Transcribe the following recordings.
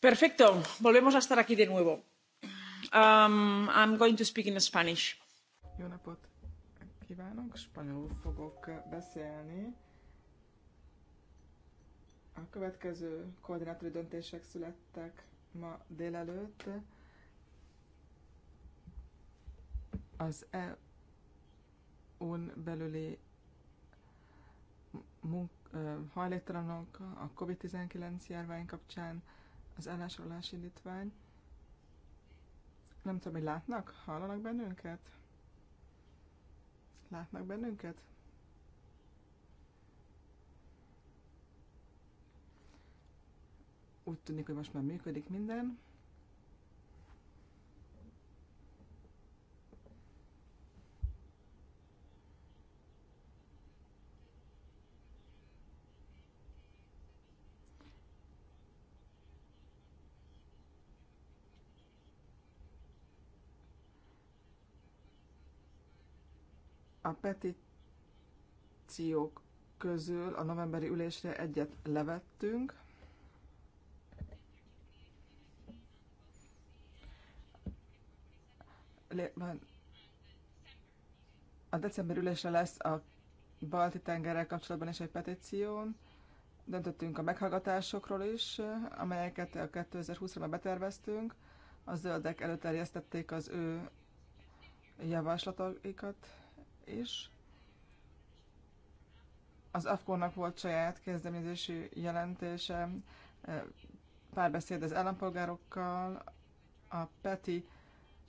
Perfecto. Volvemos a estar aquí de nuevo. Um, I'm going to speak in Spanish. Jó napot kívánok, spanyolul fogok beszélni. A következő koordinátori döntések születtek ma délelőtt. Az EU-n belüli munk- hajléktalanok a COVID-19 járvány kapcsán az állásolás indítvány. Nem tudom, hogy látnak? Hallanak bennünket? Látnak bennünket? Úgy tűnik, hogy most már működik minden. A petíciók közül a novemberi ülésre egyet levettünk. A december ülésre lesz a balti tengerrel kapcsolatban is egy petíció. Döntöttünk a meghallgatásokról is, amelyeket a 2020-ra már beterveztünk. A zöldek előterjesztették az ő javaslataikat is. Az afkónak volt saját kezdeményezési jelentése, eh, párbeszéd az állampolgárokkal, a PETI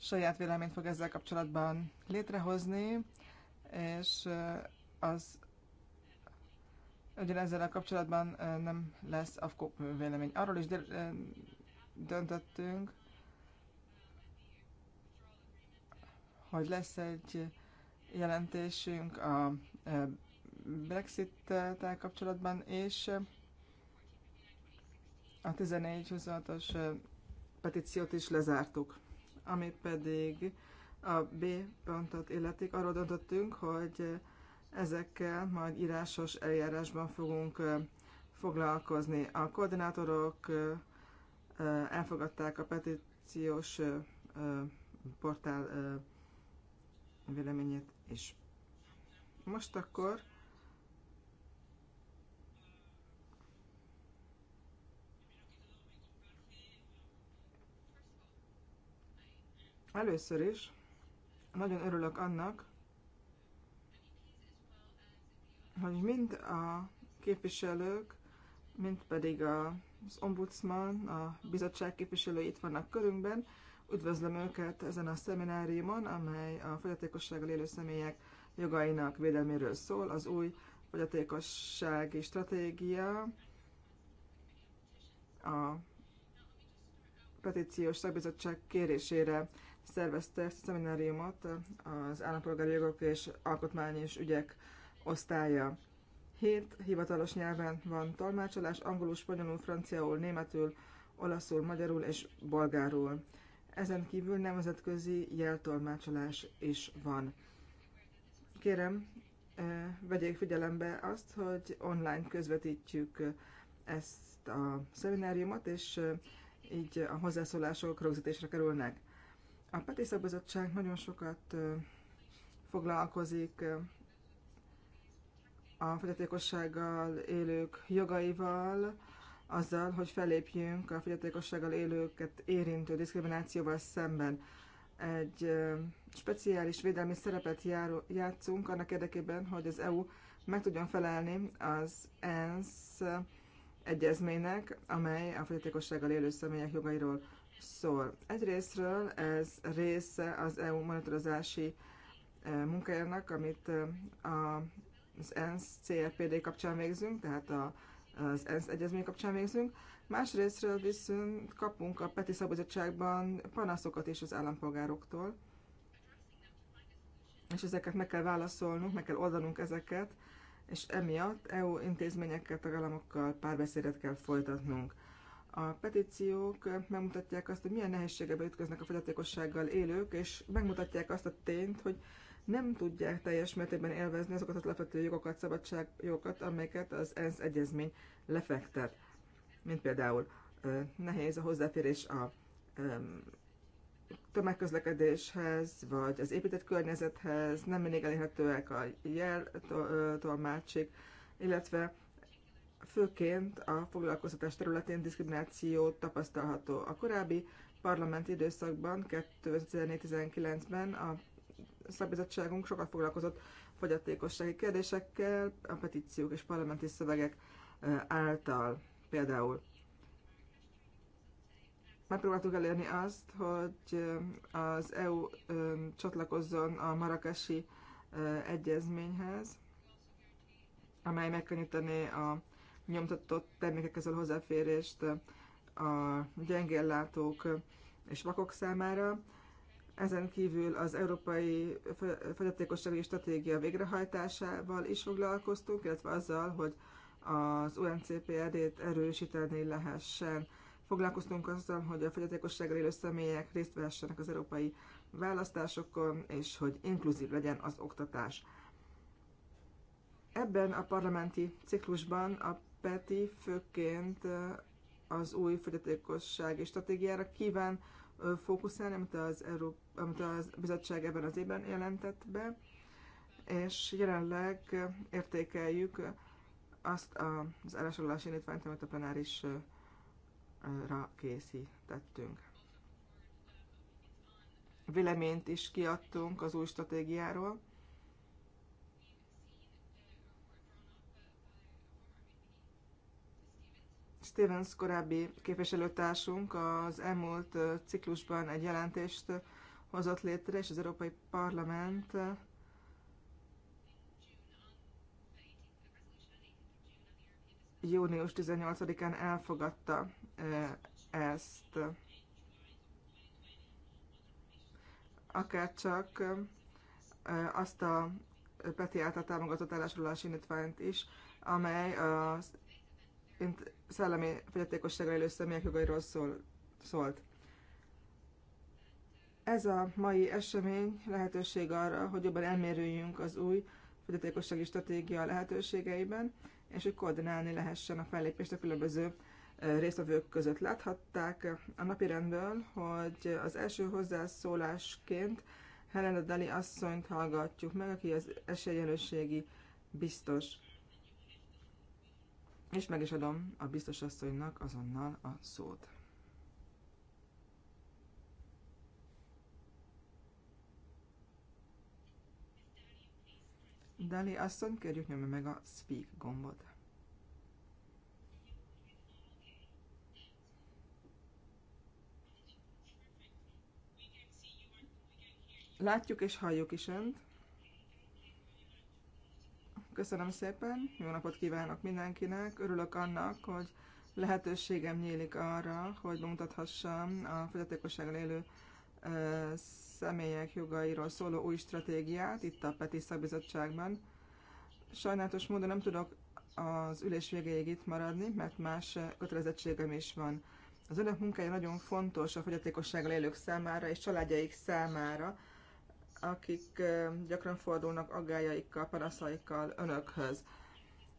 saját véleményt fog ezzel kapcsolatban létrehozni, és eh, az ezzel a kapcsolatban eh, nem lesz AFKO vélemény. Arról is döntöttünk, hogy lesz egy jelentésünk a e, Brexit-tel kapcsolatban, és a 14-26-os e, petíciót is lezártuk, amit pedig a B pontot illetik. Arról döntöttünk, hogy ezekkel majd írásos eljárásban fogunk e, foglalkozni. A koordinátorok elfogadták a petíciós portál véleményét és Most akkor Először is nagyon örülök annak, hogy mind a képviselők, mind pedig az ombudsman, a bizottság képviselői itt vannak körünkben, Üdvözlöm őket ezen a szemináriumon, amely a fogyatékossággal élő személyek jogainak védelméről szól, az új fogyatékossági stratégia, a petíciós szakbizottság kérésére szervezte ezt a szemináriumot az Állampolgári Jogok és Alkotmányos Ügyek osztálya. Hét hivatalos nyelven van tolmácsolás, angolul, spanyolul, franciául, németül, olaszul, magyarul és bolgárul ezen kívül nemzetközi jeltolmácsolás is van. Kérem, eh, vegyék figyelembe azt, hogy online közvetítjük ezt a szemináriumot, és eh, így a hozzászólások rögzítésre kerülnek. A Peti Szakbizottság nagyon sokat eh, foglalkozik a fogyatékossággal élők jogaival, azzal, hogy felépjünk a fogyatékossággal élőket érintő diszkriminációval szemben. Egy speciális védelmi szerepet jár, játszunk annak érdekében, hogy az EU meg tudjon felelni az ENSZ egyezménynek, amely a fogyatékossággal élő személyek jogairól szól. Egyrésztről ez része az EU monitorozási munkájának, amit az ENSZ CRPD kapcsán végzünk, tehát a az ENSZ egyezmény kapcsán végzünk. Másrésztről viszont kapunk a Peti Szabadságban panaszokat is az állampolgároktól, és ezeket meg kell válaszolnunk, meg kell oldanunk ezeket, és emiatt EU intézményekkel, tagállamokkal párbeszédet kell folytatnunk. A petíciók megmutatják azt, hogy milyen nehézségekbe ütköznek a fogyatékossággal élők, és megmutatják azt a tényt, hogy nem tudják teljes mértékben élvezni azokat a lefektető jogokat, szabadságjogokat, amelyeket az ENSZ egyezmény lefektet. Mint például nehéz a hozzáférés a tömegközlekedéshez, vagy az épített környezethez, nem mindig elérhetőek a jeltolmácsik, illetve főként a foglalkoztatás területén diszkrimináció tapasztalható. A korábbi parlamenti időszakban, 2019-ben a szabizottságunk sokat foglalkozott fogyatékossági kérdésekkel, a petíciók és parlamenti szövegek által például. Megpróbáltuk elérni azt, hogy az EU csatlakozzon a marakesi egyezményhez, amely megkönnyítené a nyomtatott termékekhez való hozzáférést a gyengéllátók és vakok számára. Ezen kívül az Európai Fogyatékossági Stratégia végrehajtásával is foglalkoztunk, illetve azzal, hogy az UNCPRD-t erősíteni lehessen. Foglalkoztunk azzal, hogy a fogyatékossággal élő személyek részt vehessenek az európai választásokon, és hogy inkluzív legyen az oktatás. Ebben a parlamenti ciklusban a PETI főként az új fogyatékossági stratégiára kíván fókuszálni, amit az, Európa, amit az bizottság ebben az évben jelentett be, és jelenleg értékeljük azt az állásolási indítványt, amit a plenárisra készítettünk. Véleményt is kiadtunk az új stratégiáról, Stevens korábbi képviselőtársunk az elmúlt ciklusban egy jelentést hozott létre, és az Európai Parlament június 18-án elfogadta ezt. Akárcsak azt a Peti által támogatott állásolási indítványt is, amely az szellemi fogyatékossággal élő személyek jogairól szól, szólt. Ez a mai esemény lehetőség arra, hogy jobban elmérüljünk az új fogyatékossági stratégia lehetőségeiben, és hogy koordinálni lehessen a fellépést a különböző résztvevők között. Láthatták a napirendből, hogy az első hozzászólásként Helena Dali asszonyt hallgatjuk meg, aki az esélyelőségi biztos. És meg is adom a biztos asszonynak azonnal a szót. Dali asszony, kérjük nyomja meg a speak gombot. Látjuk és halljuk is önt. Köszönöm szépen, jó napot kívánok mindenkinek. Örülök annak, hogy lehetőségem nyílik arra, hogy bemutathassam a fogyatékossággal élő ö, személyek jogairól szóló új stratégiát itt a Peti Szakbizottságban. Sajnálatos módon nem tudok az ülés végéig itt maradni, mert más kötelezettségem is van. Az önök munkája nagyon fontos a fogyatékossággal élők számára és családjaik számára, akik gyakran fordulnak aggájaikkal, panaszaikkal önökhöz.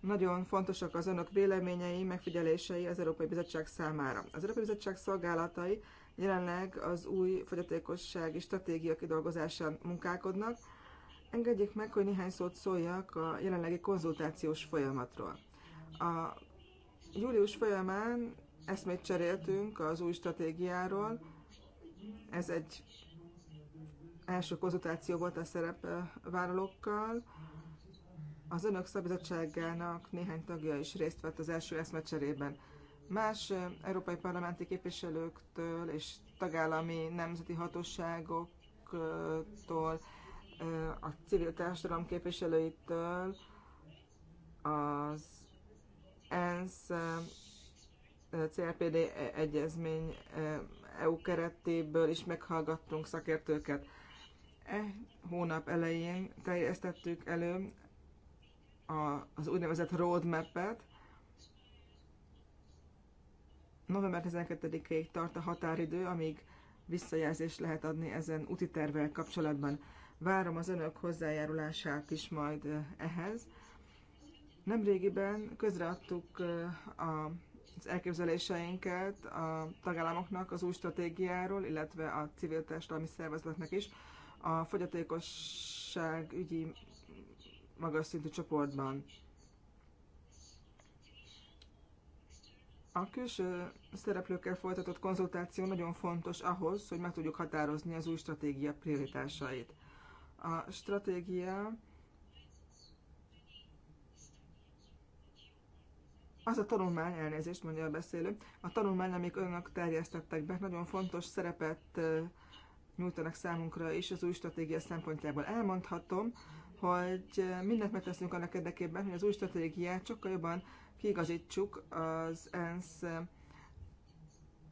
Nagyon fontosak az önök véleményei, megfigyelései az Európai Bizottság számára. Az Európai Bizottság szolgálatai jelenleg az új fogyatékossági stratégia kidolgozásán munkálkodnak. Engedjék meg, hogy néhány szót szóljak a jelenlegi konzultációs folyamatról. A július folyamán eszmét cseréltünk az új stratégiáról. Ez egy első konzultáció volt a szerepvállalókkal. Az önök szabizottságának néhány tagja is részt vett az első eszmecserében. Más európai parlamenti képviselőktől és tagállami nemzeti hatóságoktól, a civil társadalom képviselőitől, az ENSZ CLPD egyezmény EU keretéből is meghallgattunk szakértőket. E hónap elején teljesítettük elő a, az úgynevezett roadmap-et. November 12-ig tart a határidő, amíg visszajelzést lehet adni ezen úti tervel kapcsolatban. Várom az önök hozzájárulását is majd e, ehhez. Nemrégiben közreadtuk e, az elképzeléseinket a tagállamoknak az új stratégiáról, illetve a civil társadalmi szervezetnek is a fogyatékosság ügyi magas szintű csoportban. A külső szereplőkkel folytatott konzultáció nagyon fontos ahhoz, hogy meg tudjuk határozni az új stratégia prioritásait. A stratégia az a tanulmány, elnézést mondja a beszélő, a tanulmány, amik önök terjesztettek be, nagyon fontos szerepet nyújtanak számunkra is az új stratégia szempontjából. Elmondhatom, hogy mindent megteszünk annak érdekében, hogy az új stratégiát sokkal jobban kiigazítsuk az ENSZ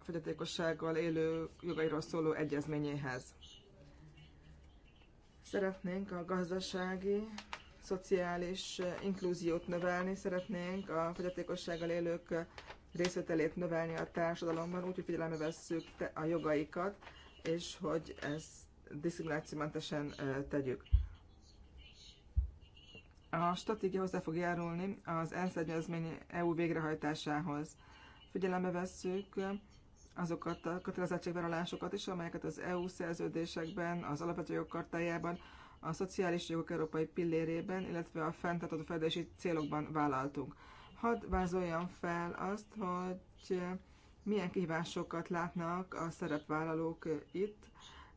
fogyatékossággal élő jogairól szóló egyezményéhez. Szeretnénk a gazdasági, szociális inkluziót növelni, szeretnénk a fogyatékossággal élők részvételét növelni a társadalomban, úgy, figyelembe vesszük a jogaikat, és hogy ezt diszkriminációmentesen tegyük. A stratégia hozzá fog járulni az ENSZ egyezmény EU végrehajtásához. Figyelembe vesszük azokat a kötelezettségvállalásokat is, amelyeket az EU szerződésekben, az alapvető jogkartájában, a szociális jogok európai pillérében, illetve a fenntartható fejlődési célokban vállaltunk. Hadd vázoljam fel azt, hogy milyen kihívásokat látnak a szerepvállalók itt.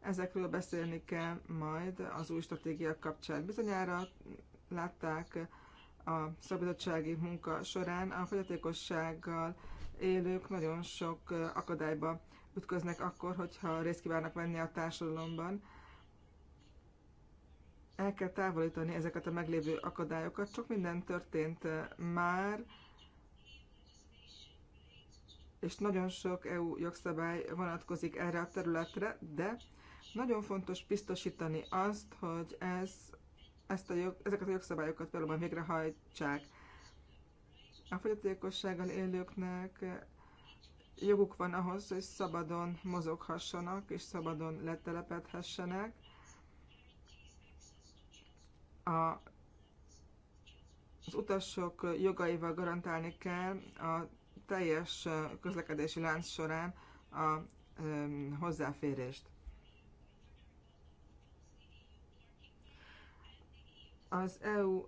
Ezekről beszélni kell majd az új stratégia kapcsán. Bizonyára látták a szabadsági munka során a fogyatékossággal élők nagyon sok akadályba ütköznek akkor, hogyha részt kívánnak venni a társadalomban. El kell távolítani ezeket a meglévő akadályokat, sok minden történt már, és nagyon sok EU jogszabály vonatkozik erre a területre, de nagyon fontos biztosítani azt, hogy ez, ezt a jog, ezeket a jogszabályokat valóban végrehajtsák. A fogyatékossággal élőknek joguk van ahhoz, hogy szabadon mozoghassanak és szabadon letelepedhessenek. A, az utasok jogaival garantálni kell a teljes közlekedési lánc során a hozzáférést. Az EU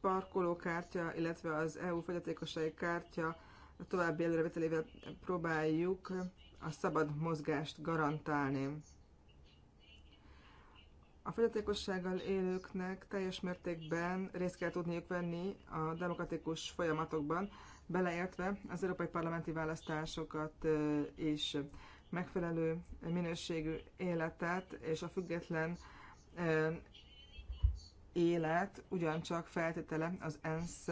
parkolókártya, illetve az EU fogyatékosai kártya további előrevetelével próbáljuk a szabad mozgást garantálni. A fogyatékossággal élőknek teljes mértékben részt kell tudniuk venni a demokratikus folyamatokban, beleértve az európai parlamenti választásokat is megfelelő minőségű életet és a független élet ugyancsak feltétele az ENSZ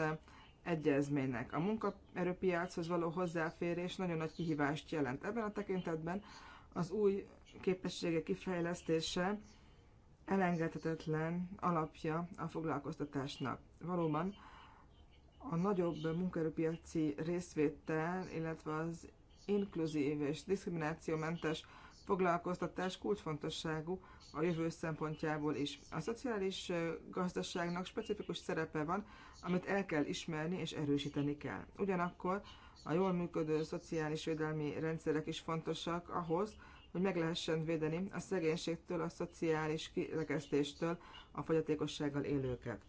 egyezménynek. A munkaerőpiachoz való hozzáférés nagyon nagy kihívást jelent. Ebben a tekintetben az új képességek kifejlesztése elengedhetetlen alapja a foglalkoztatásnak. Valóban a nagyobb munkaerőpiaci részvétel, illetve az inkluzív és diszkriminációmentes foglalkoztatás kulcsfontosságú a jövő szempontjából is. A szociális gazdaságnak specifikus szerepe van, amit el kell ismerni és erősíteni kell. Ugyanakkor a jól működő szociális védelmi rendszerek is fontosak ahhoz, hogy meg lehessen védeni a szegénységtől, a szociális kirekesztéstől a fogyatékossággal élőket.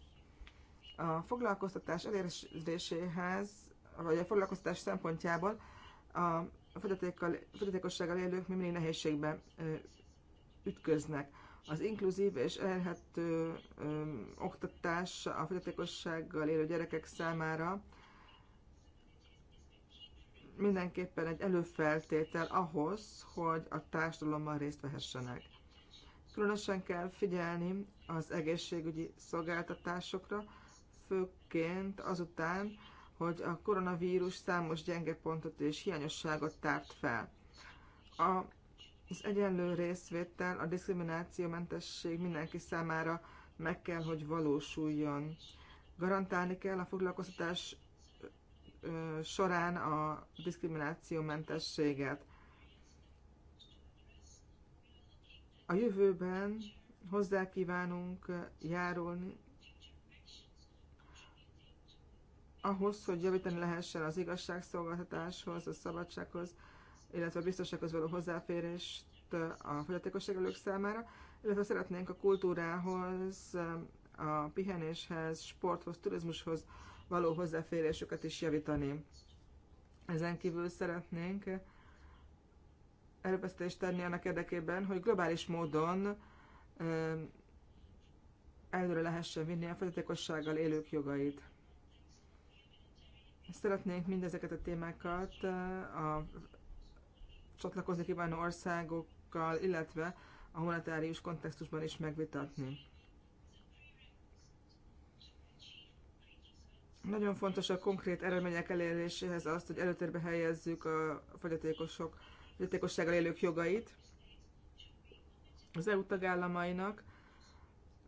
A foglalkoztatás eléréséhez, vagy a foglalkoztatás szempontjából a fogyatékossággal élők még mindig nehézségbe ütköznek. Az inkluzív és elérhető oktatás a fogyatékossággal élő gyerekek számára mindenképpen egy előfeltétel ahhoz, hogy a társadalommal részt vehessenek. Különösen kell figyelni az egészségügyi szolgáltatásokra, főként azután, hogy a koronavírus számos gyenge pontot és hiányosságot tárt fel. A, az egyenlő részvétel, a diszkriminációmentesség mindenki számára meg kell, hogy valósuljon. Garantálni kell a foglalkoztatás során a diszkriminációmentességet. A jövőben hozzá kívánunk járulni ahhoz, hogy javítani lehessen az igazságszolgáltatáshoz, a szabadsághoz, illetve a biztonsághoz való hozzáférést a fogyatékosság elők számára, illetve szeretnénk a kultúrához, a pihenéshez, sporthoz, turizmushoz való hozzáférésüket is javítani. Ezen kívül szeretnénk erőfeszítést tenni annak érdekében, hogy globális módon előre lehessen vinni a fogyatékossággal élők jogait. Szeretnénk mindezeket a témákat a csatlakozni kívánó országokkal, illetve a humanitárius kontextusban is megvitatni. Nagyon fontos a konkrét eredmények eléréséhez azt, hogy előtérbe helyezzük a fogyatékosok, fogyatékossággal élők jogait. Az EU tagállamainak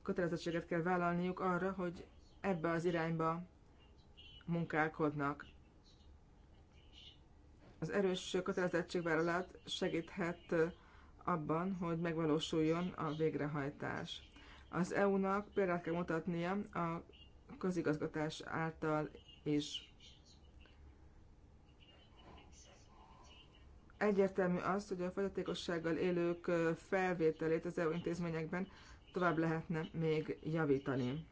kötelezettséget kell vállalniuk arra, hogy ebbe az irányba munkálkodnak. Az erős kötelezettségvállalat segíthet abban, hogy megvalósuljon a végrehajtás. Az EU-nak példát kell mutatnia a közigazgatás által is. Egyértelmű az, hogy a fogyatékossággal élők felvételét az EU intézményekben tovább lehetne még javítani.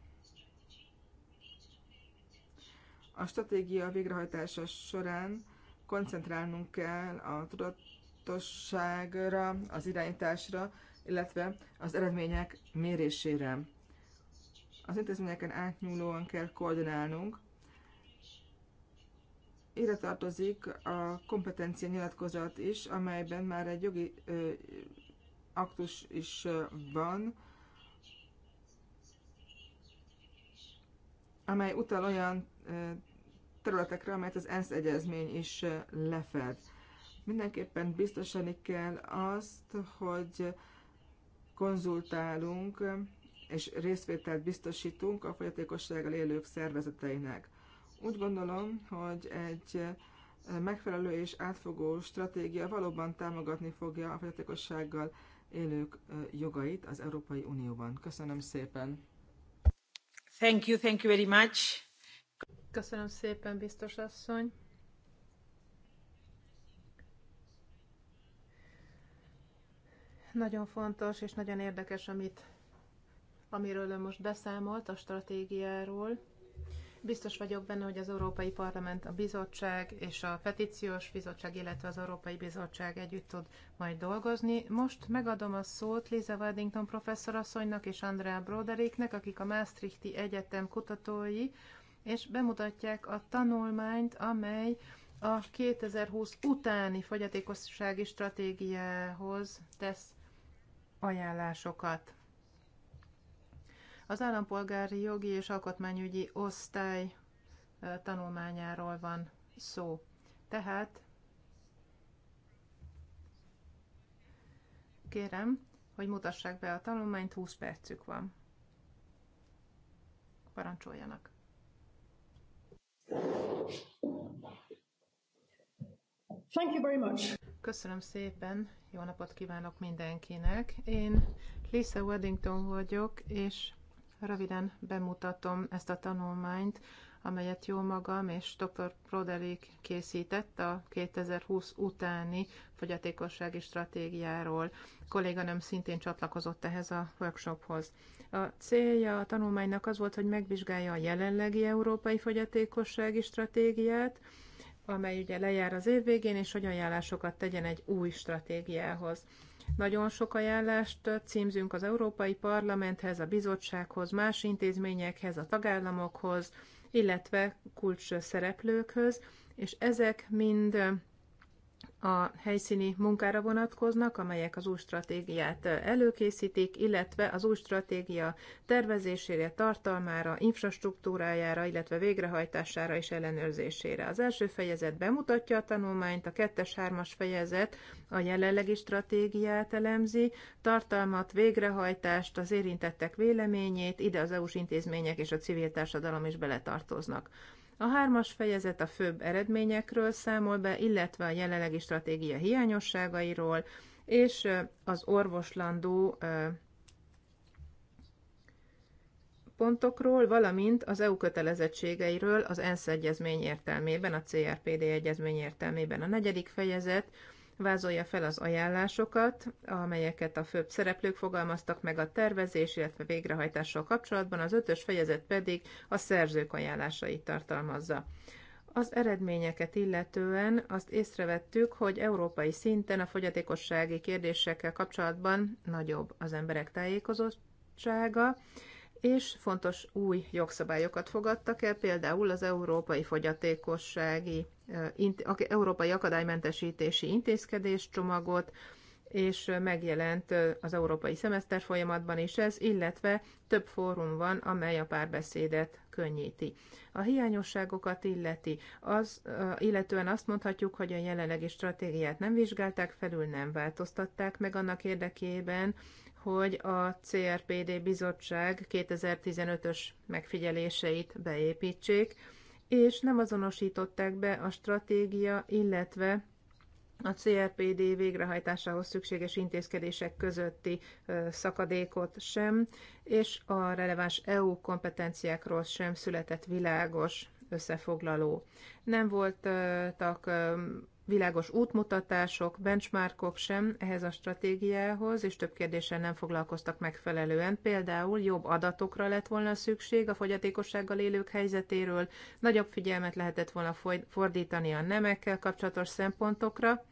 A stratégia végrehajtása során koncentrálnunk kell a tudatosságra, az irányításra, illetve az eredmények mérésére. Az intézményeken átnyúlóan kell koordinálnunk. Ide tartozik a kompetencia nyilatkozat is, amelyben már egy jogi ö, aktus is van, amely utal olyan területekre, amelyet az ENSZ egyezmény is lefed. Mindenképpen biztosani kell azt, hogy konzultálunk és részvételt biztosítunk a fogyatékossággal élők szervezeteinek. Úgy gondolom, hogy egy megfelelő és átfogó stratégia valóban támogatni fogja a fogyatékossággal élők jogait az Európai Unióban. Köszönöm szépen! Thank you, thank you very much. Köszönöm szépen, biztos asszony. Nagyon fontos és nagyon érdekes, amit, amiről ön most beszámolt, a stratégiáról. Biztos vagyok benne, hogy az Európai Parlament, a Bizottság és a Petíciós Bizottság, illetve az Európai Bizottság együtt tud majd dolgozni. Most megadom a szót Liza Waddington professzorasszonynak és Andrea Broderiknek, akik a Maastrichti Egyetem kutatói, és bemutatják a tanulmányt, amely a 2020 utáni fogyatékossági stratégiához tesz ajánlásokat. Az állampolgári jogi és alkotmányügyi osztály tanulmányáról van szó. Tehát kérem, hogy mutassák be a tanulmányt, 20 percük van. Parancsoljanak! Thank you very much. Köszönöm szépen, jó napot kívánok mindenkinek. Én Lisa Weddington vagyok, és röviden bemutatom ezt a tanulmányt, amelyet jó magam és dr. Broderick készített a 2020 utáni fogyatékossági stratégiáról. A kolléganőm szintén csatlakozott ehhez a workshophoz. A célja a tanulmánynak az volt, hogy megvizsgálja a jelenlegi európai fogyatékossági stratégiát, amely ugye lejár az év végén, és hogy ajánlásokat tegyen egy új stratégiához. Nagyon sok ajánlást címzünk az Európai Parlamenthez, a bizottsághoz, más intézményekhez, a tagállamokhoz, illetve kulcs szereplőkhöz, és ezek mind a helyszíni munkára vonatkoznak, amelyek az új stratégiát előkészítik, illetve az új stratégia tervezésére, tartalmára, infrastruktúrájára, illetve végrehajtására és ellenőrzésére. Az első fejezet bemutatja a tanulmányt, a kettes-hármas fejezet a jelenlegi stratégiát elemzi, tartalmat, végrehajtást, az érintettek véleményét, ide az EU-s intézmények és a civil társadalom is beletartoznak. A hármas fejezet a főbb eredményekről számol be, illetve a jelenlegi stratégia hiányosságairól, és az orvoslandó pontokról, valamint az EU kötelezettségeiről az ENSZ egyezmény értelmében, a CRPD egyezmény értelmében. A negyedik fejezet vázolja fel az ajánlásokat, amelyeket a főbb szereplők fogalmaztak meg a tervezés, illetve végrehajtással kapcsolatban, az ötös fejezet pedig a szerzők ajánlásait tartalmazza. Az eredményeket illetően azt észrevettük, hogy európai szinten a fogyatékossági kérdésekkel kapcsolatban nagyobb az emberek tájékozottsága, és fontos új jogszabályokat fogadtak el, például az európai fogyatékossági Európai Akadálymentesítési Intézkedés csomagot, és megjelent az európai szemeszter folyamatban is ez, illetve több fórum van, amely a párbeszédet könnyíti. A hiányosságokat illeti, az, illetően azt mondhatjuk, hogy a jelenlegi stratégiát nem vizsgálták felül, nem változtatták meg annak érdekében, hogy a CRPD bizottság 2015-ös megfigyeléseit beépítsék, és nem azonosították be a stratégia, illetve a CRPD végrehajtásához szükséges intézkedések közötti szakadékot sem, és a releváns EU kompetenciákról sem született világos összefoglaló. Nem voltak világos útmutatások, benchmarkok sem ehhez a stratégiához, és több kérdéssel nem foglalkoztak megfelelően. Például jobb adatokra lett volna szükség a fogyatékossággal élők helyzetéről, nagyobb figyelmet lehetett volna fordítani a nemekkel kapcsolatos szempontokra,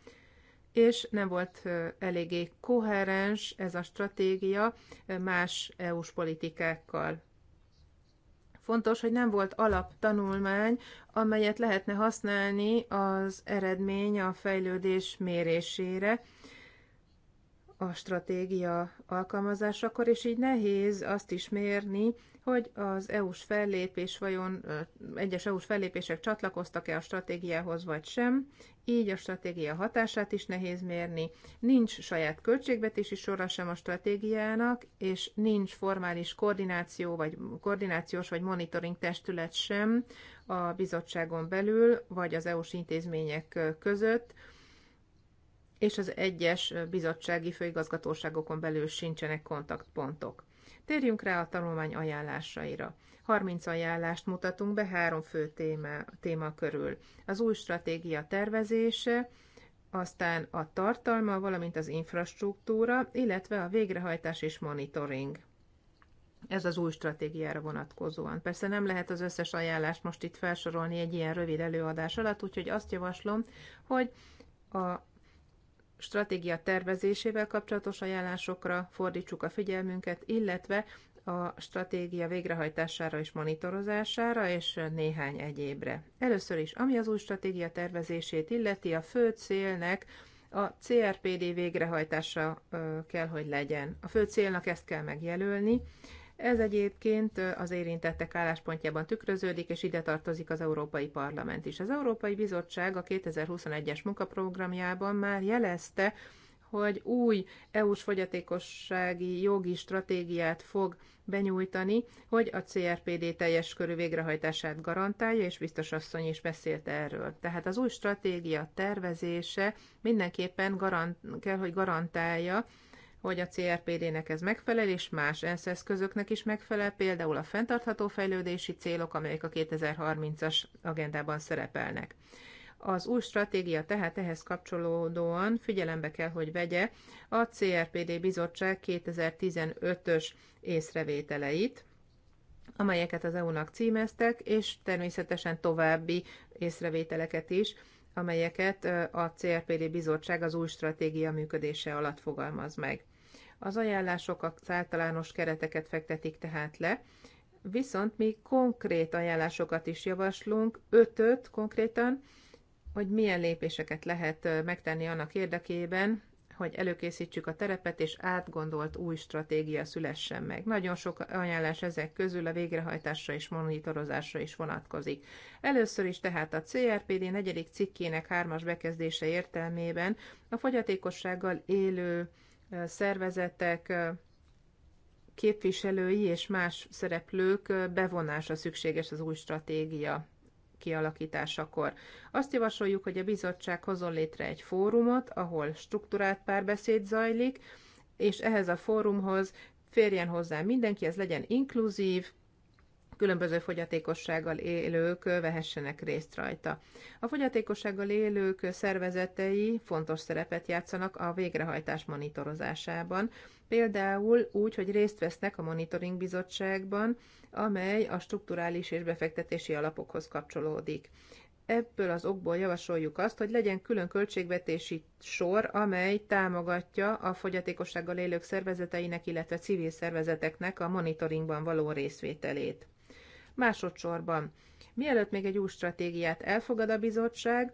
és nem volt eléggé koherens ez a stratégia más EU-s politikákkal. Fontos, hogy nem volt alaptanulmány, amelyet lehetne használni az eredmény a fejlődés mérésére, a stratégia alkalmazásakor, és így nehéz azt is mérni, hogy az EU-s fellépés vajon egyes EU-s fellépések csatlakoztak-e a stratégiához vagy sem, így a stratégia hatását is nehéz mérni, nincs saját költségvetési sora sem a stratégiának, és nincs formális koordináció vagy koordinációs vagy monitoring testület sem a bizottságon belül, vagy az EU-s intézmények között, és az egyes bizottsági főigazgatóságokon belül sincsenek kontaktpontok. Térjünk rá a tanulmány ajánlásaira. 30 ajánlást mutatunk be három fő téma, téma körül. Az új stratégia tervezése, aztán a tartalma, valamint az infrastruktúra, illetve a végrehajtás és monitoring. Ez az új stratégiára vonatkozóan. Persze nem lehet az összes ajánlást most itt felsorolni egy ilyen rövid előadás alatt, úgyhogy azt javaslom, hogy a stratégia tervezésével kapcsolatos ajánlásokra fordítsuk a figyelmünket, illetve a stratégia végrehajtására és monitorozására, és néhány egyébre. Először is, ami az új stratégia tervezését illeti, a fő célnek a CRPD végrehajtása kell, hogy legyen. A fő célnak ezt kell megjelölni, ez egyébként az érintettek álláspontjában tükröződik, és ide tartozik az Európai Parlament is. Az Európai Bizottság a 2021-es munkaprogramjában már jelezte, hogy új EU-s fogyatékossági jogi stratégiát fog benyújtani, hogy a CRPD teljes körű végrehajtását garantálja, és biztos asszony is beszélt erről. Tehát az új stratégia tervezése mindenképpen garant, kell, hogy garantálja hogy a CRPD-nek ez megfelel, és más ENSZ eszközöknek is megfelel, például a fenntartható fejlődési célok, amelyek a 2030-as agendában szerepelnek. Az új stratégia tehát ehhez kapcsolódóan figyelembe kell, hogy vegye a CRPD bizottság 2015-ös észrevételeit, amelyeket az EU-nak címeztek, és természetesen további észrevételeket is, amelyeket a CRPD bizottság az új stratégia működése alatt fogalmaz meg. Az ajánlások az általános kereteket fektetik tehát le, viszont mi konkrét ajánlásokat is javaslunk, ötöt konkrétan, hogy milyen lépéseket lehet megtenni annak érdekében, hogy előkészítsük a terepet, és átgondolt új stratégia szülessen meg. Nagyon sok ajánlás ezek közül a végrehajtásra és monitorozásra is vonatkozik. Először is tehát a CRPD negyedik cikkének hármas bekezdése értelmében a fogyatékossággal élő szervezetek képviselői és más szereplők bevonása szükséges az új stratégia kialakításakor. Azt javasoljuk, hogy a bizottság hozon létre egy fórumot, ahol struktúrált párbeszéd zajlik, és ehhez a fórumhoz férjen hozzá mindenki, ez legyen inkluzív, különböző fogyatékossággal élők vehessenek részt rajta. A fogyatékossággal élők szervezetei fontos szerepet játszanak a végrehajtás monitorozásában, például úgy, hogy részt vesznek a monitoring bizottságban, amely a strukturális és befektetési alapokhoz kapcsolódik. Ebből az okból javasoljuk azt, hogy legyen külön költségvetési sor, amely támogatja a fogyatékossággal élők szervezeteinek, illetve civil szervezeteknek a monitoringban való részvételét. Másodszorban, mielőtt még egy új stratégiát elfogad a bizottság,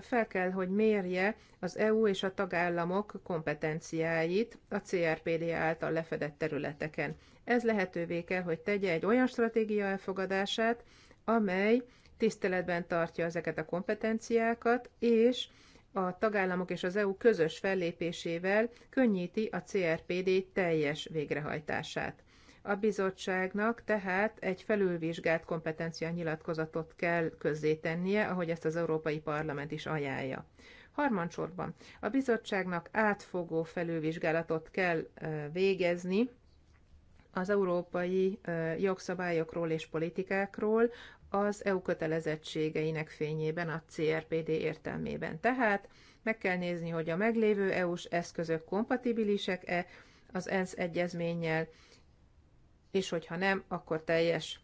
fel kell, hogy mérje az EU és a tagállamok kompetenciáit a CRPD által lefedett területeken. Ez lehetővé kell, hogy tegye egy olyan stratégia elfogadását, amely tiszteletben tartja ezeket a kompetenciákat, és a tagállamok és az EU közös fellépésével könnyíti a CRPD teljes végrehajtását. A bizottságnak tehát egy felülvizsgált kompetencia nyilatkozatot kell közzétennie, ahogy ezt az Európai Parlament is ajánlja. Harmadsorban a bizottságnak átfogó felülvizsgálatot kell végezni az európai jogszabályokról és politikákról az EU kötelezettségeinek fényében, a CRPD értelmében. Tehát meg kell nézni, hogy a meglévő EU-s eszközök kompatibilisek-e az ENSZ egyezménnyel, és hogyha nem, akkor teljes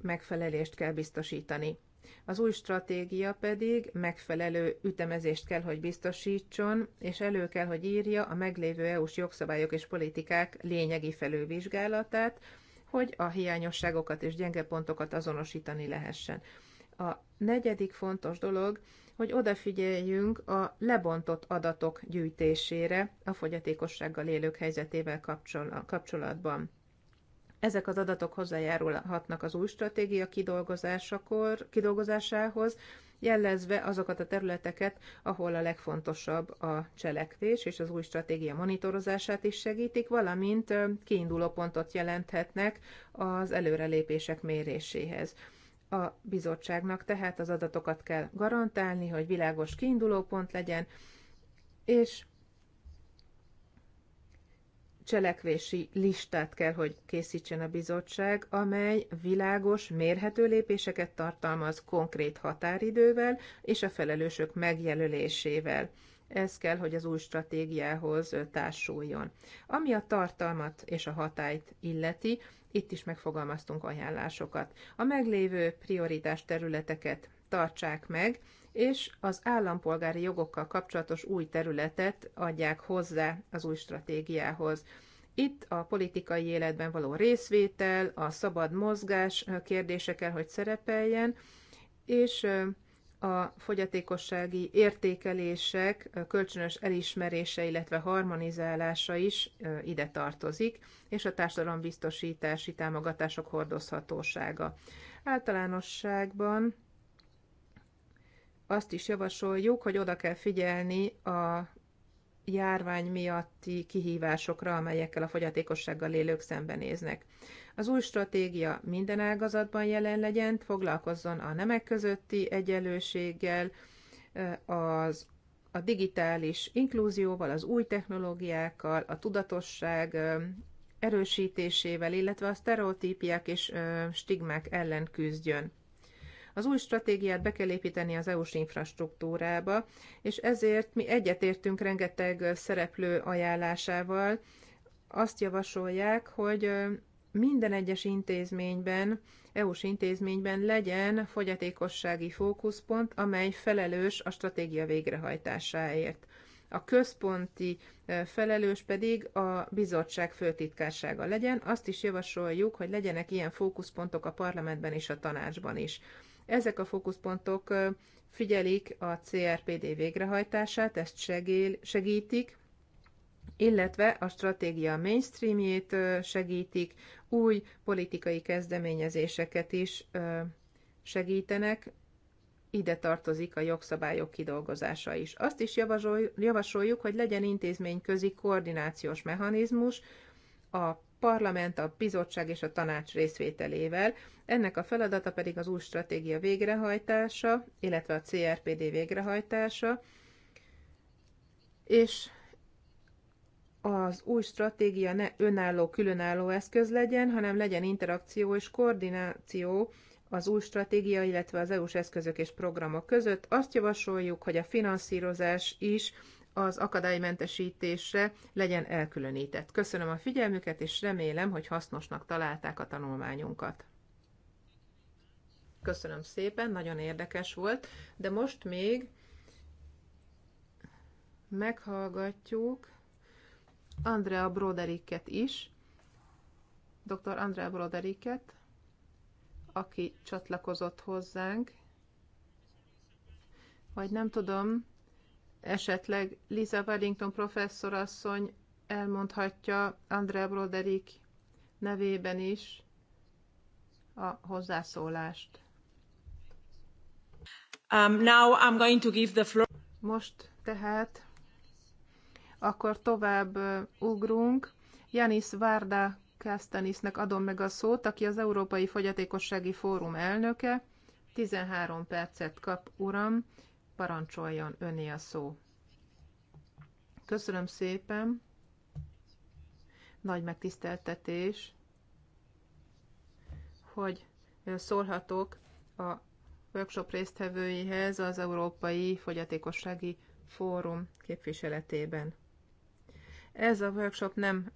megfelelést kell biztosítani. Az új stratégia pedig megfelelő ütemezést kell, hogy biztosítson, és elő kell, hogy írja a meglévő EU-s jogszabályok és politikák lényegi felülvizsgálatát, hogy a hiányosságokat és gyenge pontokat azonosítani lehessen. A negyedik fontos dolog, hogy odafigyeljünk a lebontott adatok gyűjtésére a fogyatékossággal élők helyzetével kapcsolatban. Ezek az adatok hozzájárulhatnak az új stratégia kidolgozásakor, kidolgozásához, jellezve azokat a területeket, ahol a legfontosabb a cselekvés, és az új stratégia monitorozását is segítik, valamint kiinduló pontot jelenthetnek az előrelépések méréséhez. A bizottságnak tehát az adatokat kell garantálni, hogy világos kiinduló pont legyen, és cselekvési listát kell, hogy készítsen a bizottság, amely világos, mérhető lépéseket tartalmaz konkrét határidővel és a felelősök megjelölésével. Ez kell, hogy az új stratégiához társuljon. Ami a tartalmat és a hatályt illeti, itt is megfogalmaztunk ajánlásokat. A meglévő prioritás területeket tartsák meg, és az állampolgári jogokkal kapcsolatos új területet adják hozzá az új stratégiához. Itt a politikai életben való részvétel, a szabad mozgás kérdése kell, hogy szerepeljen, és a fogyatékossági értékelések kölcsönös elismerése, illetve harmonizálása is ide tartozik, és a társadalombiztosítási támogatások hordozhatósága. Általánosságban azt is javasoljuk, hogy oda kell figyelni a járvány miatti kihívásokra, amelyekkel a fogyatékossággal élők szembenéznek. Az új stratégia minden ágazatban jelen legyen, foglalkozzon a nemek közötti egyenlőséggel, az, a digitális inklúzióval, az új technológiákkal, a tudatosság erősítésével, illetve a sztereotípiák és stigmák ellen küzdjön. Az új stratégiát be kell építeni az EU-s infrastruktúrába, és ezért mi egyetértünk rengeteg szereplő ajánlásával. Azt javasolják, hogy minden egyes intézményben, EU-s intézményben legyen fogyatékossági fókuszpont, amely felelős a stratégia végrehajtásáért. A központi felelős pedig a bizottság főtitkársága legyen. Azt is javasoljuk, hogy legyenek ilyen fókuszpontok a parlamentben és a tanácsban is. Ezek a fókuszpontok figyelik a CRPD végrehajtását, ezt segél, segítik, illetve a stratégia mainstreamjét segítik, új politikai kezdeményezéseket is segítenek, ide tartozik a jogszabályok kidolgozása is. Azt is javasoljuk, hogy legyen intézményközi koordinációs mechanizmus a parlament, a bizottság és a tanács részvételével. Ennek a feladata pedig az új stratégia végrehajtása, illetve a CRPD végrehajtása, és az új stratégia ne önálló, különálló eszköz legyen, hanem legyen interakció és koordináció az új stratégia, illetve az EU-s eszközök és programok között. Azt javasoljuk, hogy a finanszírozás is az akadálymentesítésre legyen elkülönített. Köszönöm a figyelmüket, és remélem, hogy hasznosnak találták a tanulmányunkat. Köszönöm szépen, nagyon érdekes volt, de most még meghallgatjuk Andrea Broderiket is, dr. Andrea Broderiket, aki csatlakozott hozzánk, vagy nem tudom, Esetleg Lisa Waddington professzorasszony elmondhatja Andrea Broderick nevében is a hozzászólást. Um, now I'm going to give the floor. Most tehát akkor tovább ugrunk. Janis Várda Kastanisnek adom meg a szót, aki az Európai Fogyatékossági Fórum elnöke. 13 percet kap, uram, Parancsoljon, öné a szó. Köszönöm szépen. Nagy megtiszteltetés, hogy szólhatok a workshop résztvevőihez az Európai Fogyatékossági Fórum képviseletében. Ez a workshop nem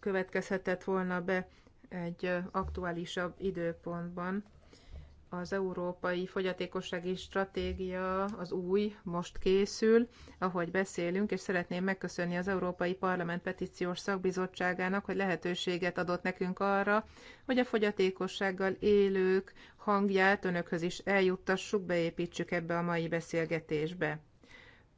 következhetett volna be egy aktuálisabb időpontban, az Európai Fogyatékossági Stratégia az új, most készül, ahogy beszélünk, és szeretném megköszönni az Európai Parlament Petíciós Szakbizottságának, hogy lehetőséget adott nekünk arra, hogy a fogyatékossággal élők hangját önökhöz is eljuttassuk, beépítsük ebbe a mai beszélgetésbe.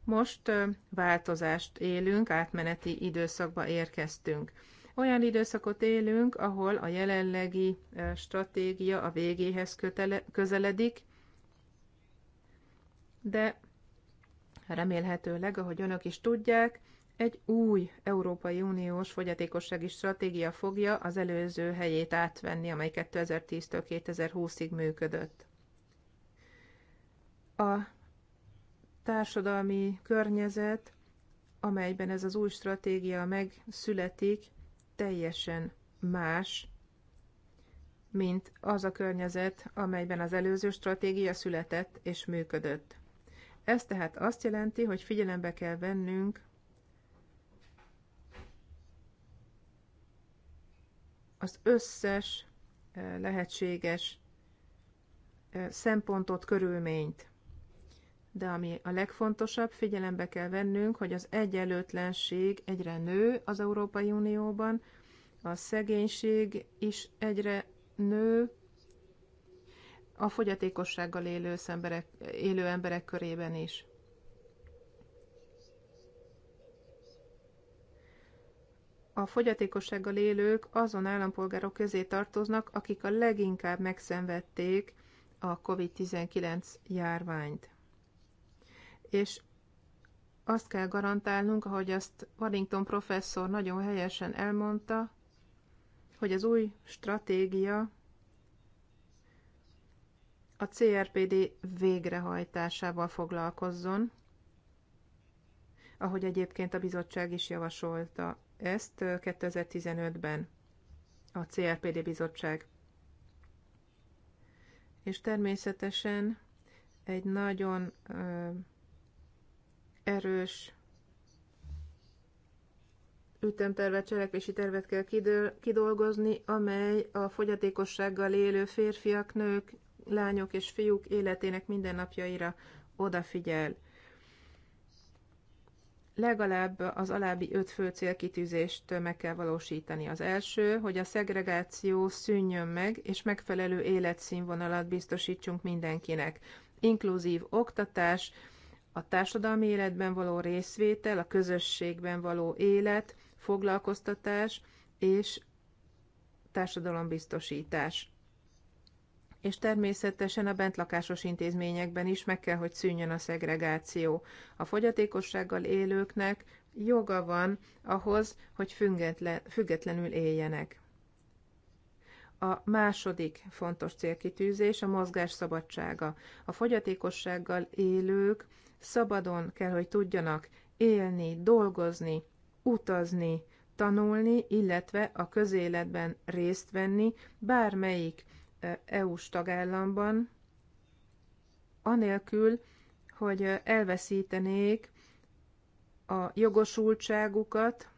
Most változást élünk, átmeneti időszakba érkeztünk. Olyan időszakot élünk, ahol a jelenlegi stratégia a végéhez kötele, közeledik, de remélhetőleg, ahogy önök is tudják, egy új Európai Uniós fogyatékossági stratégia fogja az előző helyét átvenni, amely 2010-től 2020-ig működött. A társadalmi környezet, amelyben ez az új stratégia megszületik, teljesen más, mint az a környezet, amelyben az előző stratégia született és működött. Ez tehát azt jelenti, hogy figyelembe kell vennünk az összes eh, lehetséges eh, szempontot, körülményt de ami a legfontosabb, figyelembe kell vennünk, hogy az egyenlőtlenség egyre nő az Európai Unióban, a szegénység is egyre nő, a fogyatékossággal élő emberek, élő emberek körében is. A fogyatékossággal élők azon állampolgárok közé tartoznak, akik a leginkább megszenvedték a COVID-19 járványt és azt kell garantálnunk, ahogy azt Warrington professzor nagyon helyesen elmondta, hogy az új stratégia a CRPD végrehajtásával foglalkozzon, ahogy egyébként a bizottság is javasolta ezt 2015-ben, a CRPD bizottság. És természetesen egy nagyon erős ütemtervet, cselekvési tervet kell kidolgozni, amely a fogyatékossággal élő férfiak, nők, lányok és fiúk életének mindennapjaira odafigyel. Legalább az alábbi öt fő célkitűzést meg kell valósítani. Az első, hogy a szegregáció szűnjön meg, és megfelelő életszínvonalat biztosítsunk mindenkinek. Inkluzív oktatás, a társadalmi életben való részvétel, a közösségben való élet, foglalkoztatás és társadalombiztosítás. És természetesen a bentlakásos intézményekben is meg kell, hogy szűnjön a szegregáció. A fogyatékossággal élőknek joga van ahhoz, hogy függetlenül éljenek. A második fontos célkitűzés a mozgás szabadsága. A fogyatékossággal élők szabadon kell, hogy tudjanak élni, dolgozni, utazni, tanulni, illetve a közéletben részt venni bármelyik EU-s tagállamban, anélkül, hogy elveszítenék a jogosultságukat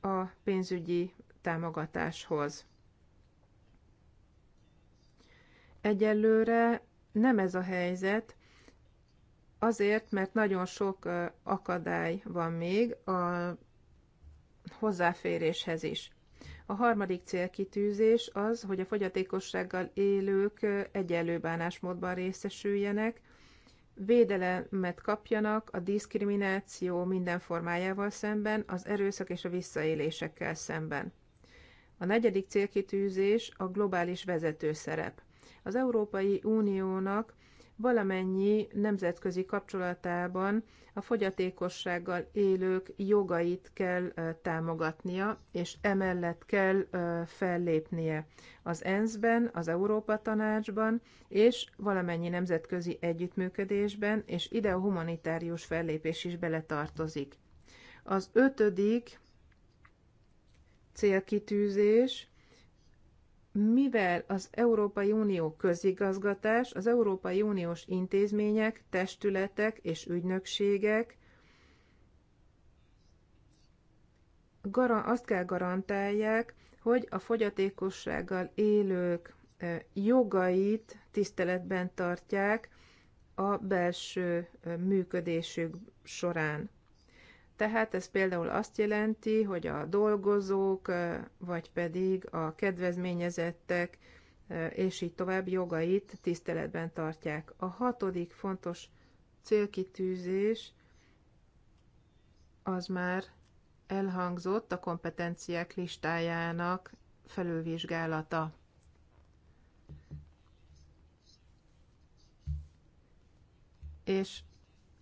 a pénzügyi támogatáshoz. Egyelőre nem ez a helyzet, azért, mert nagyon sok akadály van még a hozzáféréshez is. A harmadik célkitűzés az, hogy a fogyatékossággal élők egyenlő bánásmódban részesüljenek, védelemet kapjanak a diszkrimináció minden formájával szemben, az erőszak és a visszaélésekkel szemben. A negyedik célkitűzés a globális vezető szerep. Az Európai Uniónak valamennyi nemzetközi kapcsolatában a fogyatékossággal élők jogait kell támogatnia, és emellett kell fellépnie az ENSZ-ben, az Európa Tanácsban, és valamennyi nemzetközi együttműködésben, és ide a humanitárius fellépés is beletartozik. Az ötödik célkitűzés mivel az Európai Unió közigazgatás, az Európai Uniós intézmények, testületek és ügynökségek azt kell garantálják, hogy a fogyatékossággal élők e, jogait tiszteletben tartják a belső e, működésük során. Tehát ez például azt jelenti, hogy a dolgozók, vagy pedig a kedvezményezettek, és így tovább jogait tiszteletben tartják. A hatodik fontos célkitűzés az már elhangzott a kompetenciák listájának felülvizsgálata. És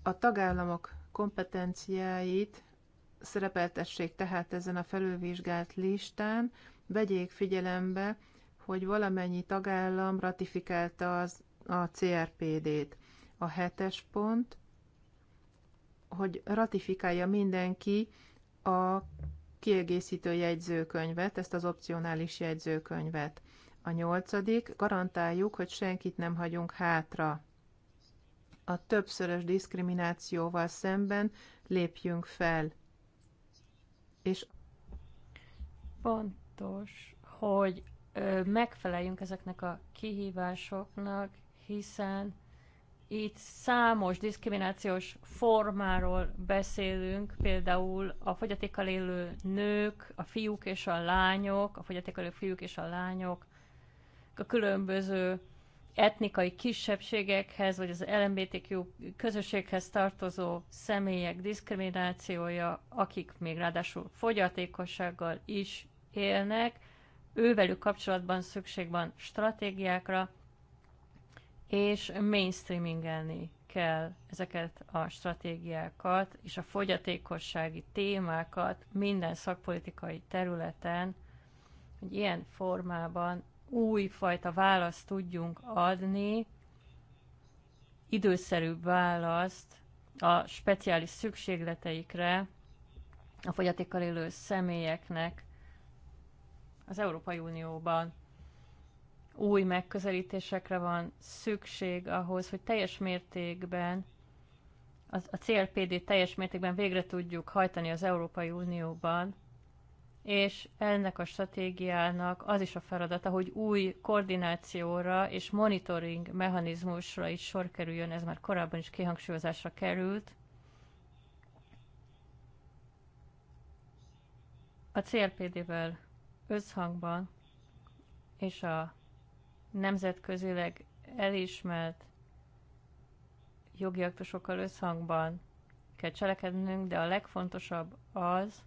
a tagállamok kompetenciáit szerepeltessék tehát ezen a felülvizsgált listán, vegyék figyelembe, hogy valamennyi tagállam ratifikálta az, a CRPD-t. A hetes pont, hogy ratifikálja mindenki a kiegészítő jegyzőkönyvet, ezt az opcionális jegyzőkönyvet. A nyolcadik, garantáljuk, hogy senkit nem hagyunk hátra a többszörös diszkriminációval szemben lépjünk fel. És fontos, hogy ö, megfeleljünk ezeknek a kihívásoknak, hiszen itt számos diszkriminációs formáról beszélünk, például a fogyatékkal élő nők, a fiúk és a lányok, a fogyatékkal élő fiúk és a lányok, a különböző etnikai kisebbségekhez, vagy az LMBTQ közösséghez tartozó személyek diszkriminációja, akik még ráadásul fogyatékossággal is élnek, ővelük kapcsolatban szükség van stratégiákra, és mainstreamingelni kell ezeket a stratégiákat és a fogyatékossági témákat minden szakpolitikai területen, hogy ilyen formában újfajta választ tudjunk adni, időszerűbb választ a speciális szükségleteikre a fogyatékkal élő személyeknek az Európai Unióban új megközelítésekre van szükség ahhoz, hogy teljes mértékben a CLPD teljes mértékben végre tudjuk hajtani az Európai Unióban, és ennek a stratégiának az is a feladata, hogy új koordinációra és monitoring mechanizmusra is sor kerüljön, ez már korábban is kihangsúlyozásra került. A CLPD-vel összhangban és a nemzetközileg elismert jogi aktusokkal összhangban kell cselekednünk, de a legfontosabb az,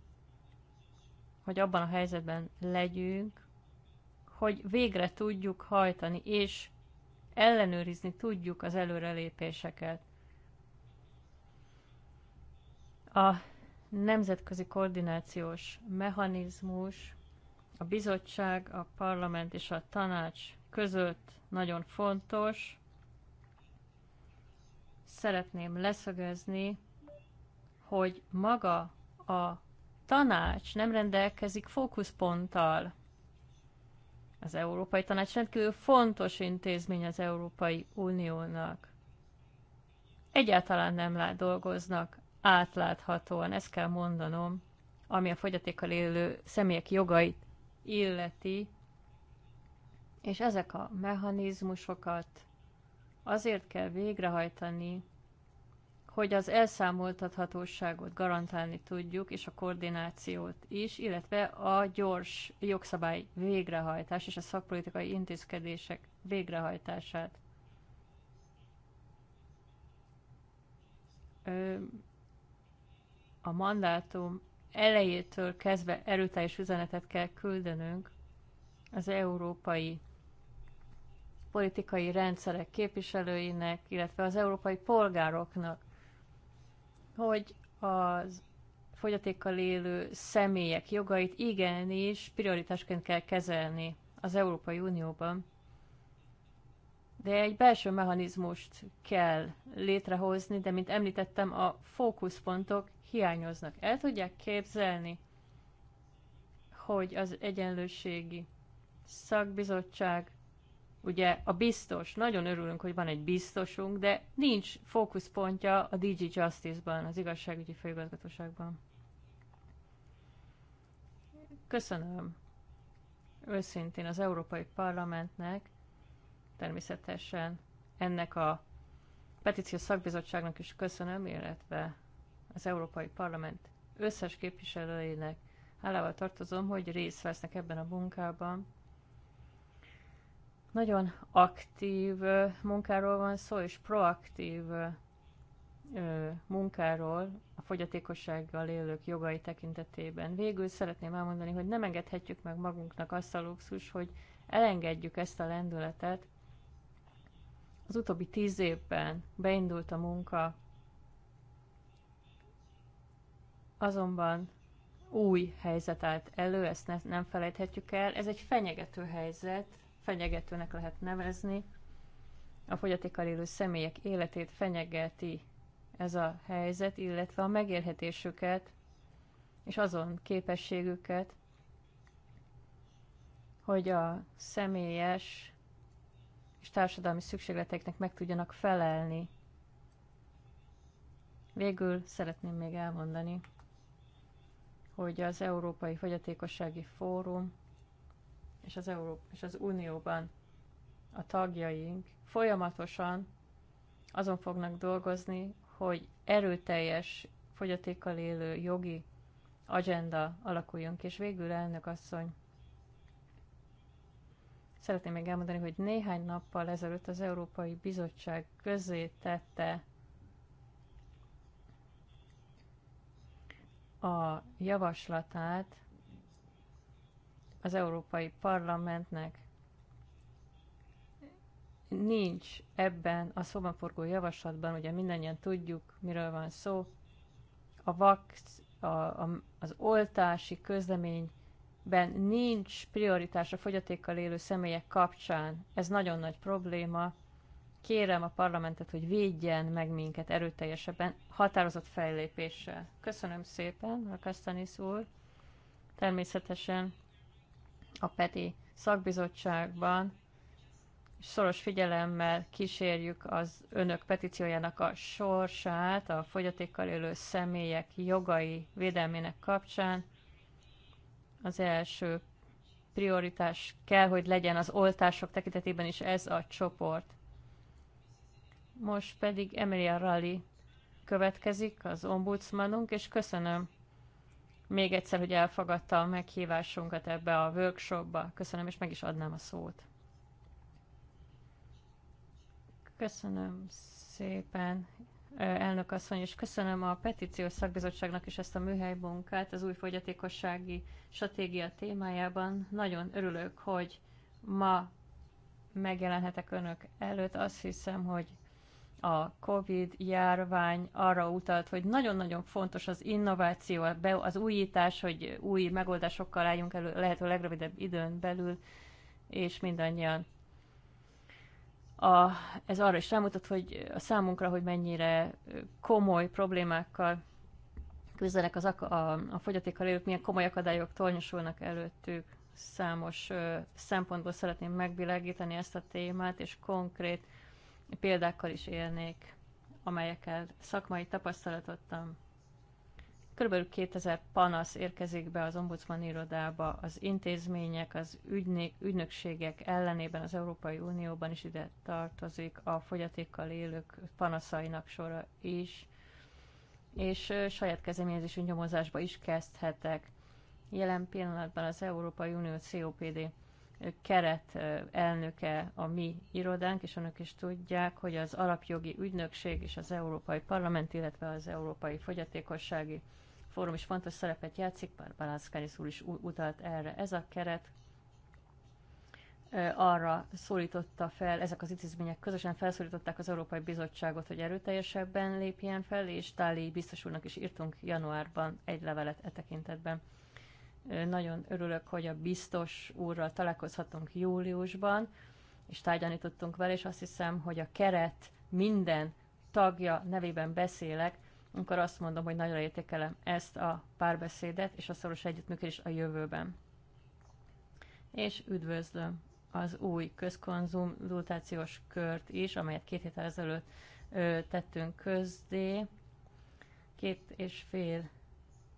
hogy abban a helyzetben legyünk, hogy végre tudjuk hajtani, és ellenőrizni tudjuk az előrelépéseket. A nemzetközi koordinációs mechanizmus a bizottság, a parlament és a tanács között nagyon fontos. Szeretném leszögezni, hogy maga a tanács nem rendelkezik fókuszponttal. Az Európai Tanács rendkívül fontos intézmény az Európai Uniónak. Egyáltalán nem lát dolgoznak átláthatóan, ezt kell mondanom, ami a fogyatékkal élő személyek jogait illeti, és ezek a mechanizmusokat azért kell végrehajtani, hogy az elszámoltathatóságot garantálni tudjuk, és a koordinációt is, illetve a gyors jogszabály végrehajtás és a szakpolitikai intézkedések végrehajtását. A mandátum elejétől kezdve erőteljes üzenetet kell küldenünk az európai politikai rendszerek képviselőinek, illetve az európai polgároknak hogy az fogyatékkal élő személyek jogait igenis prioritásként kell kezelni az Európai Unióban. De egy belső mechanizmust kell létrehozni, de mint említettem, a fókuszpontok hiányoznak. El tudják képzelni, hogy az egyenlőségi szakbizottság Ugye a biztos, nagyon örülünk, hogy van egy biztosunk, de nincs fókuszpontja a DG Justice-ban, az igazságügyi főigazgatóságban. Köszönöm őszintén az Európai Parlamentnek, természetesen ennek a petíció szakbizottságnak is köszönöm, illetve az Európai Parlament összes képviselőinek hálával tartozom, hogy részt vesznek ebben a munkában. Nagyon aktív munkáról van szó, és proaktív munkáról a fogyatékossággal élők jogai tekintetében. Végül szeretném elmondani, hogy nem engedhetjük meg magunknak azt a luxus, hogy elengedjük ezt a lendületet. Az utóbbi tíz évben beindult a munka, azonban új helyzet állt elő, ezt ne, nem felejthetjük el. Ez egy fenyegető helyzet, fenyegetőnek lehet nevezni. A fogyatékkal élő személyek életét fenyegeti ez a helyzet, illetve a megélhetésüket és azon képességüket, hogy a személyes és társadalmi szükségleteknek meg tudjanak felelni. Végül szeretném még elmondani, hogy az Európai Fogyatékossági Fórum és az, Euró- és az Unióban a tagjaink folyamatosan azon fognak dolgozni, hogy erőteljes fogyatékkal élő jogi agenda alakuljon ki. És végül elnök asszony, szeretném még elmondani, hogy néhány nappal ezelőtt az Európai Bizottság közé tette a javaslatát az Európai Parlamentnek nincs ebben a szóban forgó javaslatban, ugye mindannyian tudjuk, miről van szó, a vakc, a, a, az oltási közleményben nincs prioritás a fogyatékkal élő személyek kapcsán. Ez nagyon nagy probléma. Kérem a parlamentet, hogy védjen meg minket erőteljesebben, határozott fejlépéssel. Köszönöm szépen, Rakastanis úr. Természetesen a PETI szakbizottságban szoros figyelemmel kísérjük az önök petíciójának a sorsát a fogyatékkal élő személyek jogai védelmének kapcsán. Az első prioritás kell, hogy legyen az oltások tekintetében is ez a csoport. Most pedig Emilia Rally következik, az ombudsmanunk, és köszönöm még egyszer, hogy elfogadta a meghívásunkat ebbe a workshopba. Köszönöm, és meg is adnám a szót. Köszönöm szépen, elnök asszony, és köszönöm a petíciós szakbizottságnak is ezt a műhely munkát az új fogyatékossági stratégia témájában. Nagyon örülök, hogy ma megjelenhetek önök előtt. Azt hiszem, hogy a COVID-járvány arra utalt, hogy nagyon-nagyon fontos az innováció, az újítás, hogy új megoldásokkal álljunk elő lehető legrövidebb időn belül, és mindannyian. A, ez arra is rámutat, hogy a számunkra, hogy mennyire komoly problémákkal küzdenek az, a, a fogyatékkal élők, milyen komoly akadályok tornyosulnak előttük. Számos ö, szempontból szeretném megvilágítani ezt a témát, és konkrét példákkal is élnék, amelyekkel szakmai tapasztalatottam. Körülbelül 2000 panasz érkezik be az ombudsman irodába, az intézmények, az ügynökségek ellenében az Európai Unióban is ide tartozik, a fogyatékkal élők panaszainak sora is, és saját kezdeményezésű nyomozásba is kezdhetek. Jelen pillanatban az Európai Unió COPD keret elnöke a mi irodánk, és önök is tudják, hogy az alapjogi ügynökség és az Európai Parlament, illetve az Európai Fogyatékossági Fórum is fontos szerepet játszik, bár Balázs úr is utalt erre. Ez a keret arra szólította fel, ezek az intézmények közösen felszólították az Európai Bizottságot, hogy erőteljesebben lépjen fel, és Táli biztos úrnak is írtunk januárban egy levelet e tekintetben. Nagyon örülök, hogy a biztos úrral találkozhatunk júliusban, és tárgyalni tudtunk vele, és azt hiszem, hogy a keret minden tagja nevében beszélek, amikor azt mondom, hogy nagyon értékelem ezt a párbeszédet és a szoros együttműködés a jövőben. És üdvözlöm az új közkonzultációs kört is, amelyet két héttel ezelőtt ö, tettünk közdé. Két és fél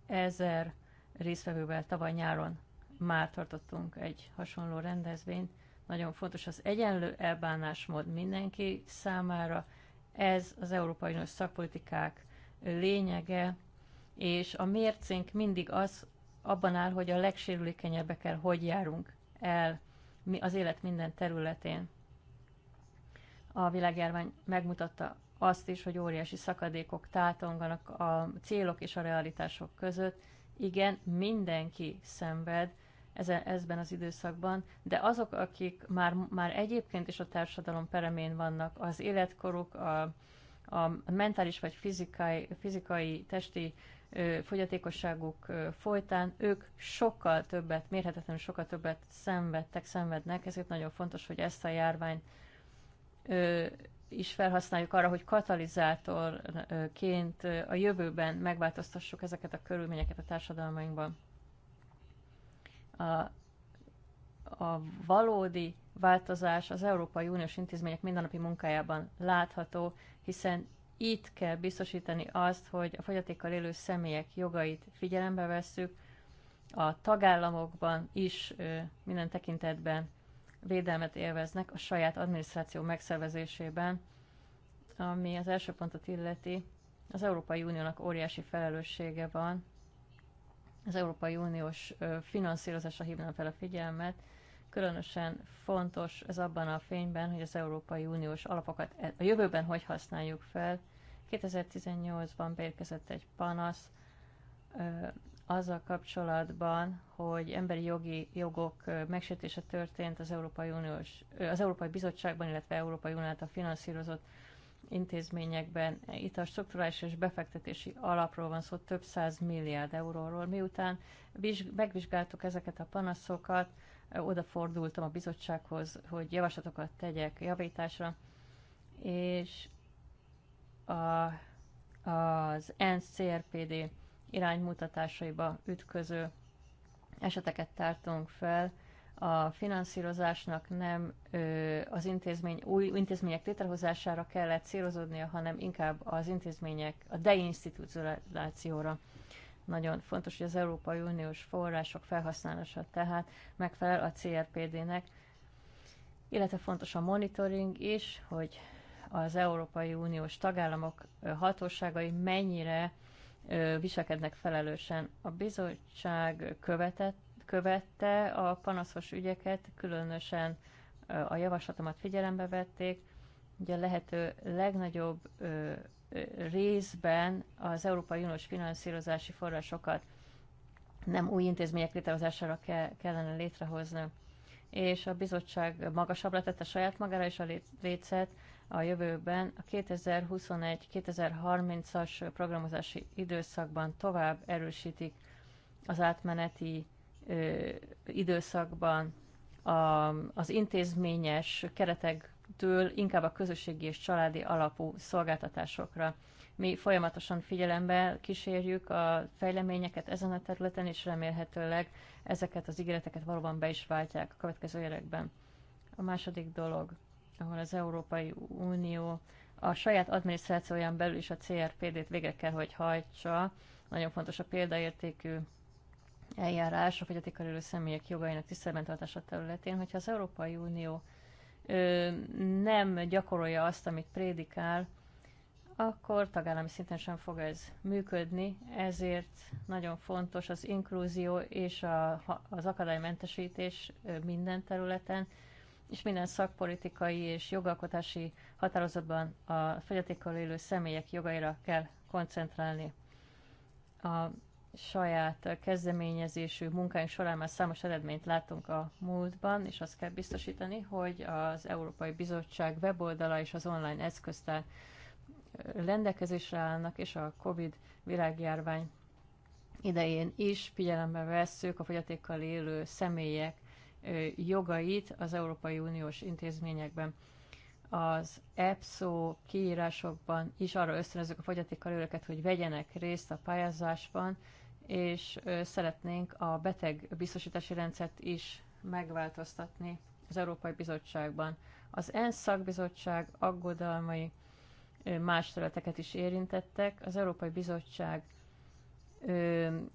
ezer résztvevővel tavaly nyáron már tartottunk egy hasonló rendezvényt. Nagyon fontos az egyenlő elbánásmód mindenki számára. Ez az Európai Uniós szakpolitikák lényege, és a mércénk mindig az abban áll, hogy a legsérülékenyebbekkel hogy járunk el az élet minden területén. A világjárvány megmutatta azt is, hogy óriási szakadékok tátonganak a célok és a realitások között, igen, mindenki szenved ezben az időszakban, de azok, akik már, már egyébként is a társadalom peremén vannak, az életkoruk, a, a mentális vagy fizikai, fizikai testi ö, fogyatékosságuk ö, folytán, ők sokkal többet, mérhetetlenül sokkal többet szenvedtek, szenvednek, ezért nagyon fontos, hogy ezt a járványt ö, is felhasználjuk arra, hogy katalizátorként a jövőben megváltoztassuk ezeket a körülményeket a társadalmainkban. A, a valódi változás az Európai Uniós intézmények mindennapi munkájában látható, hiszen itt kell biztosítani azt, hogy a fogyatékkal élő személyek jogait figyelembe vesszük, a tagállamokban is minden tekintetben védelmet élveznek a saját adminisztráció megszervezésében, ami az első pontot illeti. Az Európai Uniónak óriási felelőssége van. Az Európai Uniós finanszírozásra hívnám fel a figyelmet. Különösen fontos ez abban a fényben, hogy az Európai Uniós alapokat e- a jövőben hogy használjuk fel. 2018-ban beérkezett egy panasz azzal kapcsolatban, hogy emberi jogi jogok megsértése történt az Európai, Uniós, az Európai Bizottságban, illetve Európai Unió által finanszírozott intézményekben. Itt a strukturális és befektetési alapról van szó, több száz milliárd euróról. Miután megvizsgáltuk ezeket a panaszokat, odafordultam a bizottsághoz, hogy javaslatokat tegyek javításra, és a, az ENSZ CRPD iránymutatásaiba ütköző eseteket tártunk fel. A finanszírozásnak nem az intézmény, új intézmények létrehozására kellett célozódnia, hanem inkább az intézmények a deinstitucionalizációra nagyon fontos, hogy az Európai Uniós források felhasználása tehát megfelel a CRPD-nek, illetve fontos a monitoring is, hogy az Európai Uniós tagállamok hatóságai mennyire viselkednek felelősen. A bizottság követett, követte a panaszos ügyeket, különösen a javaslatomat figyelembe vették, ugye a lehető legnagyobb részben az Európai Uniós finanszírozási forrásokat nem új intézmények létrehozására ke- kellene létrehozni. És a bizottság magasabbra tette saját magára is a lécet, a jövőben a 2021-2030-as programozási időszakban tovább erősítik az átmeneti ö, időszakban a, az intézményes keretektől inkább a közösségi és családi alapú szolgáltatásokra. Mi folyamatosan figyelembe kísérjük a fejleményeket ezen a területen, és remélhetőleg ezeket az ígéreteket valóban be is váltják a következő években. A második dolog ahol az Európai Unió a saját adminisztrációján belül is a CRPD-t végre kell, hogy hajtsa. Nagyon fontos a példaértékű eljárás a fogyatékkal élő személyek jogainak tiszteletben tartása területén, hogyha az Európai Unió ö, nem gyakorolja azt, amit prédikál, akkor tagállami szinten sem fog ez működni, ezért nagyon fontos az inkluzió és a, az akadálymentesítés minden területen, és minden szakpolitikai és jogalkotási határozatban a fogyatékkal élő személyek jogaira kell koncentrálni. A saját kezdeményezésű munkáink során már számos eredményt látunk a múltban, és azt kell biztosítani, hogy az Európai Bizottság weboldala és az online eszköztár rendelkezésre állnak, és a COVID világjárvány idején is figyelembe vesszük a fogyatékkal élő személyek jogait az Európai Uniós intézményekben. Az EPSO kiírásokban is arra ösztönözzük a fogyatékkal őröket, hogy vegyenek részt a pályázásban, és szeretnénk a beteg biztosítási rendszert is megváltoztatni az Európai Bizottságban. Az ENSZ szakbizottság aggodalmai más területeket is érintettek. Az Európai Bizottság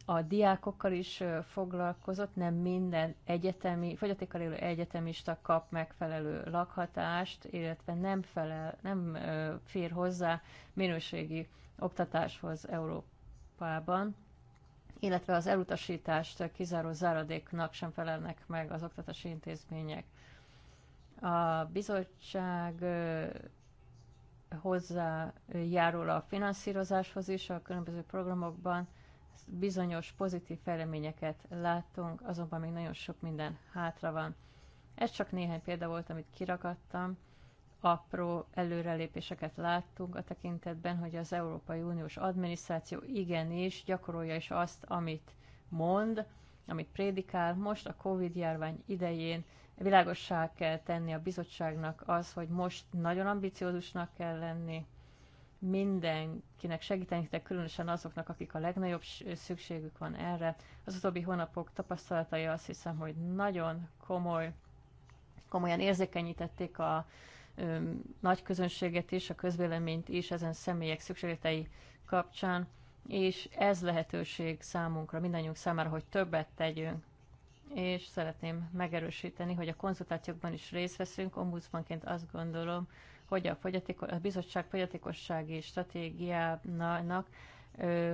a diákokkal is foglalkozott, nem minden egyetemi, fogyatékkal élő egyetemista kap megfelelő lakhatást, illetve nem, felel, nem fér hozzá minőségi oktatáshoz Európában, illetve az elutasítást kizáró záradéknak sem felelnek meg az oktatási intézmények. A bizottság hozzájárul a finanszírozáshoz is a különböző programokban, bizonyos pozitív fejleményeket láttunk, azonban még nagyon sok minden hátra van. Ez csak néhány példa volt, amit kirakadtam. Apró előrelépéseket láttunk a tekintetben, hogy az Európai Uniós adminisztráció igenis gyakorolja is azt, amit mond, amit prédikál. Most a COVID-járvány idején világossá kell tenni a bizottságnak az, hogy most nagyon ambiciózusnak kell lenni, mindenkinek segíteni, de különösen azoknak, akik a legnagyobb szükségük van erre. Az utóbbi hónapok tapasztalatai azt hiszem, hogy nagyon komoly, komolyan érzékenyítették a ö, nagy közönséget is, a közvéleményt is ezen személyek szükségletei kapcsán, és ez lehetőség számunkra, mindannyiunk számára, hogy többet tegyünk és szeretném megerősíteni, hogy a konzultációkban is részt veszünk. Ombudsmanként azt gondolom, hogy a, fogyatéko, a bizottság fogyatékossági stratégiának ö,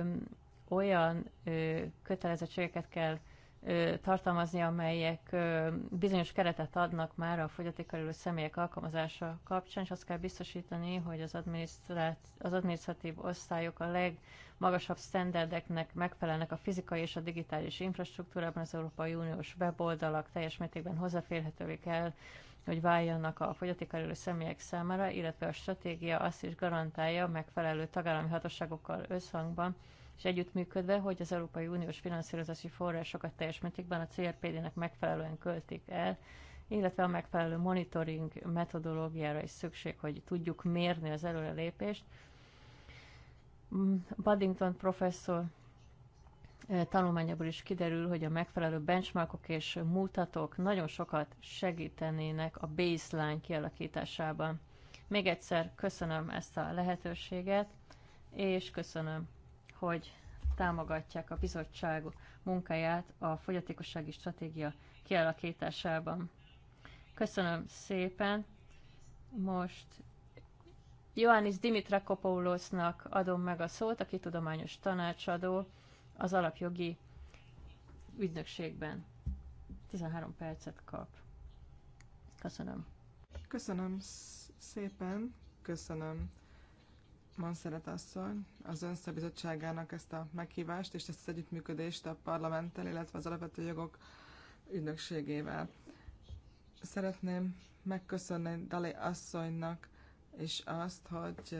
olyan ö, kötelezettségeket kell ö, tartalmazni, amelyek ö, bizonyos keretet adnak már a fogyatékkal élő személyek alkalmazása kapcsán, és azt kell biztosítani, hogy az, az adminisztratív osztályok a legmagasabb sztenderdeknek megfelelnek a fizikai és a digitális infrastruktúrában, az Európai Uniós weboldalak teljes mértékben hozzáférhetővé kell hogy váljanak a fogyatékkal személyek számára, illetve a stratégia azt is garantálja megfelelő tagállami hatóságokkal összhangban, és együttműködve, hogy az Európai Uniós finanszírozási forrásokat teljes mértékben a CRPD-nek megfelelően költik el, illetve a megfelelő monitoring metodológiára is szükség, hogy tudjuk mérni az előrelépést. Mm, Paddington professzor tanulmányokból is kiderül, hogy a megfelelő benchmarkok és mutatók nagyon sokat segítenének a baseline kialakításában. Még egyszer köszönöm ezt a lehetőséget, és köszönöm, hogy támogatják a bizottság munkáját a fogyatékossági stratégia kialakításában. Köszönöm szépen. Most Ioannis Dimitra Kopoulosnak adom meg a szót, aki tudományos tanácsadó az alapjogi ügynökségben. 13 percet kap. Köszönöm. Köszönöm szépen, köszönöm Monszeret asszony, az Önszabizottságának ezt a meghívást és ezt az együttműködést a parlamenttel, illetve az alapvető jogok ügynökségével. Szeretném megköszönni Dali asszonynak és azt, hogy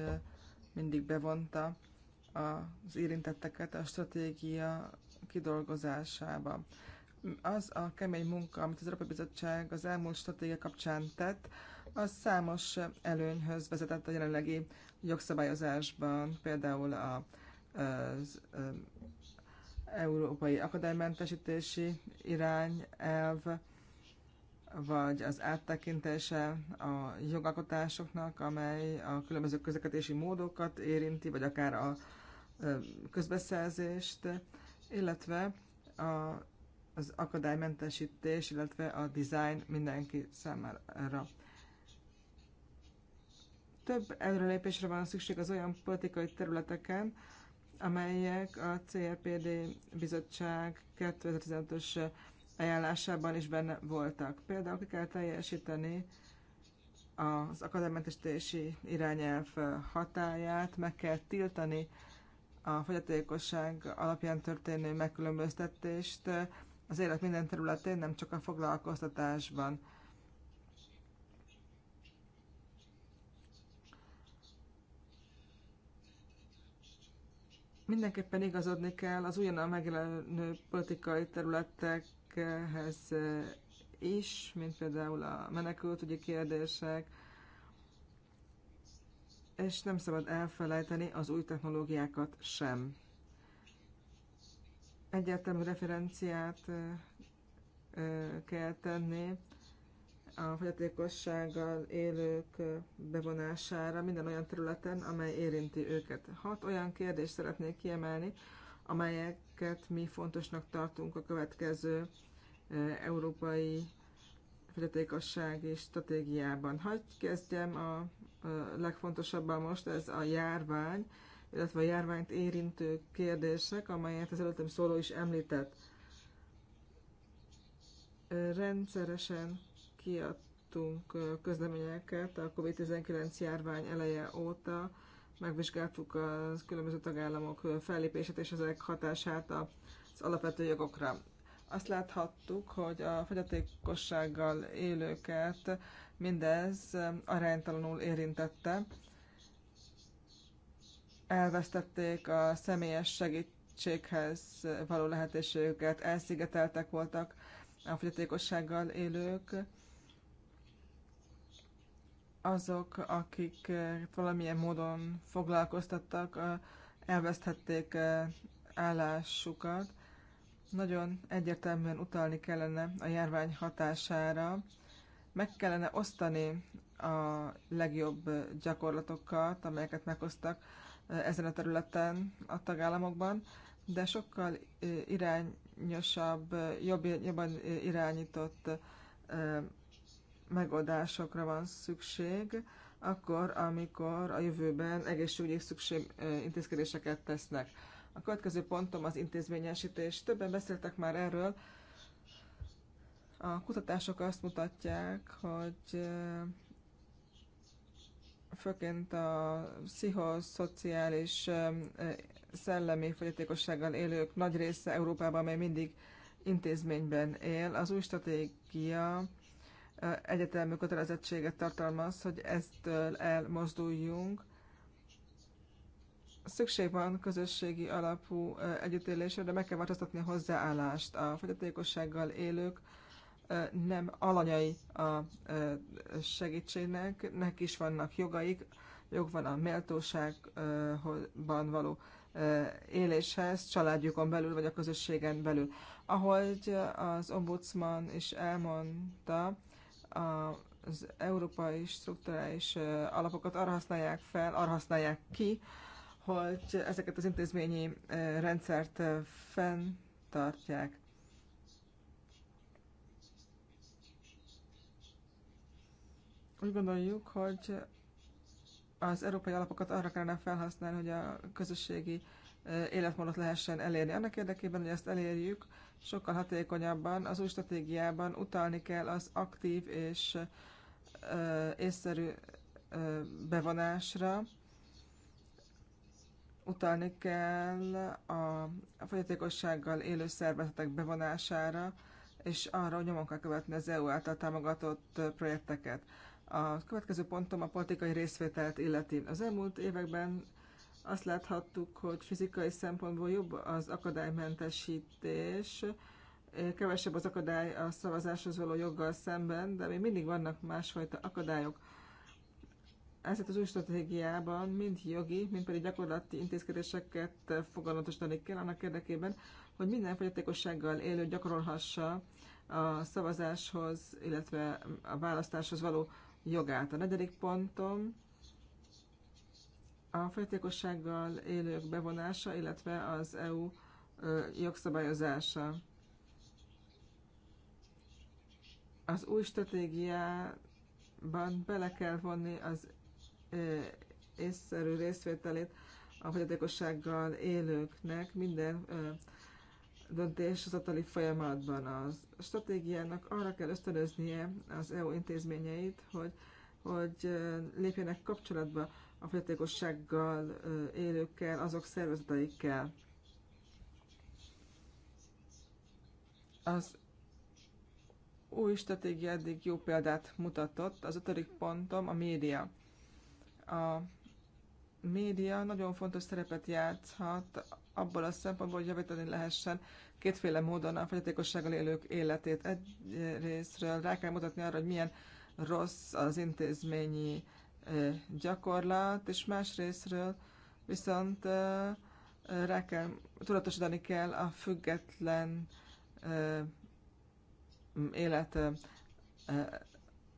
mindig bevonta az érintetteket a stratégia kidolgozásába. Az a kemény munka, amit az Európai Bizottság az elmúlt stratégia kapcsán tett, az számos előnyhöz vezetett a jelenlegi jogszabályozásban, például a, az európai akadálymentesítési irányelv, vagy az áttekintése a jogalkotásoknak, amely a különböző közlekedési módokat érinti, vagy akár a közbeszerzést, illetve a, az akadálymentesítés, illetve a design mindenki számára. Több előrelépésre van szükség az olyan politikai területeken, amelyek a CRPD bizottság 2015-ös ajánlásában is benne voltak. Például ki kell teljesíteni az akadálymentesítési irányelv hatáját, meg kell tiltani a fogyatékosság alapján történő megkülönböztetést az élet minden területén, nem csak a foglalkoztatásban. Mindenképpen igazodni kell az újonnan megjelenő politikai területekhez is, mint például a menekültügyi kérdések, és nem szabad elfelejteni az új technológiákat sem. Egyértelmű referenciát kell tenni a fogyatékossággal élők bevonására minden olyan területen, amely érinti őket. Hat olyan kérdést szeretnék kiemelni, amelyeket mi fontosnak tartunk a következő európai fogyatékossági stratégiában. Hagyj kezdjem a legfontosabbá most ez a járvány, illetve a járványt érintő kérdések, amelyet az előttem szóló is említett. Rendszeresen kiadtunk közleményeket a COVID-19 járvány eleje óta, megvizsgáltuk a különböző tagállamok fellépését és ezek hatását az alapvető jogokra. Azt láthattuk, hogy a fogyatékossággal élőket mindez aránytalanul érintette. Elvesztették a személyes segítséghez való lehetőségüket, elszigeteltek voltak a fogyatékossággal élők, azok, akik valamilyen módon foglalkoztattak, elveszthették eh, állásukat nagyon egyértelműen utalni kellene a járvány hatására, meg kellene osztani a legjobb gyakorlatokat, amelyeket meghoztak ezen a területen a tagállamokban, de sokkal irányosabb, jobb, jobban irányított megoldásokra van szükség, akkor, amikor a jövőben egészségügyi szükség intézkedéseket tesznek. A következő pontom az intézményesítés. Többen beszéltek már erről. A kutatások azt mutatják, hogy főként a pszichoszociális szellemi fogyatékossággal élők nagy része Európában amely mindig intézményben él. Az új stratégia egyetemű kötelezettséget tartalmaz, hogy eztől elmozduljunk szükség van közösségi alapú együttélésre, de meg kell változtatni a hozzáállást. A fogyatékossággal élők nem alanyai a segítségnek, nekik is vannak jogaik, jog van a méltóságban való éléshez, családjukon belül, vagy a közösségen belül. Ahogy az ombudsman is elmondta, az európai strukturális alapokat arra használják fel, arra használják ki, hogy ezeket az intézményi rendszert fenntartják. Úgy gondoljuk, hogy az európai alapokat arra kellene felhasználni, hogy a közösségi életmódot lehessen elérni. Annak érdekében, hogy ezt elérjük, sokkal hatékonyabban az új stratégiában utalni kell az aktív és észszerű bevonásra, utalni kell a fogyatékossággal élő szervezetek bevonására, és arra, hogy nyomon kell követni az EU által támogatott projekteket. A következő pontom a politikai részvételt illeti. Az elmúlt években azt láthattuk, hogy fizikai szempontból jobb az akadálymentesítés, kevesebb az akadály a szavazáshoz való joggal szemben, de még mindig vannak másfajta akadályok ezért az új stratégiában mind jogi, mind pedig gyakorlati intézkedéseket fogalmatosítani kell annak érdekében, hogy minden fogyatékossággal élő gyakorolhassa a szavazáshoz, illetve a választáshoz való jogát. A negyedik pontom a fogyatékossággal élők bevonása, illetve az EU jogszabályozása. Az új stratégiában bele kell vonni az észszerű részvételét a fogyatékossággal élőknek minden döntéshozatali folyamatban. A stratégiának arra kell ösztönöznie az EU intézményeit, hogy, hogy lépjenek kapcsolatba a fogyatékossággal élőkkel, azok szervezeteikkel. Az új stratégia eddig jó példát mutatott. Az ötödik pontom a média a média nagyon fontos szerepet játszhat abból a szempontból, hogy javítani lehessen kétféle módon a fogyatékossággal élők életét. Egyrésztről rá kell mutatni arra, hogy milyen rossz az intézményi gyakorlat, és másrésztről viszont rá kell, tudatosítani kell a független élet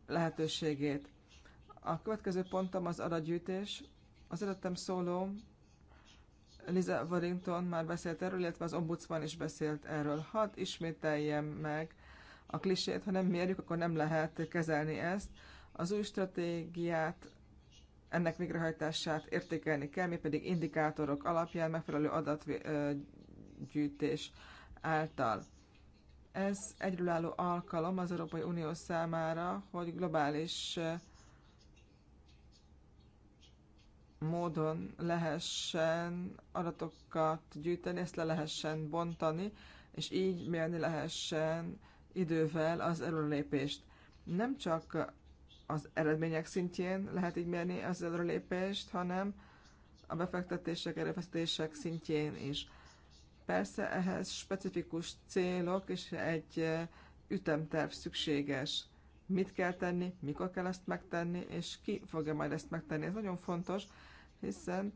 lehetőségét. A következő pontom az adatgyűjtés. Az előttem szóló Liza Warrington már beszélt erről, illetve az ombudsman is beszélt erről. Hadd ismételjem meg a klisét, ha nem mérjük, akkor nem lehet kezelni ezt. Az új stratégiát, ennek végrehajtását értékelni kell, mi pedig indikátorok alapján megfelelő adatgyűjtés által. Ez egyrülálló alkalom az Európai Unió számára, hogy globális módon lehessen adatokat gyűjteni, ezt le lehessen bontani, és így mérni lehessen idővel az előlépést. Nem csak az eredmények szintjén lehet így mérni az előlépést, hanem a befektetések, erőfeszítések szintjén is. Persze ehhez specifikus célok és egy eh, ütemterv szükséges. Mit kell tenni, mikor kell ezt megtenni, és ki fogja majd ezt megtenni. Ez nagyon fontos, hiszen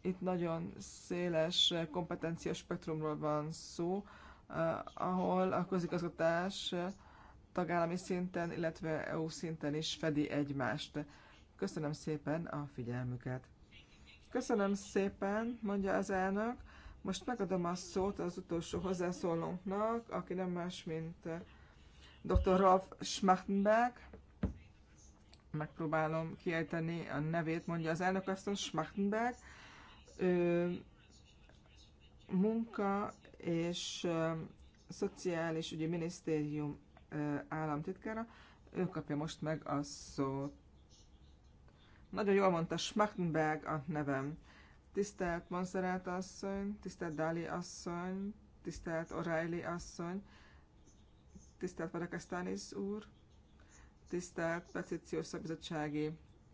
itt nagyon széles kompetencia spektrumról van szó, eh, ahol a közigazgatás tagállami szinten, illetve EU szinten is fedi egymást. Köszönöm szépen a figyelmüket. Köszönöm szépen, mondja az elnök. Most megadom a szót az utolsó hozzászólónknak, aki nem más, mint dr. Rolf Schmachtenberg, megpróbálom kiejteni a nevét, mondja az elnök aztán Schmachtenberg, ő munka és szociális ügyi minisztérium államtitkára, ő kapja most meg a szót. Nagyon jól mondta Schmachtenberg a nevem. Tisztelt Monserrat asszony, tisztelt Dali asszony, tisztelt O'Reilly asszony, tisztelt Varakasztánis úr, tisztelt petíciós szakbizottsági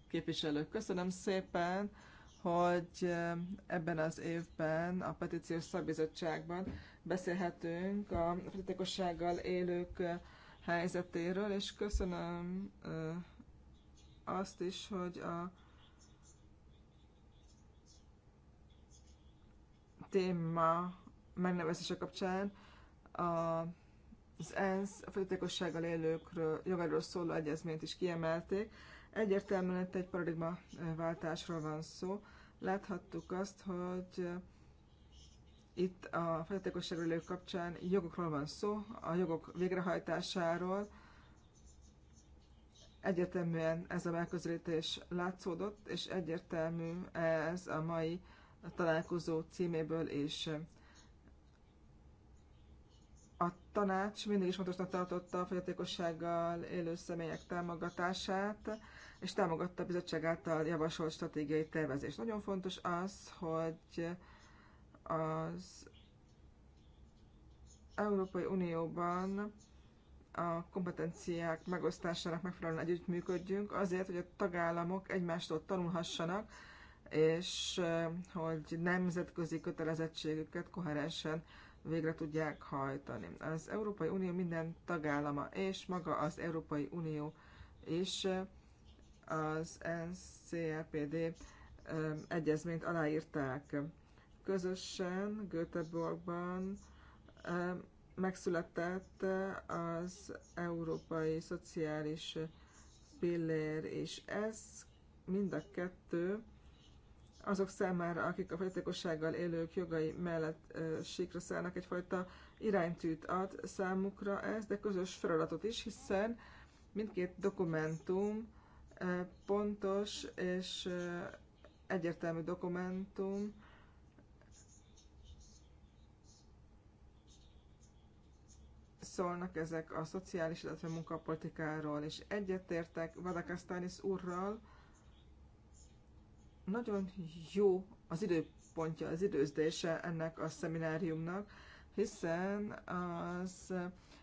képviselők. Köszönöm szépen, hogy eh, ebben az évben a petíciós szakbizottságban beszélhetünk a fogyatékossággal élők eh, helyzetéről, és köszönöm eh, azt is, hogy a téma megnevezése kapcsán a az ENSZ a fogyatékossággal élőkről jogáról szóló egyezményt is kiemelték. Egyértelműen itt egy paradigmaváltásról van szó. Láthattuk azt, hogy itt a fogyatékossággal élők kapcsán jogokról van szó, a jogok végrehajtásáról. Egyértelműen ez a megközelítés látszódott, és egyértelmű ez a mai találkozó címéből is. És a tanács mindig is fontosnak tartotta a fogyatékossággal élő személyek támogatását, és támogatta a bizottság által javasolt stratégiai tervezést. Nagyon fontos az, hogy az Európai Unióban a kompetenciák megosztásának megfelelően együttműködjünk, azért, hogy a tagállamok egymástól tanulhassanak, és hogy nemzetközi kötelezettségüket koherensen végre tudják hajtani. Az Európai Unió minden tagállama és maga az Európai Unió is az NCRPD egyezményt aláírták. Közösen Göteborgban megszületett az Európai Szociális Pillér, és ez mind a kettő azok számára, akik a fogyatékossággal élők jogai mellett ö, síkra szállnak, egyfajta iránytűt ad számukra ez, de közös feladatot is, hiszen mindkét dokumentum pontos és egyértelmű dokumentum, szólnak ezek a szociális, illetve munkapolitikáról, és egyetértek Vadakasztánisz úrral, nagyon jó az időpontja, az időzdése ennek a szemináriumnak, hiszen az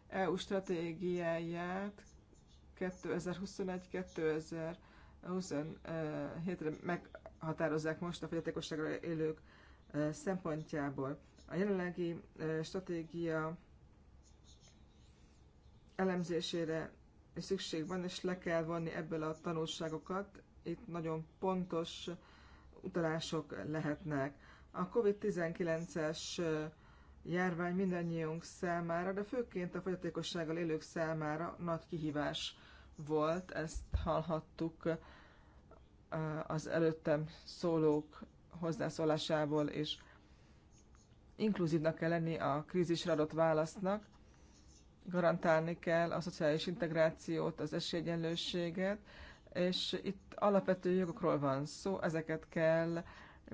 EU stratégiáját 2021-2027-re meghatározzák most a fogyatékossággal élők e, szempontjából. A jelenlegi e, stratégia elemzésére szükség van, és le kell vonni ebből a tanulságokat. Itt nagyon pontos utalások lehetnek. A COVID-19-es járvány mindannyiunk számára, de főként a fogyatékossággal élők számára nagy kihívás volt, ezt hallhattuk az előttem szólók hozzászólásából, és inkluzívnak kell lenni a krízisre adott válasznak, garantálni kell a szociális integrációt, az esélyegyenlőséget, és itt alapvető jogokról van szó, ezeket kell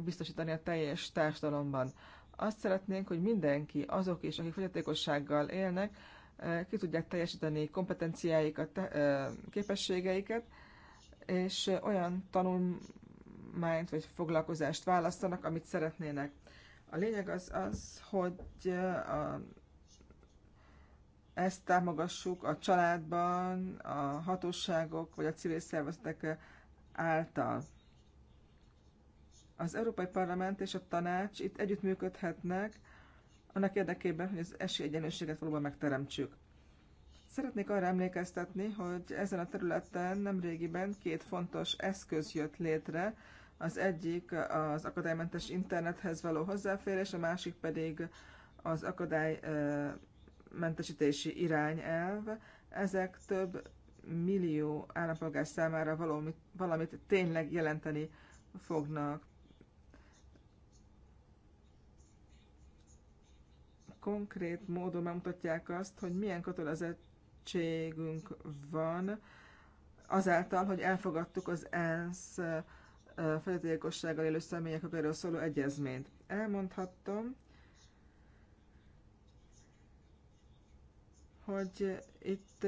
biztosítani a teljes társadalomban. Azt szeretnénk, hogy mindenki, azok is, akik fogyatékossággal élnek, eh, ki tudják teljesíteni kompetenciáikat, eh, képességeiket, és olyan tanulmányt vagy foglalkozást választanak, amit szeretnének. A lényeg az az, hogy eh, a ezt támogassuk a családban, a hatóságok vagy a civil szervezetek által. Az Európai Parlament és a Tanács itt együttműködhetnek annak érdekében, hogy az esélyegyenlőséget valóban megteremtsük. Szeretnék arra emlékeztetni, hogy ezen a területen nemrégiben két fontos eszköz jött létre. Az egyik az akadálymentes internethez való hozzáférés, a másik pedig az akadály mentesítési irányelv, ezek több millió állampolgár számára valamit, valamit tényleg jelenteni fognak. Konkrét módon megmutatják azt, hogy milyen kötelezettségünk van azáltal, hogy elfogadtuk az ENSZ fogyatékossággal élő személyek jogairól szóló egyezményt. Elmondhattam, hogy itt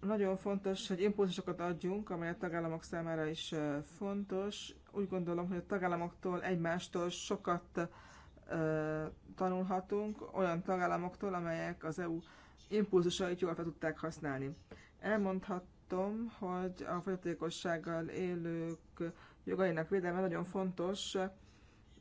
nagyon fontos, hogy impulzusokat adjunk, amely a tagállamok számára is fontos. Úgy gondolom, hogy a tagállamoktól, egymástól sokat tanulhatunk, olyan tagállamoktól, amelyek az EU impulzusait jól fel tudták használni. Elmondhatom, hogy a fogyatékossággal élők jogainak védelme nagyon fontos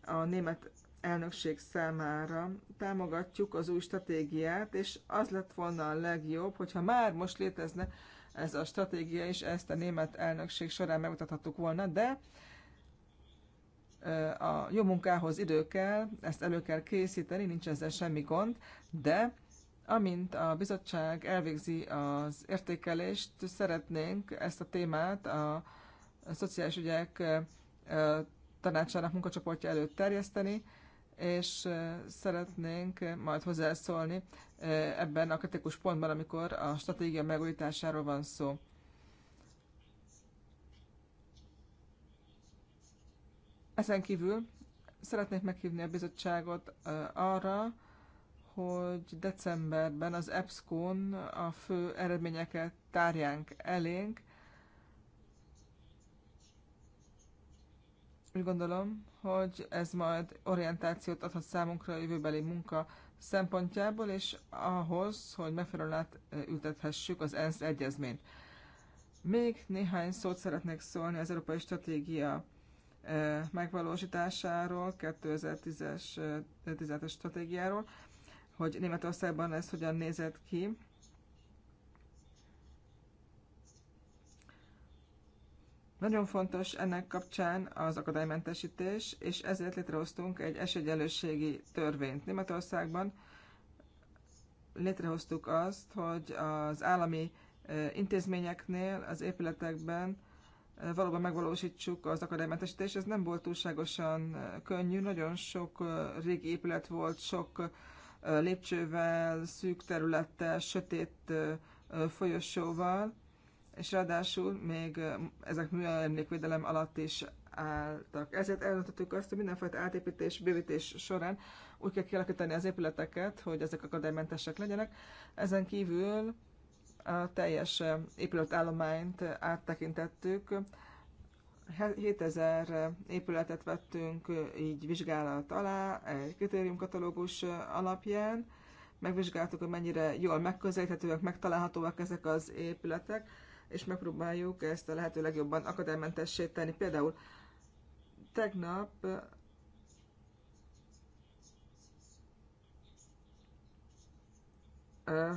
a német elnökség számára. Támogatjuk az új stratégiát, és az lett volna a legjobb, hogyha már most létezne ez a stratégia, és ezt a német elnökség során megmutathattuk volna, de a jó munkához idő kell, ezt elő kell készíteni, nincs ezzel semmi gond, de amint a bizottság elvégzi az értékelést, szeretnénk ezt a témát a szociális ügyek tanácsának munkacsoportja előtt terjeszteni, és szeretnénk majd hozzászólni ebben a kritikus pontban, amikor a stratégia megújításáról van szó. Ezen kívül szeretnék meghívni a bizottságot arra, hogy decemberben az EBSCO-n a fő eredményeket tárjánk elénk, Úgy gondolom, hogy ez majd orientációt adhat számunkra a jövőbeli munka szempontjából, és ahhoz, hogy megfelelően átültethessük az ENSZ egyezményt. Még néhány szót szeretnék szólni az Európai Stratégia e, megvalósításáról, 2010-es e, stratégiáról, hogy Németországban ez hogyan nézett ki. Nagyon fontos ennek kapcsán az akadálymentesítés, és ezért létrehoztunk egy esélyegyenlőségi törvényt. Németországban létrehoztuk azt, hogy az állami intézményeknél, az épületekben valóban megvalósítsuk az akadálymentesítést. Ez nem volt túlságosan könnyű, nagyon sok régi épület volt, sok lépcsővel, szűk területtel, sötét folyosóval, és ráadásul még ezek műemlékvédelem alatt is álltak. Ezért elmondhatjuk azt, hogy mindenfajta átépítés, bővítés során úgy kell kialakítani az épületeket, hogy ezek akadálymentesek legyenek. Ezen kívül a teljes épületállományt áttekintettük. 7000 épületet vettünk így vizsgálat alá, egy kritériumkatalógus alapján. Megvizsgáltuk, hogy mennyire jól megközelíthetőek, megtalálhatóak ezek az épületek és megpróbáljuk ezt a lehető legjobban akadálymentessé tenni. Például tegnap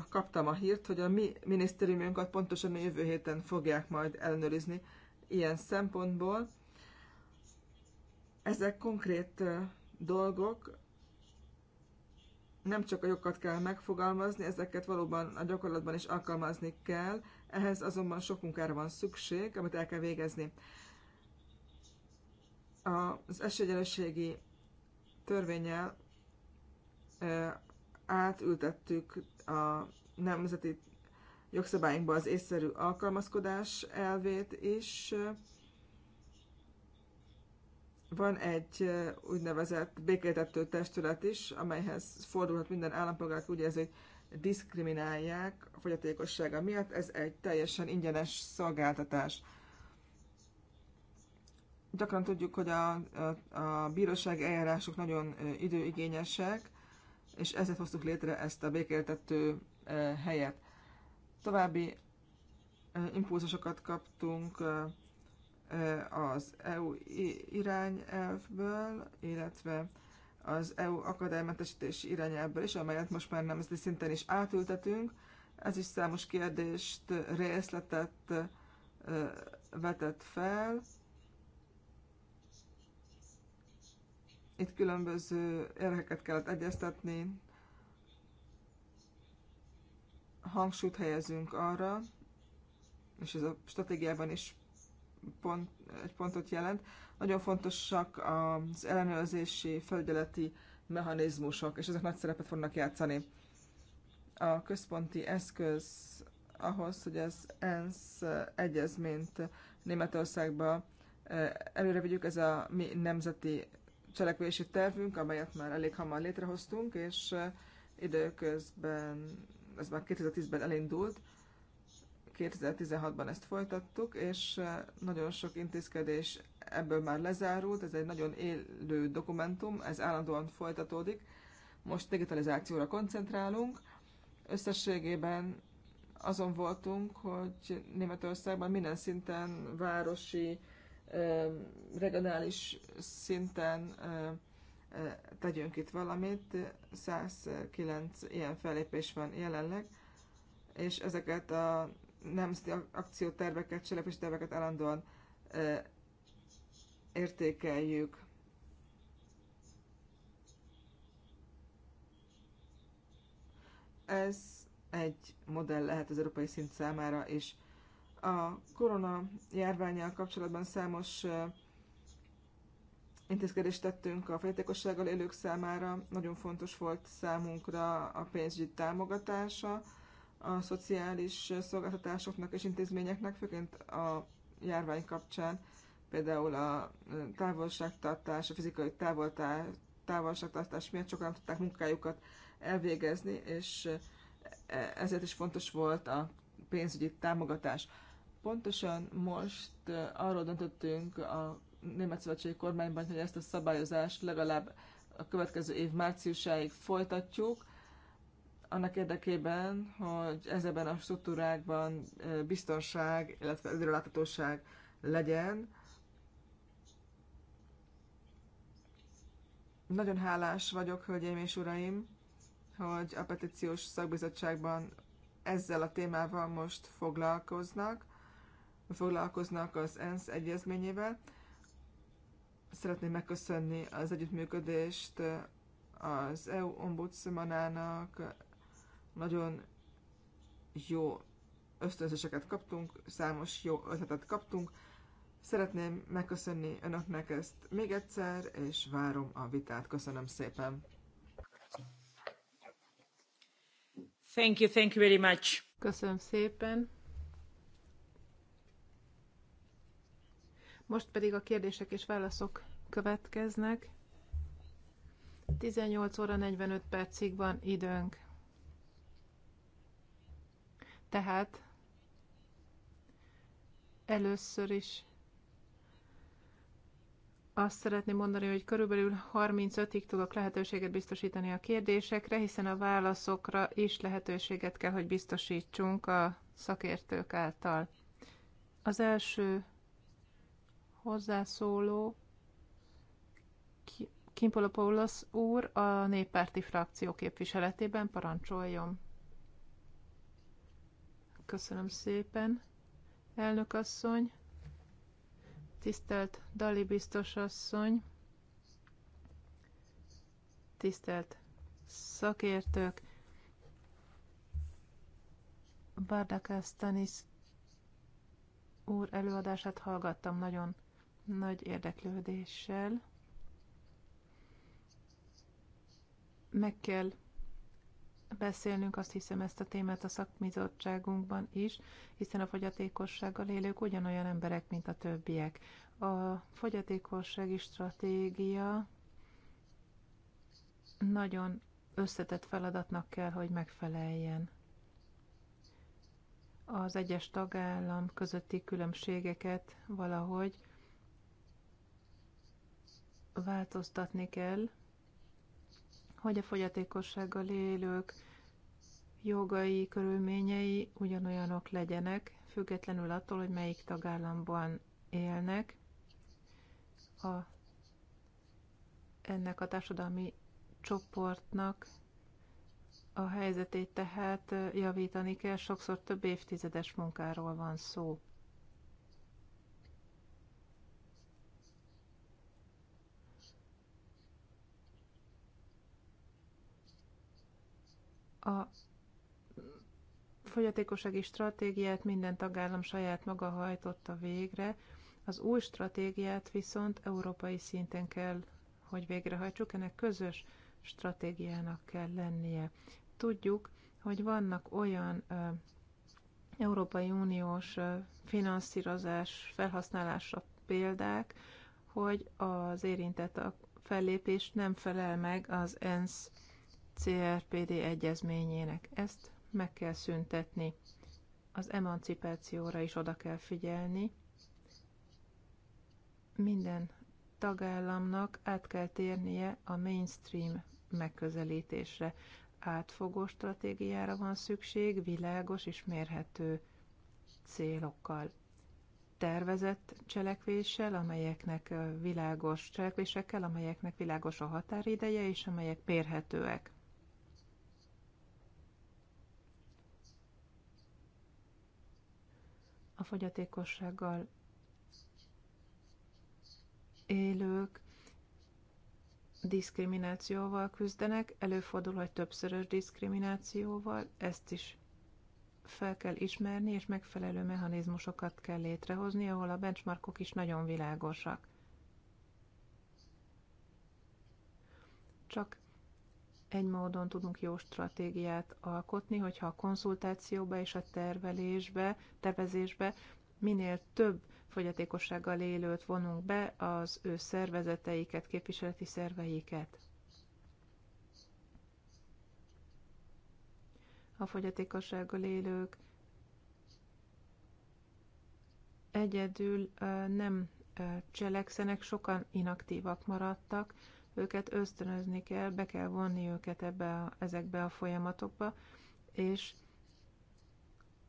kaptam a hírt, hogy a mi minisztériumunkat pontosan a jövő héten fogják majd ellenőrizni ilyen szempontból. Ezek konkrét dolgok, nem csak a jogokat kell megfogalmazni, ezeket valóban a gyakorlatban is alkalmazni kell, ehhez azonban sok munkára van szükség, amit el kell végezni. Az esélyegyenlőségi törvényel átültettük a nemzeti jogszabályunkba az észszerű alkalmazkodás elvét is. Van egy úgynevezett békéltető testület is, amelyhez fordulhat minden állampolgár, úgy érzi, hogy diszkriminálják a fogyatékossága miatt, ez egy teljesen ingyenes szolgáltatás. Gyakran tudjuk, hogy a, a, a bírósági eljárások nagyon időigényesek, és ezért hoztuk létre ezt a békéltető helyet. További impulzusokat kaptunk az EU irányelvből, illetve az EU akadálymentesítési irányából is, amelyet most már nemzeti szinten is átültetünk. Ez is számos kérdést, részletet vetett fel. Itt különböző érdekeket kellett egyeztetni, hangsúlyt helyezünk arra, és ez a stratégiában is pont, egy pontot jelent, nagyon fontosak az ellenőrzési, felügyeleti mechanizmusok, és ezek nagy szerepet fognak játszani. A központi eszköz ahhoz, hogy az ENSZ egyezményt Németországba eh, előre vigyük, ez a mi nemzeti cselekvési tervünk, amelyet már elég hamar létrehoztunk, és eh, időközben, ez már 2010-ben elindult, 2016-ban ezt folytattuk, és eh, nagyon sok intézkedés ebből már lezárult, ez egy nagyon élő dokumentum, ez állandóan folytatódik. Most digitalizációra koncentrálunk. Összességében azon voltunk, hogy Németországban minden szinten, városi, regionális szinten tegyünk itt valamit. 109 ilyen fellépés van jelenleg, és ezeket a nemzeti akcióterveket, cselekvésterveket állandóan értékeljük. Ez egy modell lehet az európai szint számára és A korona járványjal kapcsolatban számos intézkedést tettünk a fejtékossággal élők számára. Nagyon fontos volt számunkra a pénzügyi támogatása a szociális szolgáltatásoknak és intézményeknek, főként a járvány kapcsán például a távolságtartás, a fizikai távolságtartás miatt sokan tudták munkájukat elvégezni, és e, ezért is fontos volt a pénzügyi támogatás. Pontosan most arról döntöttünk a Német Szövetségi Kormányban, hogy ezt a szabályozást legalább a következő év márciusáig folytatjuk, annak érdekében, hogy ezekben a struktúrákban biztonság, illetve előreláthatóság legyen, Nagyon hálás vagyok, hölgyeim és uraim, hogy a petíciós szakbizottságban ezzel a témával most foglalkoznak, foglalkoznak az ENSZ egyezményével. Szeretném megköszönni az együttműködést az EU ombudsmanának. Nagyon jó ösztönzéseket kaptunk, számos jó ötletet kaptunk, Szeretném megköszönni önöknek ezt még egyszer, és várom a vitát. Köszönöm szépen. Thank you, thank you very much. Köszönöm szépen. Most pedig a kérdések és válaszok következnek. 18 óra 45 percig van időnk. Tehát először is azt szeretném mondani, hogy körülbelül 35-ig tudok lehetőséget biztosítani a kérdésekre, hiszen a válaszokra is lehetőséget kell, hogy biztosítsunk a szakértők által. Az első hozzászóló Kimpolopoulos úr a néppárti frakció képviseletében parancsoljon. Köszönöm szépen, elnök asszony tisztelt Dali biztos asszony, tisztelt szakértők, Bardakásztanis úr előadását hallgattam nagyon nagy érdeklődéssel. Meg kell beszélnünk, azt hiszem ezt a témát a szakbizottságunkban is, hiszen a fogyatékossággal élők ugyanolyan emberek, mint a többiek. A fogyatékossági stratégia nagyon összetett feladatnak kell, hogy megfeleljen. Az egyes tagállam közötti különbségeket valahogy változtatni kell, hogy a fogyatékossággal élők jogai, körülményei ugyanolyanok legyenek, függetlenül attól, hogy melyik tagállamban élnek. A, ennek a társadalmi csoportnak a helyzetét tehát javítani kell, sokszor több évtizedes munkáról van szó. A fogyatékossági stratégiát minden tagállam saját maga hajtotta végre, az új stratégiát viszont európai szinten kell, hogy végrehajtsuk, ennek közös stratégiának kell lennie. Tudjuk, hogy vannak olyan ö, Európai Uniós ö, finanszírozás felhasználásra példák, hogy az érintett a fellépés nem felel meg az ENSZ CRPD egyezményének. Ezt meg kell szüntetni. Az emancipációra is oda kell figyelni. Minden tagállamnak át kell térnie a mainstream megközelítésre. Átfogó stratégiára van szükség, világos és mérhető célokkal. Tervezett cselekvéssel, amelyeknek világos cselekvésekkel, amelyeknek világos a határideje, és amelyek mérhetőek. a fogyatékossággal élők diszkriminációval küzdenek, előfordul, hogy többszörös diszkriminációval, ezt is fel kell ismerni, és megfelelő mechanizmusokat kell létrehozni, ahol a benchmarkok is nagyon világosak. Csak egy módon tudunk jó stratégiát alkotni, hogyha a konzultációba és a tervelésbe, tervezésbe minél több fogyatékossággal élőt vonunk be az ő szervezeteiket, képviseleti szerveiket. A fogyatékossággal élők egyedül nem cselekszenek, sokan inaktívak maradtak, őket ösztönözni kell, be kell vonni őket ebbe a, ezekbe a folyamatokba, és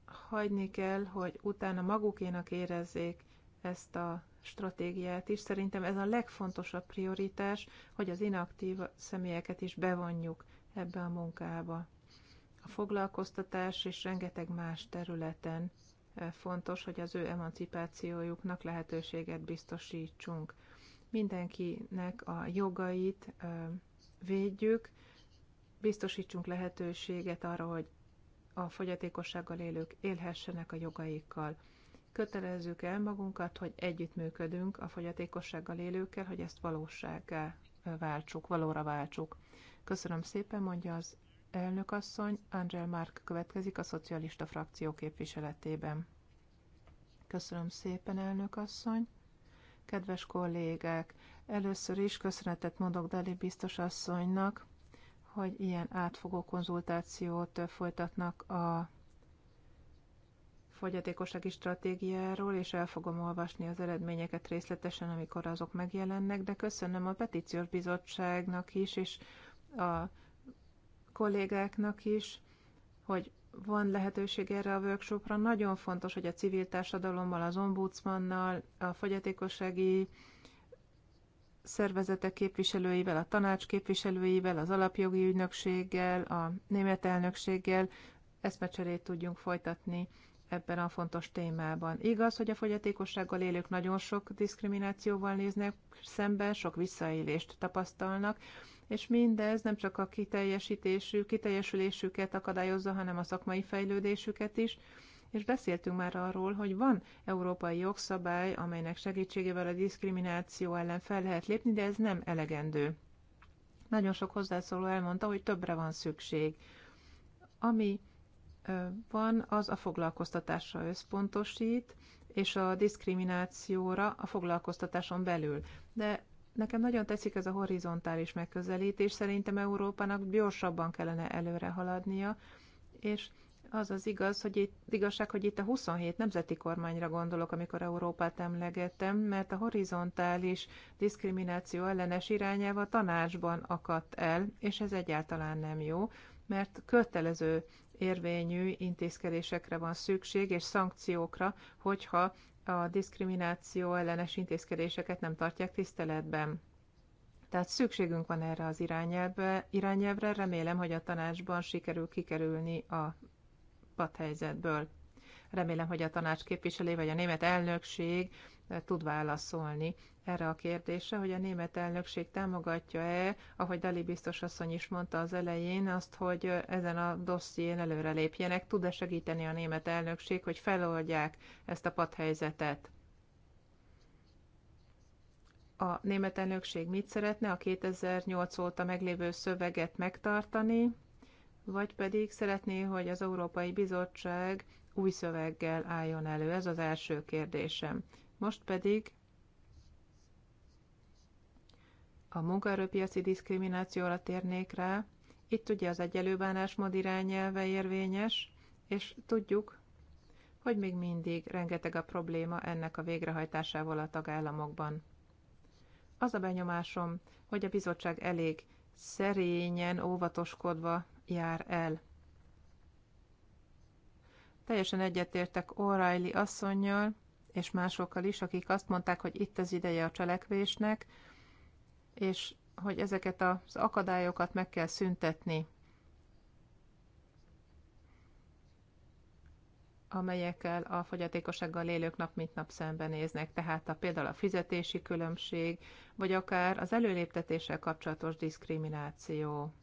hagyni kell, hogy utána magukénak érezzék ezt a stratégiát is. Szerintem ez a legfontosabb prioritás, hogy az inaktív személyeket is bevonjuk ebbe a munkába. A foglalkoztatás és rengeteg más területen eh, fontos, hogy az ő emancipációjuknak lehetőséget biztosítsunk mindenkinek a jogait védjük, biztosítsunk lehetőséget arra, hogy a fogyatékossággal élők élhessenek a jogaikkal. Kötelezzük el magunkat, hogy együttműködünk a fogyatékossággal élőkkel, hogy ezt valósággá váltsuk, valóra váltsuk. Köszönöm szépen, mondja az elnökasszony. Angel Mark következik a szocialista frakció képviseletében. Köszönöm szépen, elnökasszony. Kedves kollégák, először is köszönetet mondok Dali biztos asszonynak, hogy ilyen átfogó konzultációt folytatnak a fogyatékossági stratégiáról, és el fogom olvasni az eredményeket részletesen, amikor azok megjelennek, de köszönöm a petíciós bizottságnak is, és a kollégáknak is, hogy van lehetőség erre a workshopra. Nagyon fontos, hogy a civil társadalommal, az ombudsmannal, a fogyatékossági szervezetek képviselőivel, a tanács képviselőivel, az alapjogi ügynökséggel, a német elnökséggel eszmecserét tudjunk folytatni ebben a fontos témában. Igaz, hogy a fogyatékossággal élők nagyon sok diszkriminációval néznek szemben, sok visszaélést tapasztalnak, és mindez nem csak a kiteljesítésű, kiteljesülésüket akadályozza, hanem a szakmai fejlődésüket is, és beszéltünk már arról, hogy van európai jogszabály, amelynek segítségével a diszkrimináció ellen fel lehet lépni, de ez nem elegendő. Nagyon sok hozzászóló elmondta, hogy többre van szükség. Ami van, az a foglalkoztatásra összpontosít, és a diszkriminációra a foglalkoztatáson belül. De Nekem nagyon tetszik ez a horizontális megközelítés, szerintem Európának gyorsabban kellene előre haladnia, és az az igaz, hogy itt, igazság, hogy itt a 27 nemzeti kormányra gondolok, amikor Európát emlegettem, mert a horizontális diszkrimináció ellenes a tanácsban akadt el, és ez egyáltalán nem jó, mert kötelező érvényű intézkedésekre van szükség, és szankciókra, hogyha a diszkrimináció ellenes intézkedéseket nem tartják tiszteletben. Tehát szükségünk van erre az irányelvre, irányelvre remélem, hogy a tanácsban sikerül kikerülni a padhelyzetből. Remélem, hogy a tanács képviselő vagy a német elnökség tud válaszolni erre a kérdésre, hogy a német elnökség támogatja-e, ahogy Dali biztos asszony is mondta az elején, azt, hogy ezen a dosszién előre lépjenek, Tud-e segíteni a német elnökség, hogy feloldják ezt a padhelyzetet? A német elnökség mit szeretne? A 2008 óta meglévő szöveget megtartani, vagy pedig szeretné, hogy az Európai Bizottság új szöveggel álljon elő? Ez az első kérdésem. Most pedig a munkaerőpiaci diszkriminációra térnék rá. Itt ugye az egyelő bánásmód irányelve érvényes, és tudjuk, hogy még mindig rengeteg a probléma ennek a végrehajtásával a tagállamokban. Az a benyomásom, hogy a bizottság elég szerényen, óvatoskodva jár el. Teljesen egyetértek O'Reilly asszonynal és másokkal is, akik azt mondták, hogy itt az ideje a cselekvésnek, és hogy ezeket az akadályokat meg kell szüntetni, amelyekkel a fogyatékossággal élők nap mint nap szembenéznek, tehát a, például a fizetési különbség, vagy akár az előléptetéssel kapcsolatos diszkrimináció.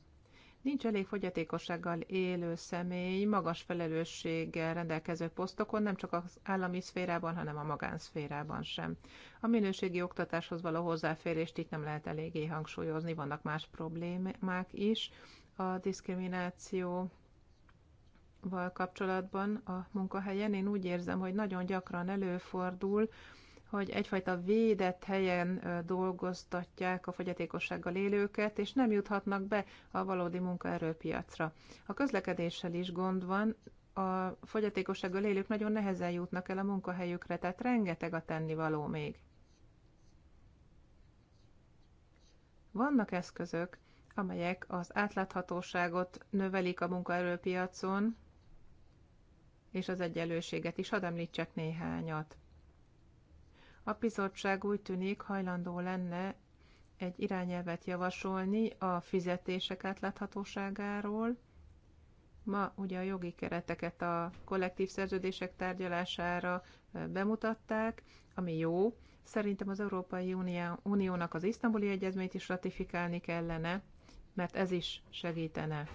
Nincs elég fogyatékossággal élő személy magas felelősséggel rendelkező posztokon, nem csak az állami szférában, hanem a magánszférában sem. A minőségi oktatáshoz való hozzáférést itt nem lehet eléggé hangsúlyozni, vannak más problémák is. A diszkrimináció kapcsolatban a munkahelyen én úgy érzem, hogy nagyon gyakran előfordul, hogy egyfajta védett helyen dolgoztatják a fogyatékossággal élőket, és nem juthatnak be a valódi munkaerőpiacra. A közlekedéssel is gond van, a fogyatékossággal élők nagyon nehezen jutnak el a munkahelyükre, tehát rengeteg a tennivaló még. Vannak eszközök, amelyek az átláthatóságot növelik a munkaerőpiacon, és az egyenlőséget is, hadd említsek néhányat. A bizottság úgy tűnik hajlandó lenne egy irányelvet javasolni a fizetések átláthatóságáról. Ma ugye a jogi kereteket a kollektív szerződések tárgyalására bemutatták, ami jó. Szerintem az Európai Uniónak az isztambuli egyezményt is ratifikálni kellene, mert ez is segítene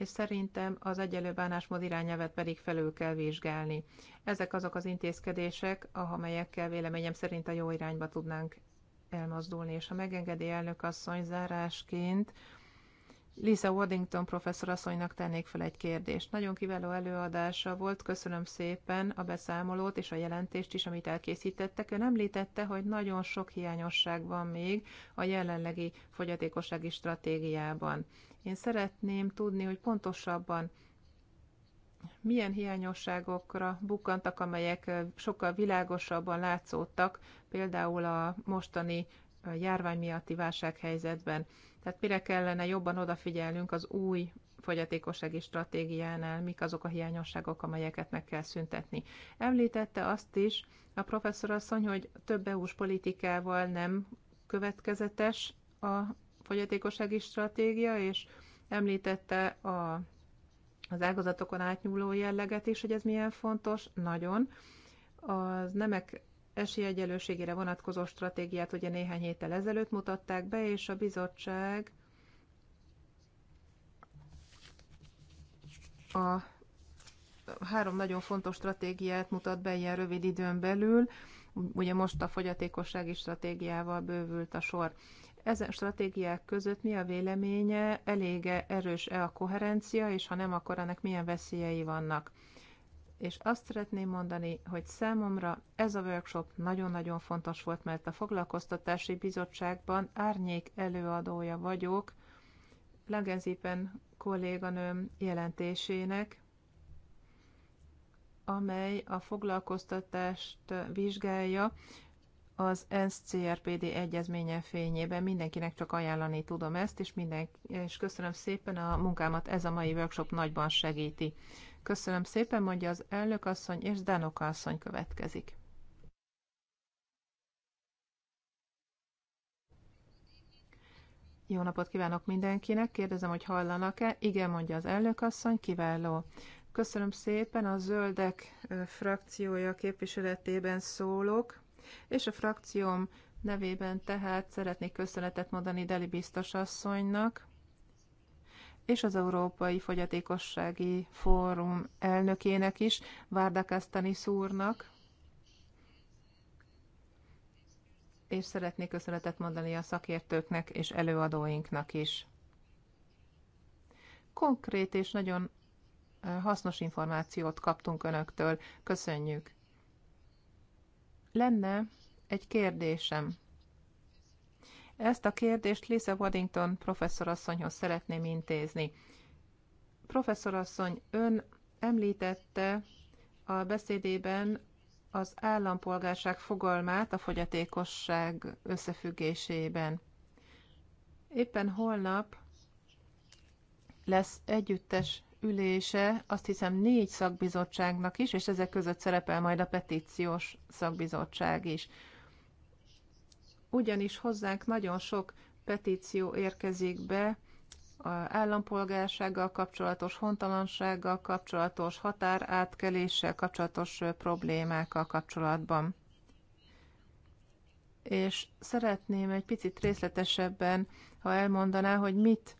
és szerintem az egyenlő bánásmód irányelvet pedig felül kell vizsgálni. Ezek azok az intézkedések, amelyekkel véleményem szerint a jó irányba tudnánk elmozdulni. És ha megengedi elnök asszony zárásként, Lisa Waddington professzor asszonynak tennék fel egy kérdést. Nagyon kiváló előadása volt, köszönöm szépen a beszámolót és a jelentést is, amit elkészítettek. Ön említette, hogy nagyon sok hiányosság van még a jelenlegi fogyatékossági stratégiában. Én szeretném tudni, hogy pontosabban milyen hiányosságokra bukkantak, amelyek sokkal világosabban látszódtak, például a mostani járvány miatti válsághelyzetben. Tehát mire kellene jobban odafigyelnünk az új fogyatékossági stratégiánál, mik azok a hiányosságok, amelyeket meg kell szüntetni. Említette azt is a professzor asszony, hogy több EU-s politikával nem következetes a fogyatékossági stratégia, és említette a, az ágazatokon átnyúló jelleget is, hogy ez milyen fontos, nagyon. Az nemek esélyegyelőségére vonatkozó stratégiát ugye néhány héttel ezelőtt mutatták be, és a bizottság a három nagyon fontos stratégiát mutat be ilyen rövid időn belül. Ugye most a fogyatékossági stratégiával bővült a sor. Ezen stratégiák között mi a véleménye, elége erős-e a koherencia, és ha nem, akkor ennek milyen veszélyei vannak? És azt szeretném mondani, hogy számomra ez a workshop nagyon-nagyon fontos volt, mert a Foglalkoztatási Bizottságban árnyék előadója vagyok, Lagenzipen kolléganőm jelentésének, amely a foglalkoztatást vizsgálja, az ENSZ-CRPD egyezménye fényében mindenkinek csak ajánlani tudom ezt, és, minden, és köszönöm szépen a munkámat, ez a mai workshop nagyban segíti. Köszönöm szépen, mondja az elnök asszony, és Danok asszony következik. Jó napot kívánok mindenkinek, kérdezem, hogy hallanak-e. Igen, mondja az elnök asszony, kiváló. Köszönöm szépen, a zöldek frakciója képviseletében szólok és a frakcióm nevében tehát szeretnék köszönetet mondani Deli biztos asszonynak, és az Európai Fogyatékossági Fórum elnökének is, Várdakasztani szúrnak, és szeretnék köszönetet mondani a szakértőknek és előadóinknak is. Konkrét és nagyon hasznos információt kaptunk önöktől. Köszönjük! Lenne egy kérdésem. Ezt a kérdést Lisa Waddington professzorasszonyhoz szeretném intézni. Professzorasszony, ön említette a beszédében az állampolgárság fogalmát a fogyatékosság összefüggésében. Éppen holnap lesz együttes ülése azt hiszem négy szakbizottságnak is, és ezek között szerepel majd a petíciós szakbizottság is. Ugyanis hozzánk nagyon sok petíció érkezik be, a állampolgársággal kapcsolatos, hontalansággal kapcsolatos, határátkeléssel kapcsolatos problémákkal kapcsolatban. És szeretném egy picit részletesebben, ha elmondaná, hogy mit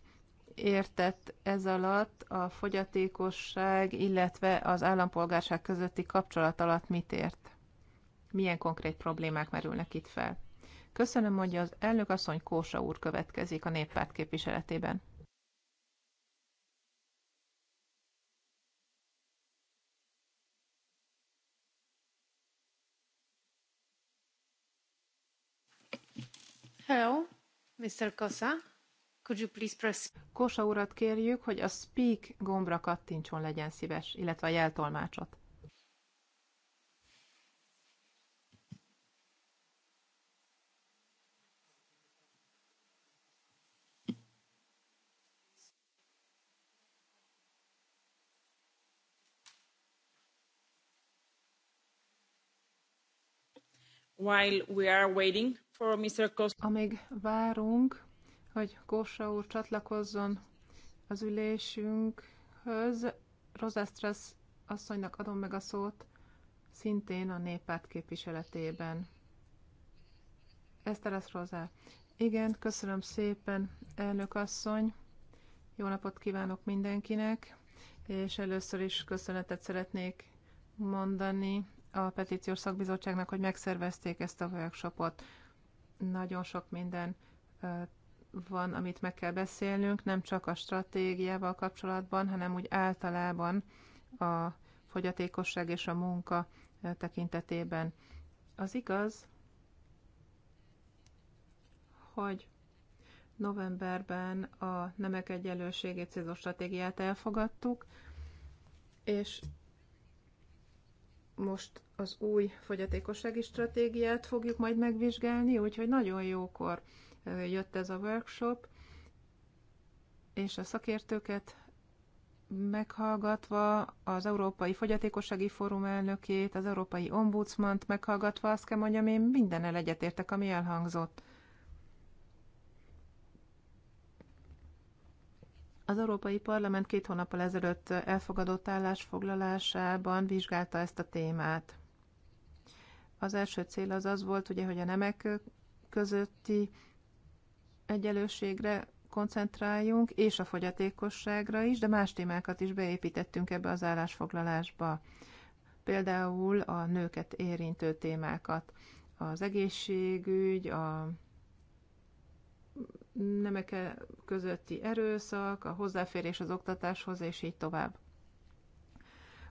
értett ez alatt a fogyatékosság, illetve az állampolgárság közötti kapcsolat alatt mit ért? Milyen konkrét problémák merülnek itt fel? Köszönöm, hogy az elnök asszony Kósa úr következik a néppárt képviseletében. Hello, Mr. Kosa. Could you please press... Kosa urat kérjük, hogy a speak gombra kattintson legyen szíves, illetve a jeltolmácsot. While we are waiting for Mr. Costa. Amíg várunk hogy Kósa úr csatlakozzon az ülésünkhöz. Rozásztrasz asszonynak adom meg a szót, szintén a néppárt képviseletében. lesz Rozá. Igen, köszönöm szépen, elnök asszony. Jó napot kívánok mindenkinek, és először is köszönetet szeretnék mondani a petíciós szakbizottságnak, hogy megszervezték ezt a workshopot. Nagyon sok minden van, amit meg kell beszélnünk, nem csak a stratégiával kapcsolatban, hanem úgy általában a fogyatékosság és a munka tekintetében. Az igaz, hogy novemberben a nemek egyenlőségét célzó stratégiát elfogadtuk, és most az új fogyatékossági stratégiát fogjuk majd megvizsgálni, úgyhogy nagyon jókor jött ez a workshop, és a szakértőket meghallgatva, az Európai Fogyatékossági Fórum elnökét, az Európai Ombudsmant meghallgatva, azt kell mondjam, én el egyetértek, ami elhangzott. Az Európai Parlament két hónappal ezelőtt elfogadott állásfoglalásában vizsgálta ezt a témát. Az első cél az az volt, ugye, hogy a nemek közötti egyenlőségre koncentráljunk, és a fogyatékosságra is, de más témákat is beépítettünk ebbe az állásfoglalásba. Például a nőket érintő témákat, az egészségügy, a nemek közötti erőszak, a hozzáférés az oktatáshoz, és így tovább.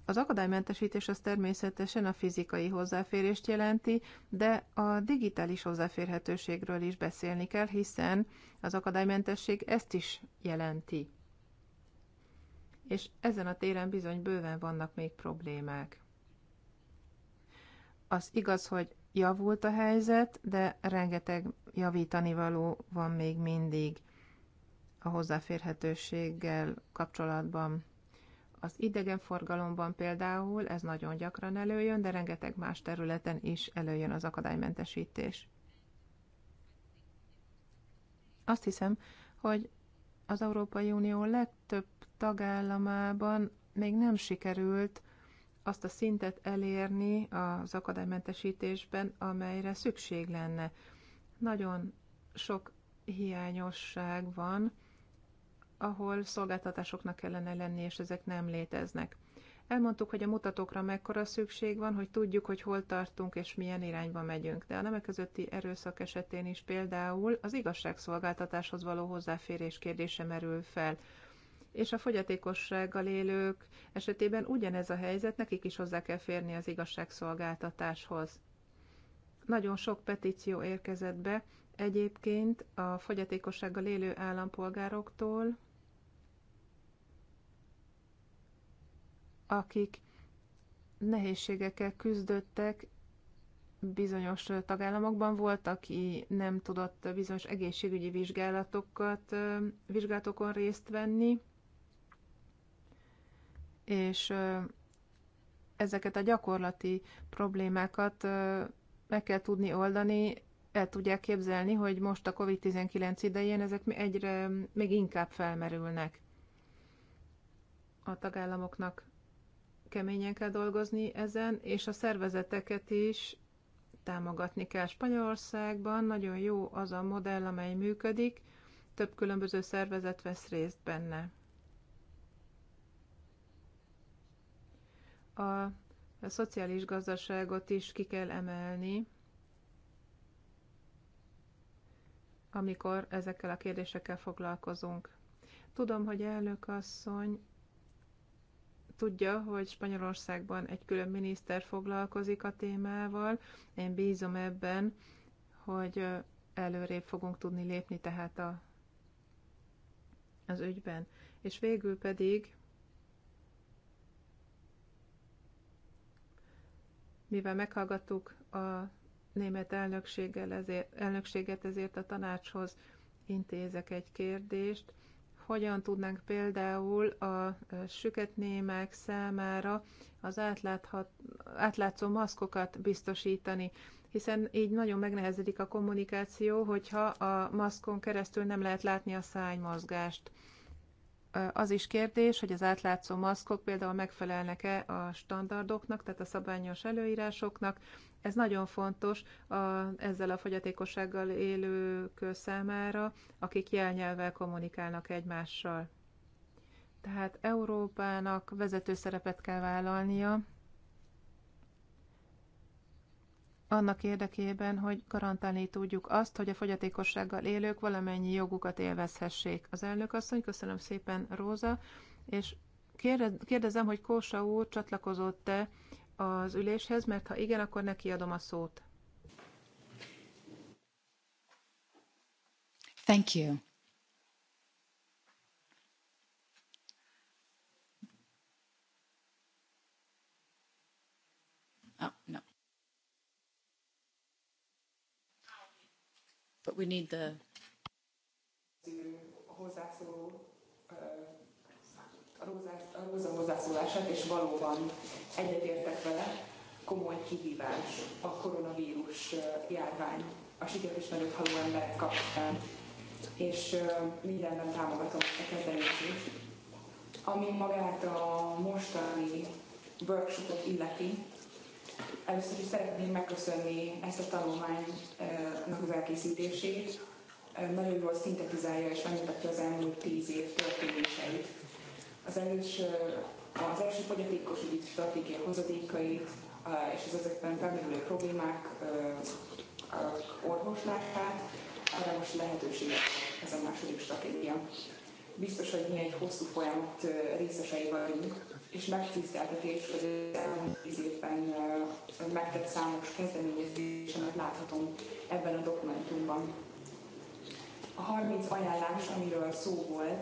Az akadálymentesítés az természetesen a fizikai hozzáférést jelenti, de a digitális hozzáférhetőségről is beszélni kell, hiszen az akadálymentesség ezt is jelenti. És ezen a téren bizony bőven vannak még problémák. Az igaz, hogy javult a helyzet, de rengeteg javítani való van még mindig a hozzáférhetőséggel kapcsolatban. Az idegenforgalomban például ez nagyon gyakran előjön, de rengeteg más területen is előjön az akadálymentesítés. Azt hiszem, hogy az Európai Unió legtöbb tagállamában még nem sikerült azt a szintet elérni az akadálymentesítésben, amelyre szükség lenne. Nagyon sok hiányosság van, ahol szolgáltatásoknak kellene lenni, és ezek nem léteznek. Elmondtuk, hogy a mutatókra mekkora szükség van, hogy tudjuk, hogy hol tartunk és milyen irányba megyünk. De a nemek közötti erőszak esetén is például az igazságszolgáltatáshoz való hozzáférés kérdése merül fel. És a fogyatékossággal élők esetében ugyanez a helyzet, nekik is hozzá kell férni az igazságszolgáltatáshoz. Nagyon sok petíció érkezett be egyébként a fogyatékossággal élő állampolgároktól, akik nehézségekkel küzdöttek, bizonyos tagállamokban volt, aki nem tudott bizonyos egészségügyi vizsgálatokat, vizsgálatokon részt venni, és ezeket a gyakorlati problémákat meg kell tudni oldani, el tudják képzelni, hogy most a COVID-19 idején ezek egyre még inkább felmerülnek. A tagállamoknak keményen kell dolgozni ezen, és a szervezeteket is támogatni kell. Spanyolországban nagyon jó az a modell, amely működik, több különböző szervezet vesz részt benne. A, a szociális gazdaságot is ki kell emelni, amikor ezekkel a kérdésekkel foglalkozunk. Tudom, hogy elnök asszony tudja, hogy Spanyolországban egy külön miniszter foglalkozik a témával. Én bízom ebben, hogy előrébb fogunk tudni lépni tehát a, az ügyben. És végül pedig, mivel meghallgattuk a német elnökséggel ezért, elnökséget, ezért a tanácshoz intézek egy kérdést hogyan tudnánk például a süketnémek számára az átláthat, átlátszó maszkokat biztosítani hiszen így nagyon megnehezedik a kommunikáció, hogyha a maszkon keresztül nem lehet látni a szájmozgást. Az is kérdés, hogy az átlátszó maszkok például megfelelnek-e a standardoknak, tehát a szabványos előírásoknak, ez nagyon fontos a, ezzel a fogyatékossággal élők számára, akik jelnyelvvel kommunikálnak egymással. Tehát Európának vezető szerepet kell vállalnia annak érdekében, hogy garantálni tudjuk azt, hogy a fogyatékossággal élők valamennyi jogukat élvezhessék. Az elnök asszony, köszönöm szépen, Róza, és kérdezem, hogy Kósa úr csatlakozott-e az üléshez, mert ha igen, akkor neki adom a szót. Thank you. Oh, no. But we need the a hozzászólását, és valóban egyetértek vele, komoly kihívás a koronavírus járvány a siker és nagyot haló emberek kapcsán. És mindenben támogatom a kezdeményezést. Ami magát a mostani workshopot illeti, először is szeretném megköszönni ezt a tanulmánynak az elkészítését. Nagyon jól szintetizálja és megmutatja az elmúlt tíz év történéseit az erős, az első ügyi stratégia hozadékait és az ezekben felmerülő problémák orvoslását, arra most lehetőség ez a második stratégia. Biztos, hogy mi egy hosszú folyamat részesei vagyunk, és megtiszteltetés, hogy az elmúlt tíz évben megtett számos kezdeményezésemet láthatom ebben a dokumentumban. A 30 ajánlás, amiről szó volt,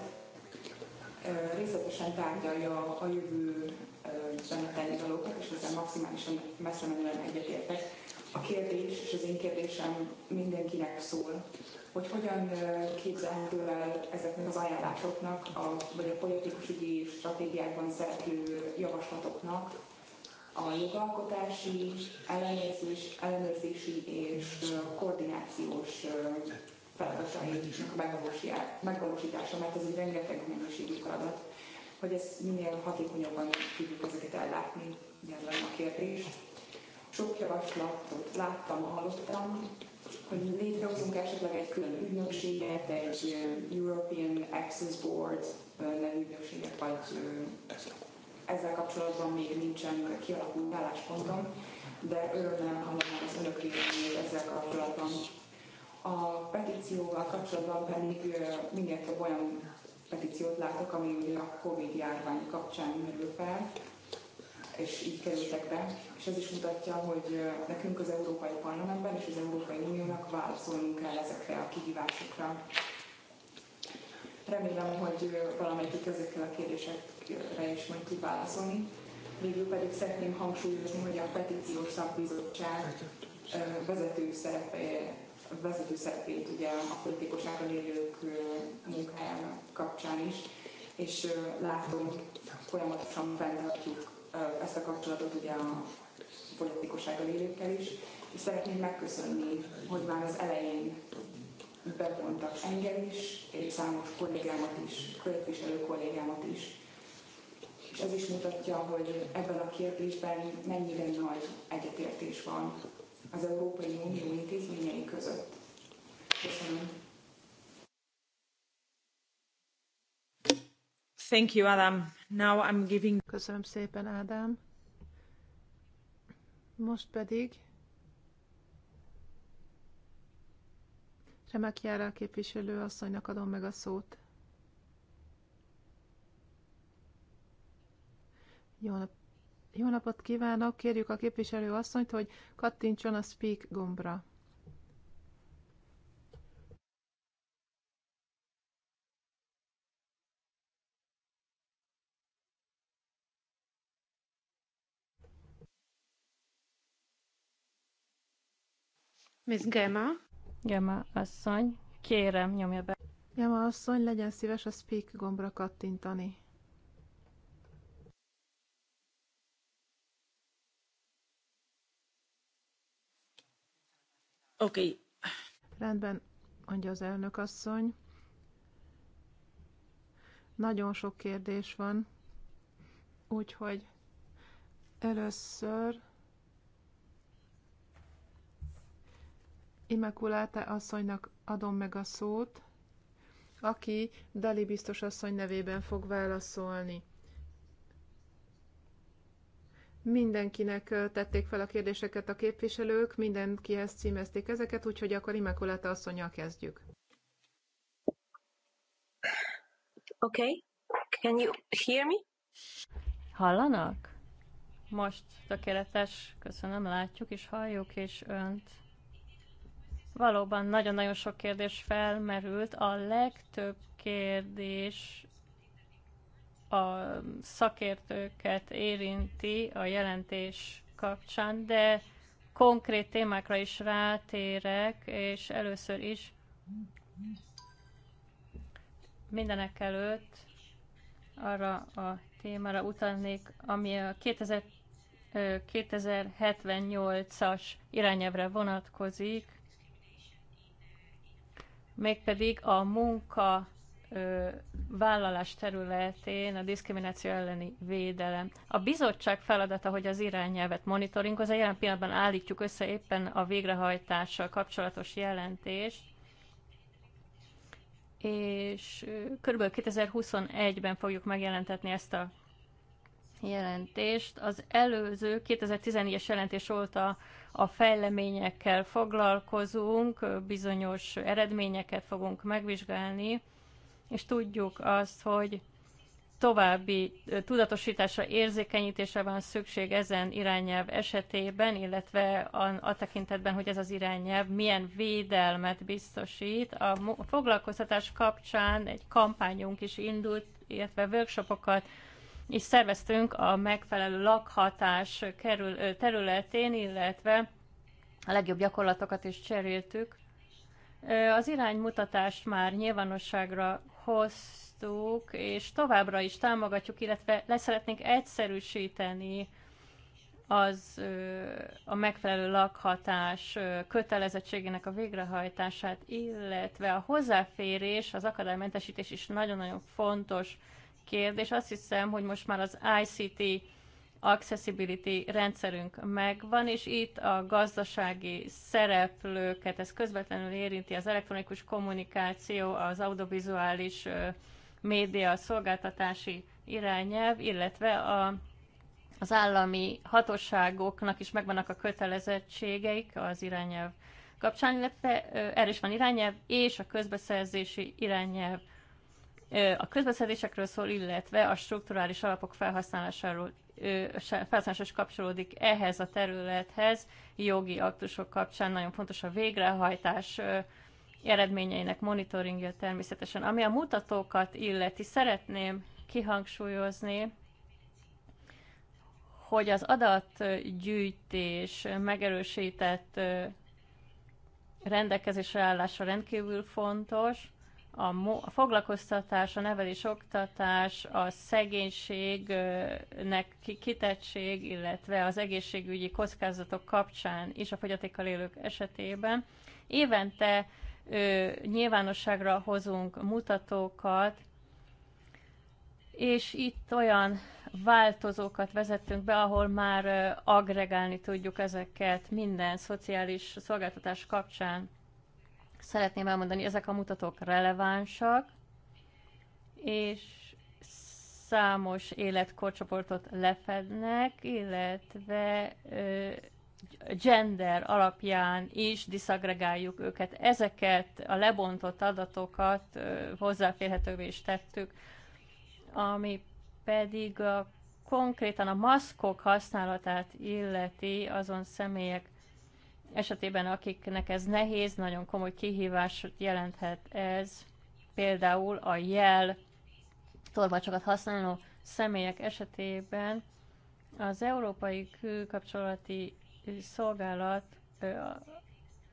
részletesen tárgyalja a jövő a dolgokat, és ezzel maximálisan messze menően egyetértek. A kérdés, és az én kérdésem mindenkinek szól, hogy hogyan képzelhető el ezeknek az ajánlásoknak, a, vagy a ügyi stratégiákban szereplő javaslatoknak a jogalkotási, ellenőrzési és koordinációs feladat a hétisnek a megvalósítása, mert ez egy rengeteg mennyiségű feladat, hogy ezt minél hatékonyabban tudjuk ezeket ellátni, ilyen a kérdés. Sok javaslatot láttam, hallottam, hogy létrehozunk esetleg egy külön ügynökséget, egy European Access Board nevű ügynökséget, vagy ezzel kapcsolatban még nincsen kialakult álláspontom, de örömmel hallanám az önök véleményét ezzel kapcsolatban a petícióval kapcsolatban pedig minél több olyan petíciót látok, ami ugye a Covid járvány kapcsán merül fel, és így kerültek be. És ez is mutatja, hogy nekünk az Európai Parlamentben és az Európai Uniónak válaszolnunk kell ezekre a kihívásokra. Remélem, hogy valamelyik ezekkel a kérdésekre is majd tud válaszolni. Végül pedig szeretném hangsúlyozni, hogy a petíciós szakbizottság vezető szerepe vezető szerepét ugye a politikus élők munkájának kapcsán is, és látom, folyamatosan fenntartjuk ezt a kapcsolatot ugye a politikussággal élőkkel is, és szeretném megköszönni, hogy már az elején bevontak engem is, és számos kollégámat is, képviselő kollégámat is. És ez is mutatja, hogy ebben a kérdésben mennyire nagy egyetértés van az Európai Unió intézményei között. Köszönöm. Thank you, Adam. Now I'm giving... Köszönöm szépen, Ádám. Most pedig Remek Járá képviselő asszonynak adom meg a szót. Jó nap, jó napot kívánok! Kérjük a képviselő asszonyt, hogy kattintson a Speak gombra. Miss Gemma? Gemma asszony, kérem, nyomja be. Gemma asszony, legyen szíves a Speak gombra kattintani. Oké. Okay. Rendben, mondja az elnök asszony. Nagyon sok kérdés van, úgyhogy először Immaculata asszonynak adom meg a szót, aki Dali biztos asszony nevében fog válaszolni mindenkinek tették fel a kérdéseket a képviselők, mindenkihez címezték ezeket, úgyhogy akkor Immaculata asszonyjal kezdjük. Okay, can you hear me? Hallanak? Most tökéletes, köszönöm, látjuk és halljuk és önt. Valóban nagyon-nagyon sok kérdés felmerült. A legtöbb kérdés a szakértőket érinti a jelentés kapcsán, de konkrét témákra is rátérek, és először is mindenek előtt arra a témára utalnék, ami a 2078-as irányelvre vonatkozik, mégpedig a munka vállalás területén a diszkrimináció elleni védelem. A bizottság feladata, hogy az irányelvet monitoringozza, jelen pillanatban állítjuk össze éppen a végrehajtással kapcsolatos jelentést, és kb. 2021-ben fogjuk megjelentetni ezt a jelentést. Az előző 2014-es jelentés óta a fejleményekkel foglalkozunk, bizonyos eredményeket fogunk megvizsgálni, és tudjuk azt, hogy további tudatosításra, érzékenyítésre van szükség ezen irányelv esetében, illetve a, a tekintetben, hogy ez az irányelv milyen védelmet biztosít. A foglalkoztatás kapcsán egy kampányunk is indult, illetve workshopokat is szerveztünk a megfelelő lakhatás kerül, területén, illetve a legjobb gyakorlatokat is cseréltük. Az iránymutatást már nyilvánosságra meghoztuk, és továbbra is támogatjuk, illetve leszeretnénk egyszerűsíteni az a megfelelő lakhatás kötelezettségének a végrehajtását, illetve a hozzáférés, az akadálymentesítés is nagyon-nagyon fontos kérdés. Azt hiszem, hogy most már az ICT accessibility rendszerünk megvan, és itt a gazdasági szereplőket, ez közvetlenül érinti az elektronikus kommunikáció, az audiovizuális média szolgáltatási irányelv, illetve a, az állami hatóságoknak is megvannak a kötelezettségeik az irányelv kapcsán, illetve erre is van irányelv, és a közbeszerzési irányelv a közbeszerzésekről szól, illetve a strukturális alapok felhasználásáról felhasználása kapcsolódik ehhez a területhez, jogi aktusok kapcsán nagyon fontos a végrehajtás eredményeinek monitoringja természetesen. Ami a mutatókat illeti, szeretném kihangsúlyozni, hogy az adatgyűjtés megerősített rendelkezésre állása rendkívül fontos, a, a foglalkoztatás, a nevelés, oktatás, a szegénységnek kitettség, illetve az egészségügyi kockázatok kapcsán és a fogyatékkal élők esetében. Évente ö, nyilvánosságra hozunk mutatókat, és itt olyan változókat vezettünk be, ahol már agregálni tudjuk ezeket minden szociális szolgáltatás kapcsán. Szeretném elmondani, ezek a mutatók relevánsak, és számos életkorcsoportot lefednek, illetve ö, gender alapján is diszagregáljuk őket. Ezeket a lebontott adatokat ö, hozzáférhetővé is tettük, ami pedig a, konkrétan a maszkok használatát illeti azon személyek esetében, akiknek ez nehéz, nagyon komoly kihívást jelenthet ez, például a jel tolvacsokat használó személyek esetében az Európai Külkapcsolati Szolgálat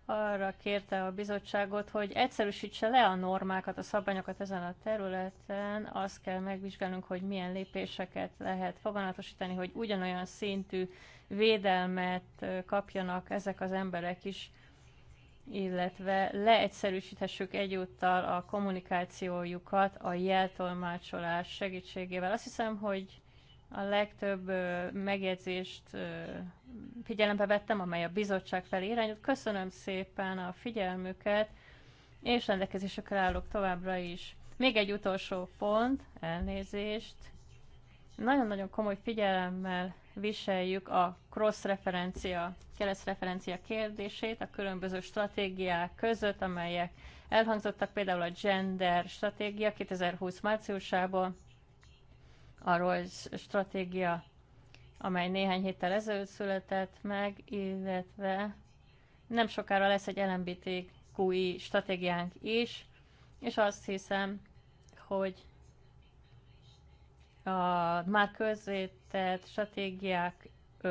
arra kérte a bizottságot, hogy egyszerűsítse le a normákat, a szabványokat ezen a területen, azt kell megvizsgálnunk, hogy milyen lépéseket lehet foganatosítani, hogy ugyanolyan szintű védelmet kapjanak ezek az emberek is, illetve leegyszerűsíthessük egyúttal a kommunikációjukat a jeltolmácsolás segítségével. Azt hiszem, hogy a legtöbb megjegyzést figyelembe vettem, amely a bizottság felé irányult. Köszönöm szépen a figyelmüket, és rendelkezésükre állok továbbra is. Még egy utolsó pont, elnézést. Nagyon-nagyon komoly figyelemmel viseljük a cross-referencia, keresztreferencia kérdését a különböző stratégiák között, amelyek elhangzottak például a gender stratégia 2020 márciusából, a Rolls stratégia, amely néhány héttel ezelőtt született meg, illetve nem sokára lesz egy LMBTQI stratégiánk is, és azt hiszem, hogy a már közzétett stratégiák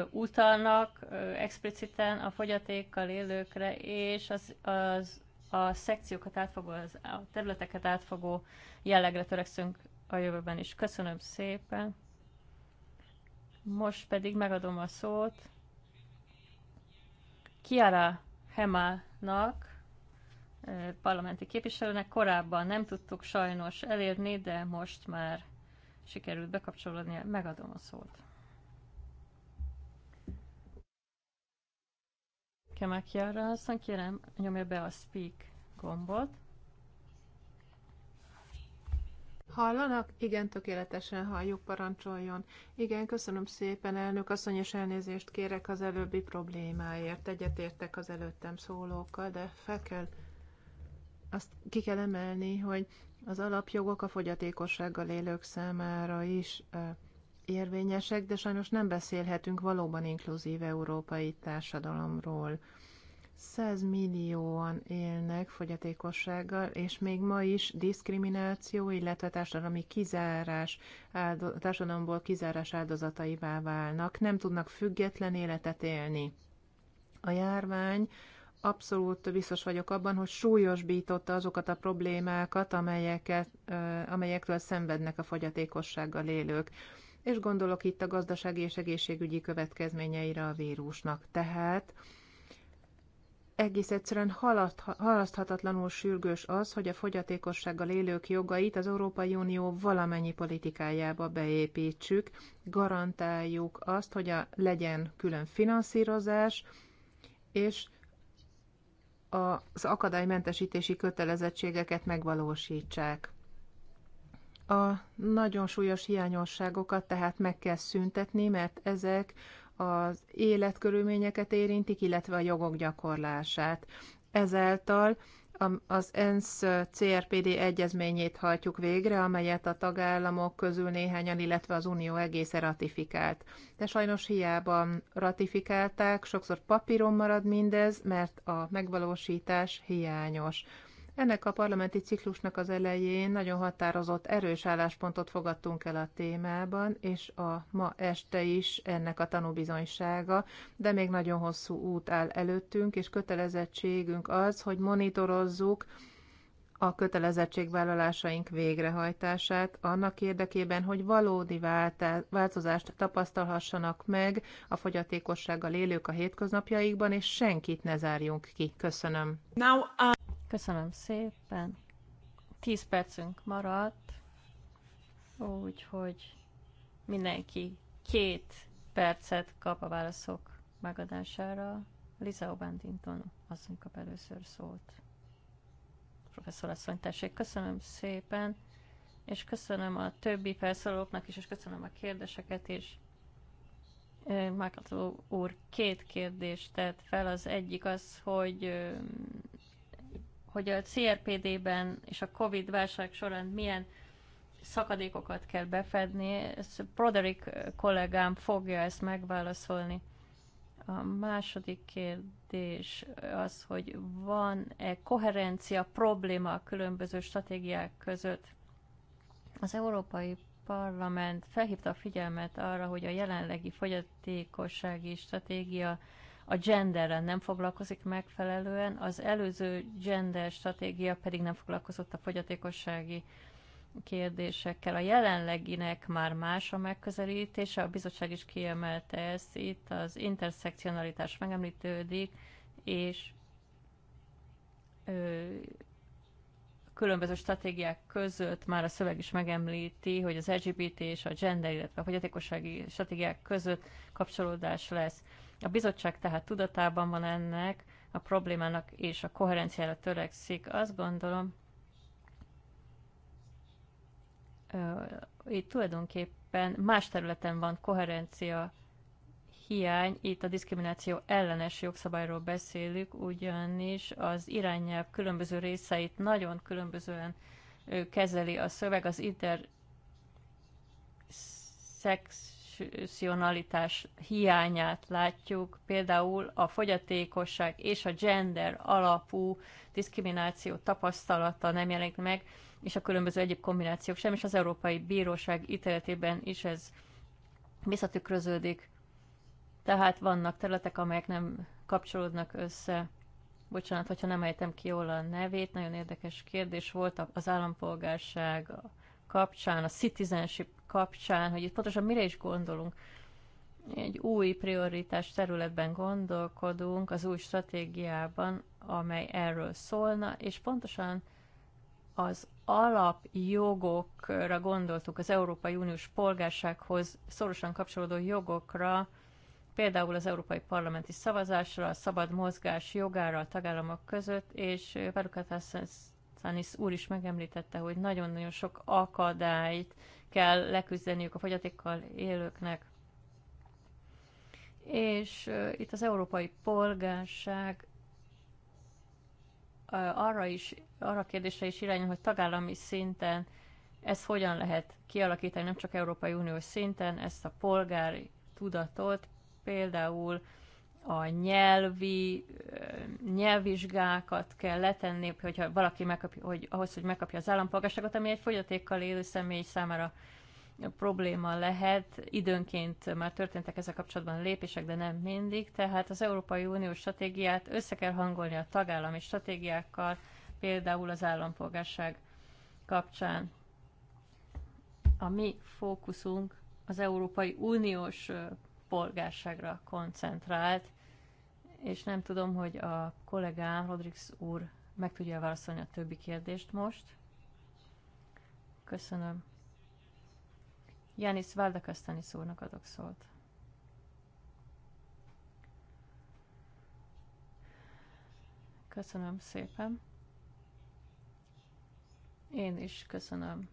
utalnak expliciten a fogyatékkal élőkre, és az, az a szekciókat átfogó, az, a területeket átfogó jellegre törekszünk a jövőben is. Köszönöm szépen. Most pedig megadom a szót Kiara Hemának, parlamenti képviselőnek. Korábban nem tudtuk sajnos elérni, de most már sikerült bekapcsolódni. Megadom a szót. Kemek Kiara, aztán kérem, nyomja be a speak gombot. Hallanak? Igen, tökéletesen halljuk, parancsoljon. Igen, köszönöm szépen, elnök asszony, és elnézést kérek az előbbi problémáért. Egyetértek az előttem szólókkal, de fel kell azt ki kell emelni, hogy az alapjogok a fogyatékossággal élők számára is érvényesek, de sajnos nem beszélhetünk valóban inkluzív európai társadalomról. 100 millióan élnek fogyatékossággal, és még ma is diszkrimináció, illetve társadalmi kizárás, társadalomból kizárás áldozataivá válnak, nem tudnak független életet élni. A járvány abszolút biztos vagyok abban, hogy súlyosbította azokat a problémákat, amelyeket, amelyektől szenvednek a fogyatékossággal élők és gondolok itt a gazdasági és egészségügyi következményeire a vírusnak. Tehát egész egyszerűen halaszthatatlanul sürgős az, hogy a fogyatékossággal élők jogait az Európai Unió valamennyi politikájába beépítsük, garantáljuk azt, hogy a, legyen külön finanszírozás, és az akadálymentesítési kötelezettségeket megvalósítsák. A nagyon súlyos hiányosságokat tehát meg kell szüntetni, mert ezek az életkörülményeket érintik, illetve a jogok gyakorlását. Ezáltal az ENSZ CRPD egyezményét hajtjuk végre, amelyet a tagállamok közül néhányan, illetve az Unió egész ratifikált. De sajnos hiába ratifikálták, sokszor papíron marad mindez, mert a megvalósítás hiányos. Ennek a parlamenti ciklusnak az elején nagyon határozott, erős álláspontot fogadtunk el a témában, és a ma este is ennek a tanúbizonysága, de még nagyon hosszú út áll előttünk, és kötelezettségünk az, hogy monitorozzuk a kötelezettségvállalásaink végrehajtását annak érdekében, hogy valódi változást tapasztalhassanak meg a fogyatékossággal élők a hétköznapjaikban, és senkit ne zárjunk ki. Köszönöm. Now, uh... Köszönöm szépen. Tíz percünk maradt, úgyhogy mindenki két percet kap a válaszok megadására. Liza Obandinton asszony kap először szót. Professzor asszony, tessék, köszönöm szépen, és köszönöm a többi felszólalóknak is, és köszönöm a kérdéseket is. Márkató úr két kérdést tett fel. Az egyik az, hogy hogy a CRPD-ben és a Covid válság során milyen szakadékokat kell befedni. Ezt Broderick kollégám fogja ezt megválaszolni. A második kérdés az, hogy van-e koherencia probléma a különböző stratégiák között. Az Európai Parlament felhívta a figyelmet arra, hogy a jelenlegi fogyatékossági stratégia a genderrel nem foglalkozik megfelelően, az előző gender stratégia pedig nem foglalkozott a fogyatékossági kérdésekkel. A jelenleginek már más a megközelítése, a bizottság is kiemelte ezt, itt az interszekcionalitás megemlítődik, és ö, különböző stratégiák között már a szöveg is megemlíti, hogy az LGBT és a gender, illetve a fogyatékossági stratégiák között kapcsolódás lesz. A bizottság tehát tudatában van ennek a problémának, és a koherenciára törekszik. Azt gondolom, itt tulajdonképpen más területen van koherencia hiány, itt a diszkrimináció ellenes jogszabályról beszélünk, ugyanis az irányelv különböző részeit nagyon különbözően kezeli a szöveg, az inter szex interkonfessionalitás hiányát látjuk, például a fogyatékosság és a gender alapú diszkrimináció tapasztalata nem jelenik meg, és a különböző egyéb kombinációk sem, és az Európai Bíróság ítéletében is ez visszatükröződik. Tehát vannak területek, amelyek nem kapcsolódnak össze. Bocsánat, hogyha nem ejtem ki jól a nevét, nagyon érdekes kérdés volt az állampolgárság kapcsán, a citizenship kapcsán, hogy itt pontosan mire is gondolunk. Egy új prioritás területben gondolkodunk, az új stratégiában, amely erről szólna, és pontosan az alapjogokra gondoltuk, az Európai Uniós polgársághoz szorosan kapcsolódó jogokra, például az Európai Parlamenti szavazásra, a szabad mozgás jogára a tagállamok között, és Perukatászánis úr is megemlítette, hogy nagyon-nagyon sok akadályt kell leküzdeniük a fogyatékkal élőknek. És itt az európai polgárság arra is, arra kérdésre is irányul, hogy tagállami szinten ezt hogyan lehet kialakítani, nem csak Európai Uniós szinten, ezt a polgári tudatot, például a nyelvi, nyelvvizsgákat kell letenni, hogyha valaki megkapja, hogy ahhoz, hogy megkapja az állampolgárságot, ami egy fogyatékkal élő személy számára probléma lehet. Időnként már történtek ezzel kapcsolatban lépések, de nem mindig. Tehát az Európai Unió stratégiát össze kell hangolni a tagállami stratégiákkal, például az állampolgárság kapcsán. A mi fókuszunk az Európai Uniós polgárságra koncentrált, és nem tudom, hogy a kollégám Rodrix úr meg tudja válaszolni a többi kérdést most. Köszönöm. Janis Valdakasztanis úrnak adok szót. Köszönöm szépen. Én is köszönöm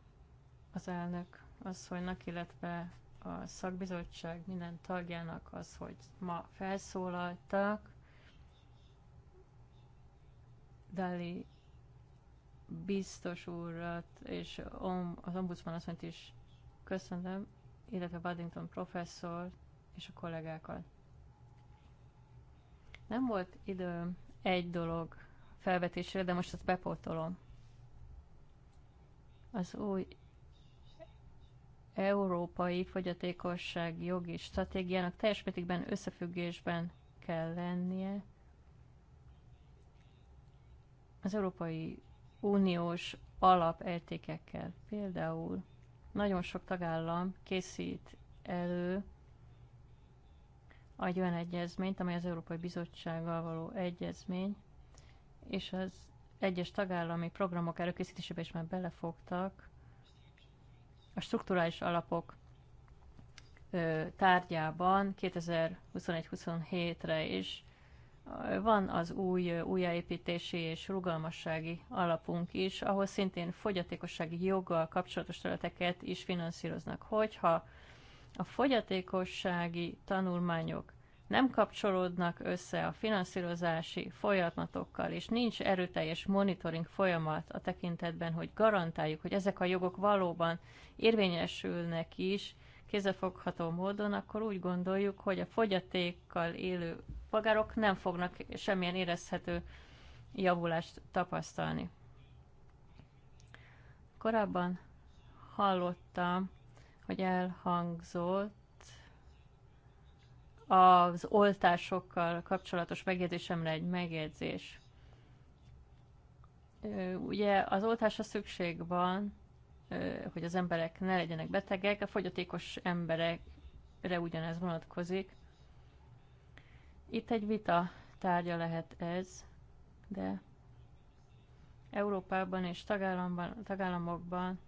az elnök asszonynak, illetve a szakbizottság minden tagjának az, hogy ma felszólaltak. Dali biztos úrat és az ombudsman asszonyt is köszönöm, illetve Paddington professzor és a kollégákat. Nem volt időm egy dolog felvetésre, de most ezt bepótolom. Az új európai fogyatékosság jogi stratégiának teljes mértékben összefüggésben kell lennie az Európai Uniós alapértékekkel. Például nagyon sok tagállam készít elő egy olyan egyezményt, amely az Európai Bizottsággal való egyezmény, és az egyes tagállami programok előkészítésébe is már belefogtak a strukturális alapok tárgyában 2021-27-re is van az új újjáépítési és rugalmassági alapunk is, ahol szintén fogyatékossági joggal kapcsolatos területeket is finanszíroznak. Hogyha a fogyatékossági tanulmányok nem kapcsolódnak össze a finanszírozási folyamatokkal, és nincs erőteljes monitoring folyamat a tekintetben, hogy garantáljuk, hogy ezek a jogok valóban érvényesülnek is kézefogható módon, akkor úgy gondoljuk, hogy a fogyatékkal élő polgárok nem fognak semmilyen érezhető javulást tapasztalni. Korábban hallottam, hogy elhangzott, az oltásokkal kapcsolatos megjegyzésemre egy megjegyzés. Ugye az oltásra szükség van, hogy az emberek ne legyenek betegek, a fogyatékos emberekre ugyanez vonatkozik. Itt egy vita tárgya lehet ez, de Európában és tagállamban, tagállamokban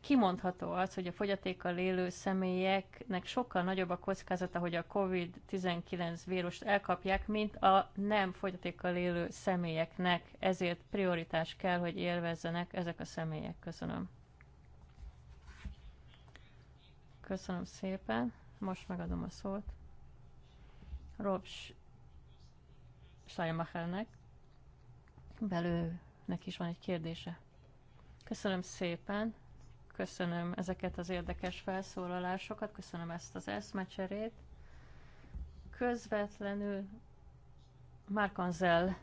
kimondható az, hogy a fogyatékkal élő személyeknek sokkal nagyobb a kockázata, hogy a COVID-19 vírust elkapják, mint a nem fogyatékkal élő személyeknek. Ezért prioritás kell, hogy élvezzenek ezek a személyek. Köszönöm. Köszönöm szépen. Most megadom a szót. Rob Steinmachernek. Belőnek is van egy kérdése. Köszönöm szépen. Köszönöm ezeket az érdekes felszólalásokat, köszönöm ezt az eszmecserét. Közvetlenül Mark Anzel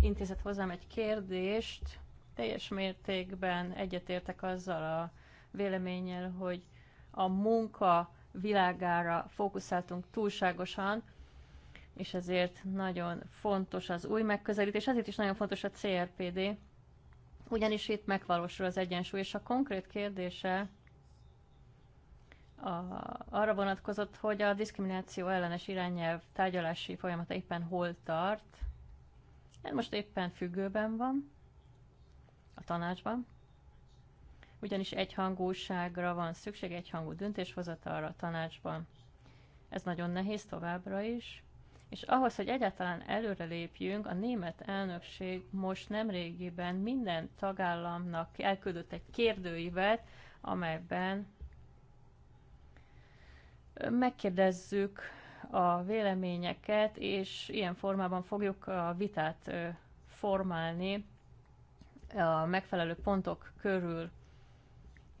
intézett hozzám egy kérdést, teljes mértékben egyetértek azzal a véleménnyel, hogy a munka világára fókuszáltunk túlságosan, és ezért nagyon fontos az új megközelítés, ezért is nagyon fontos a CRPD, ugyanis itt megvalósul az egyensúly, és a konkrét kérdése a, arra vonatkozott, hogy a diszkrimináció ellenes irányelv tárgyalási folyamata éppen hol tart. Ez most éppen függőben van, a tanácsban, ugyanis egyhangúságra van szükség, egyhangú döntéshozatalra a tanácsban. Ez nagyon nehéz továbbra is, és ahhoz, hogy egyáltalán előrelépjünk, a német elnökség most nemrégiben minden tagállamnak elküldött egy kérdőívet, amelyben megkérdezzük a véleményeket, és ilyen formában fogjuk a vitát formálni a megfelelő pontok körül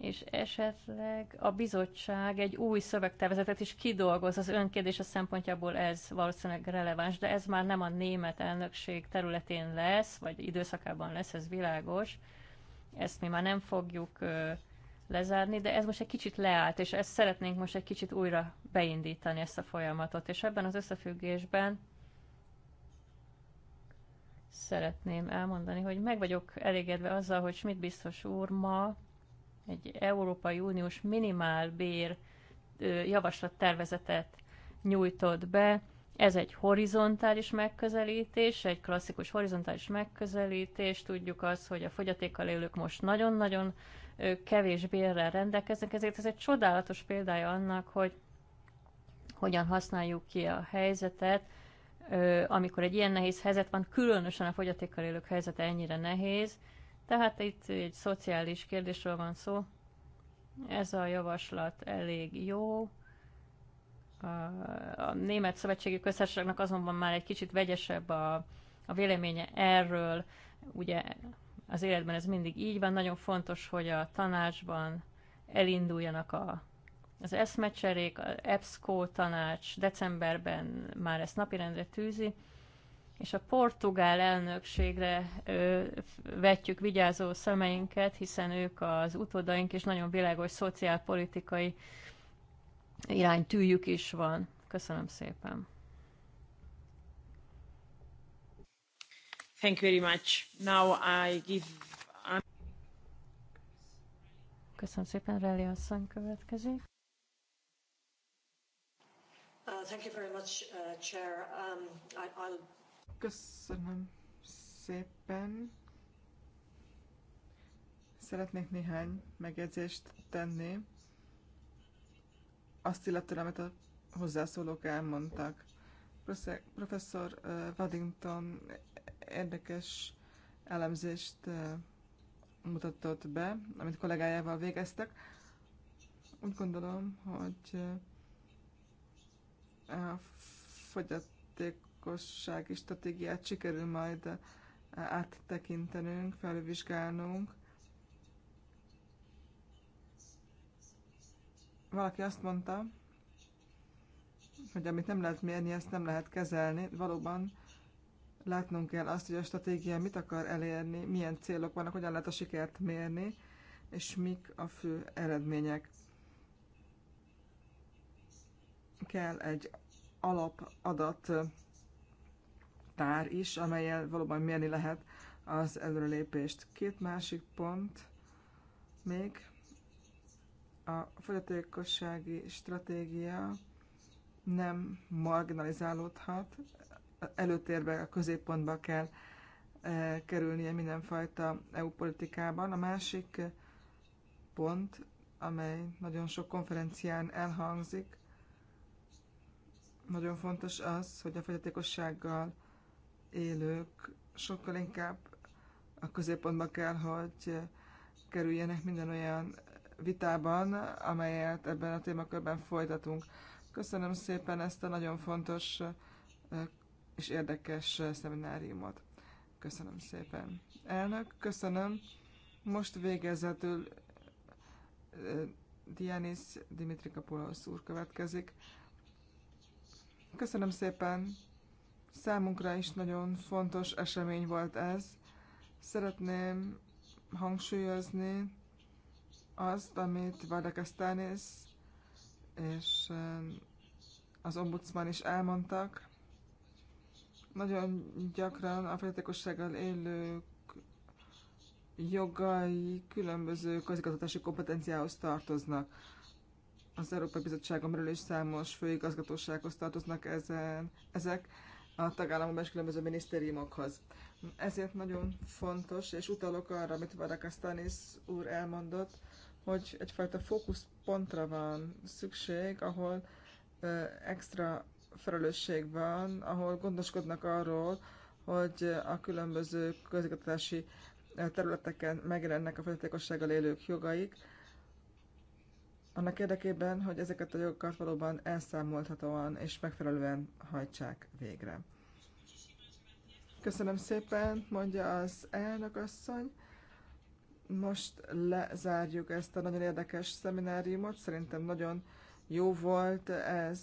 és esetleg a bizottság egy új szövegtervezetet is kidolgoz az önkérdése szempontjából ez valószínűleg releváns, de ez már nem a német elnökség területén lesz, vagy időszakában lesz, ez világos. Ezt mi már nem fogjuk lezárni, de ez most egy kicsit leállt, és ezt szeretnénk most egy kicsit újra beindítani ezt a folyamatot, és ebben az összefüggésben szeretném elmondani, hogy meg vagyok elégedve azzal, hogy Schmidt biztos úr ma egy Európai Uniós minimálbér javaslattervezetet nyújtott be. Ez egy horizontális megközelítés, egy klasszikus horizontális megközelítés. Tudjuk azt, hogy a fogyatékkal élők most nagyon-nagyon kevés bérrel rendelkeznek, ezért ez egy csodálatos példája annak, hogy hogyan használjuk ki a helyzetet, amikor egy ilyen nehéz helyzet van, különösen a fogyatékkal élők helyzete ennyire nehéz, tehát itt egy szociális kérdésről van szó. Ez a javaslat elég jó. A Német Szövetségi Köztársaságnak azonban már egy kicsit vegyesebb a, a véleménye erről. Ugye az életben ez mindig így van. Nagyon fontos, hogy a tanácsban elinduljanak a, az eszmecserék, az EBSCO tanács decemberben már ezt napirendre tűzi, és a portugál elnökségre ö, vetjük vigyázó szemeinket, hiszen ők az utódaink, és nagyon világos szociálpolitikai iránytűjük is van. Köszönöm szépen. Thank you very much. Now I give Köszönöm szépen, Reli asszony következik. Uh, thank you very much, uh, Chair. Um, I, I'll Köszönöm szépen. Szeretnék néhány megjegyzést tenni. Azt illetően, amit a hozzászólók elmondtak. Professzor Waddington érdekes elemzést mutatott be, amit kollégájával végeztek. Úgy gondolom, hogy a fogyaték lakossági stratégiát sikerül majd eh, áttekintenünk, felvizsgálnunk. Valaki azt mondta, hogy amit nem lehet mérni, ezt nem lehet kezelni. Valóban látnunk kell azt, hogy a stratégia mit akar elérni, milyen célok vannak, hogyan lehet a sikert mérni, és mik a fő eredmények. Kell egy alapadat eh, tár is, amelyel valóban mérni lehet az előrelépést. Két másik pont még a fogyatékossági stratégia nem marginalizálódhat, előtérbe, a középpontba kell eh, kerülnie mindenfajta EU politikában. A másik pont, amely nagyon sok konferencián elhangzik, nagyon fontos az, hogy a fogyatékossággal élők sokkal inkább a középpontba kell, hogy kerüljenek minden olyan vitában, amelyet ebben a témakörben folytatunk. Köszönöm szépen ezt a nagyon fontos és érdekes szemináriumot. Köszönöm szépen. Elnök, köszönöm. Most végezetül Dianis Dimitri Kapulos úr következik. Köszönöm szépen. Számunkra is nagyon fontos esemény volt ez. Szeretném hangsúlyozni azt, amit Vadakasztánész és az ombudsman is elmondtak. Nagyon gyakran a fogyatékossággal élők jogai különböző közigazgatási kompetenciához tartoznak. Az Európai Bizottságon belül is számos főigazgatósághoz tartoznak ezen, ezek, a tagállamokban és különböző minisztériumokhoz. Ezért nagyon fontos, és utalok arra, amit Stanis úr elmondott, hogy egyfajta fókuszpontra van szükség, ahol ö, extra felelősség van, ahol gondoskodnak arról, hogy a különböző közigazgatási területeken megjelennek a fogyatékossággal élők jogaik, annak érdekében, hogy ezeket a jogokat valóban elszámolhatóan és megfelelően hajtsák végre. Köszönöm szépen, mondja az elnök asszony. Most lezárjuk ezt a nagyon érdekes szemináriumot. Szerintem nagyon jó volt ez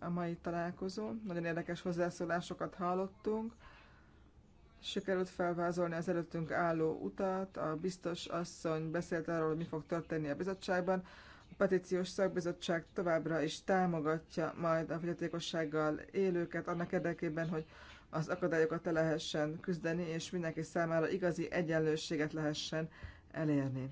a mai találkozó. Nagyon érdekes hozzászólásokat hallottunk. Sikerült felvázolni az előttünk álló utat. A biztos asszony beszélt arról, hogy mi fog történni a bizottságban petíciós szakbizottság továbbra is támogatja majd a fogyatékossággal élőket annak érdekében, hogy az akadályokat le lehessen küzdeni, és mindenki számára igazi egyenlőséget lehessen elérni.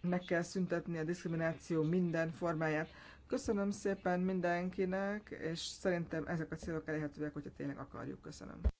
Meg kell szüntetni a diszkrimináció minden formáját. Köszönöm szépen mindenkinek, és szerintem ezek a célok elérhetőek, hogyha tényleg akarjuk. Köszönöm.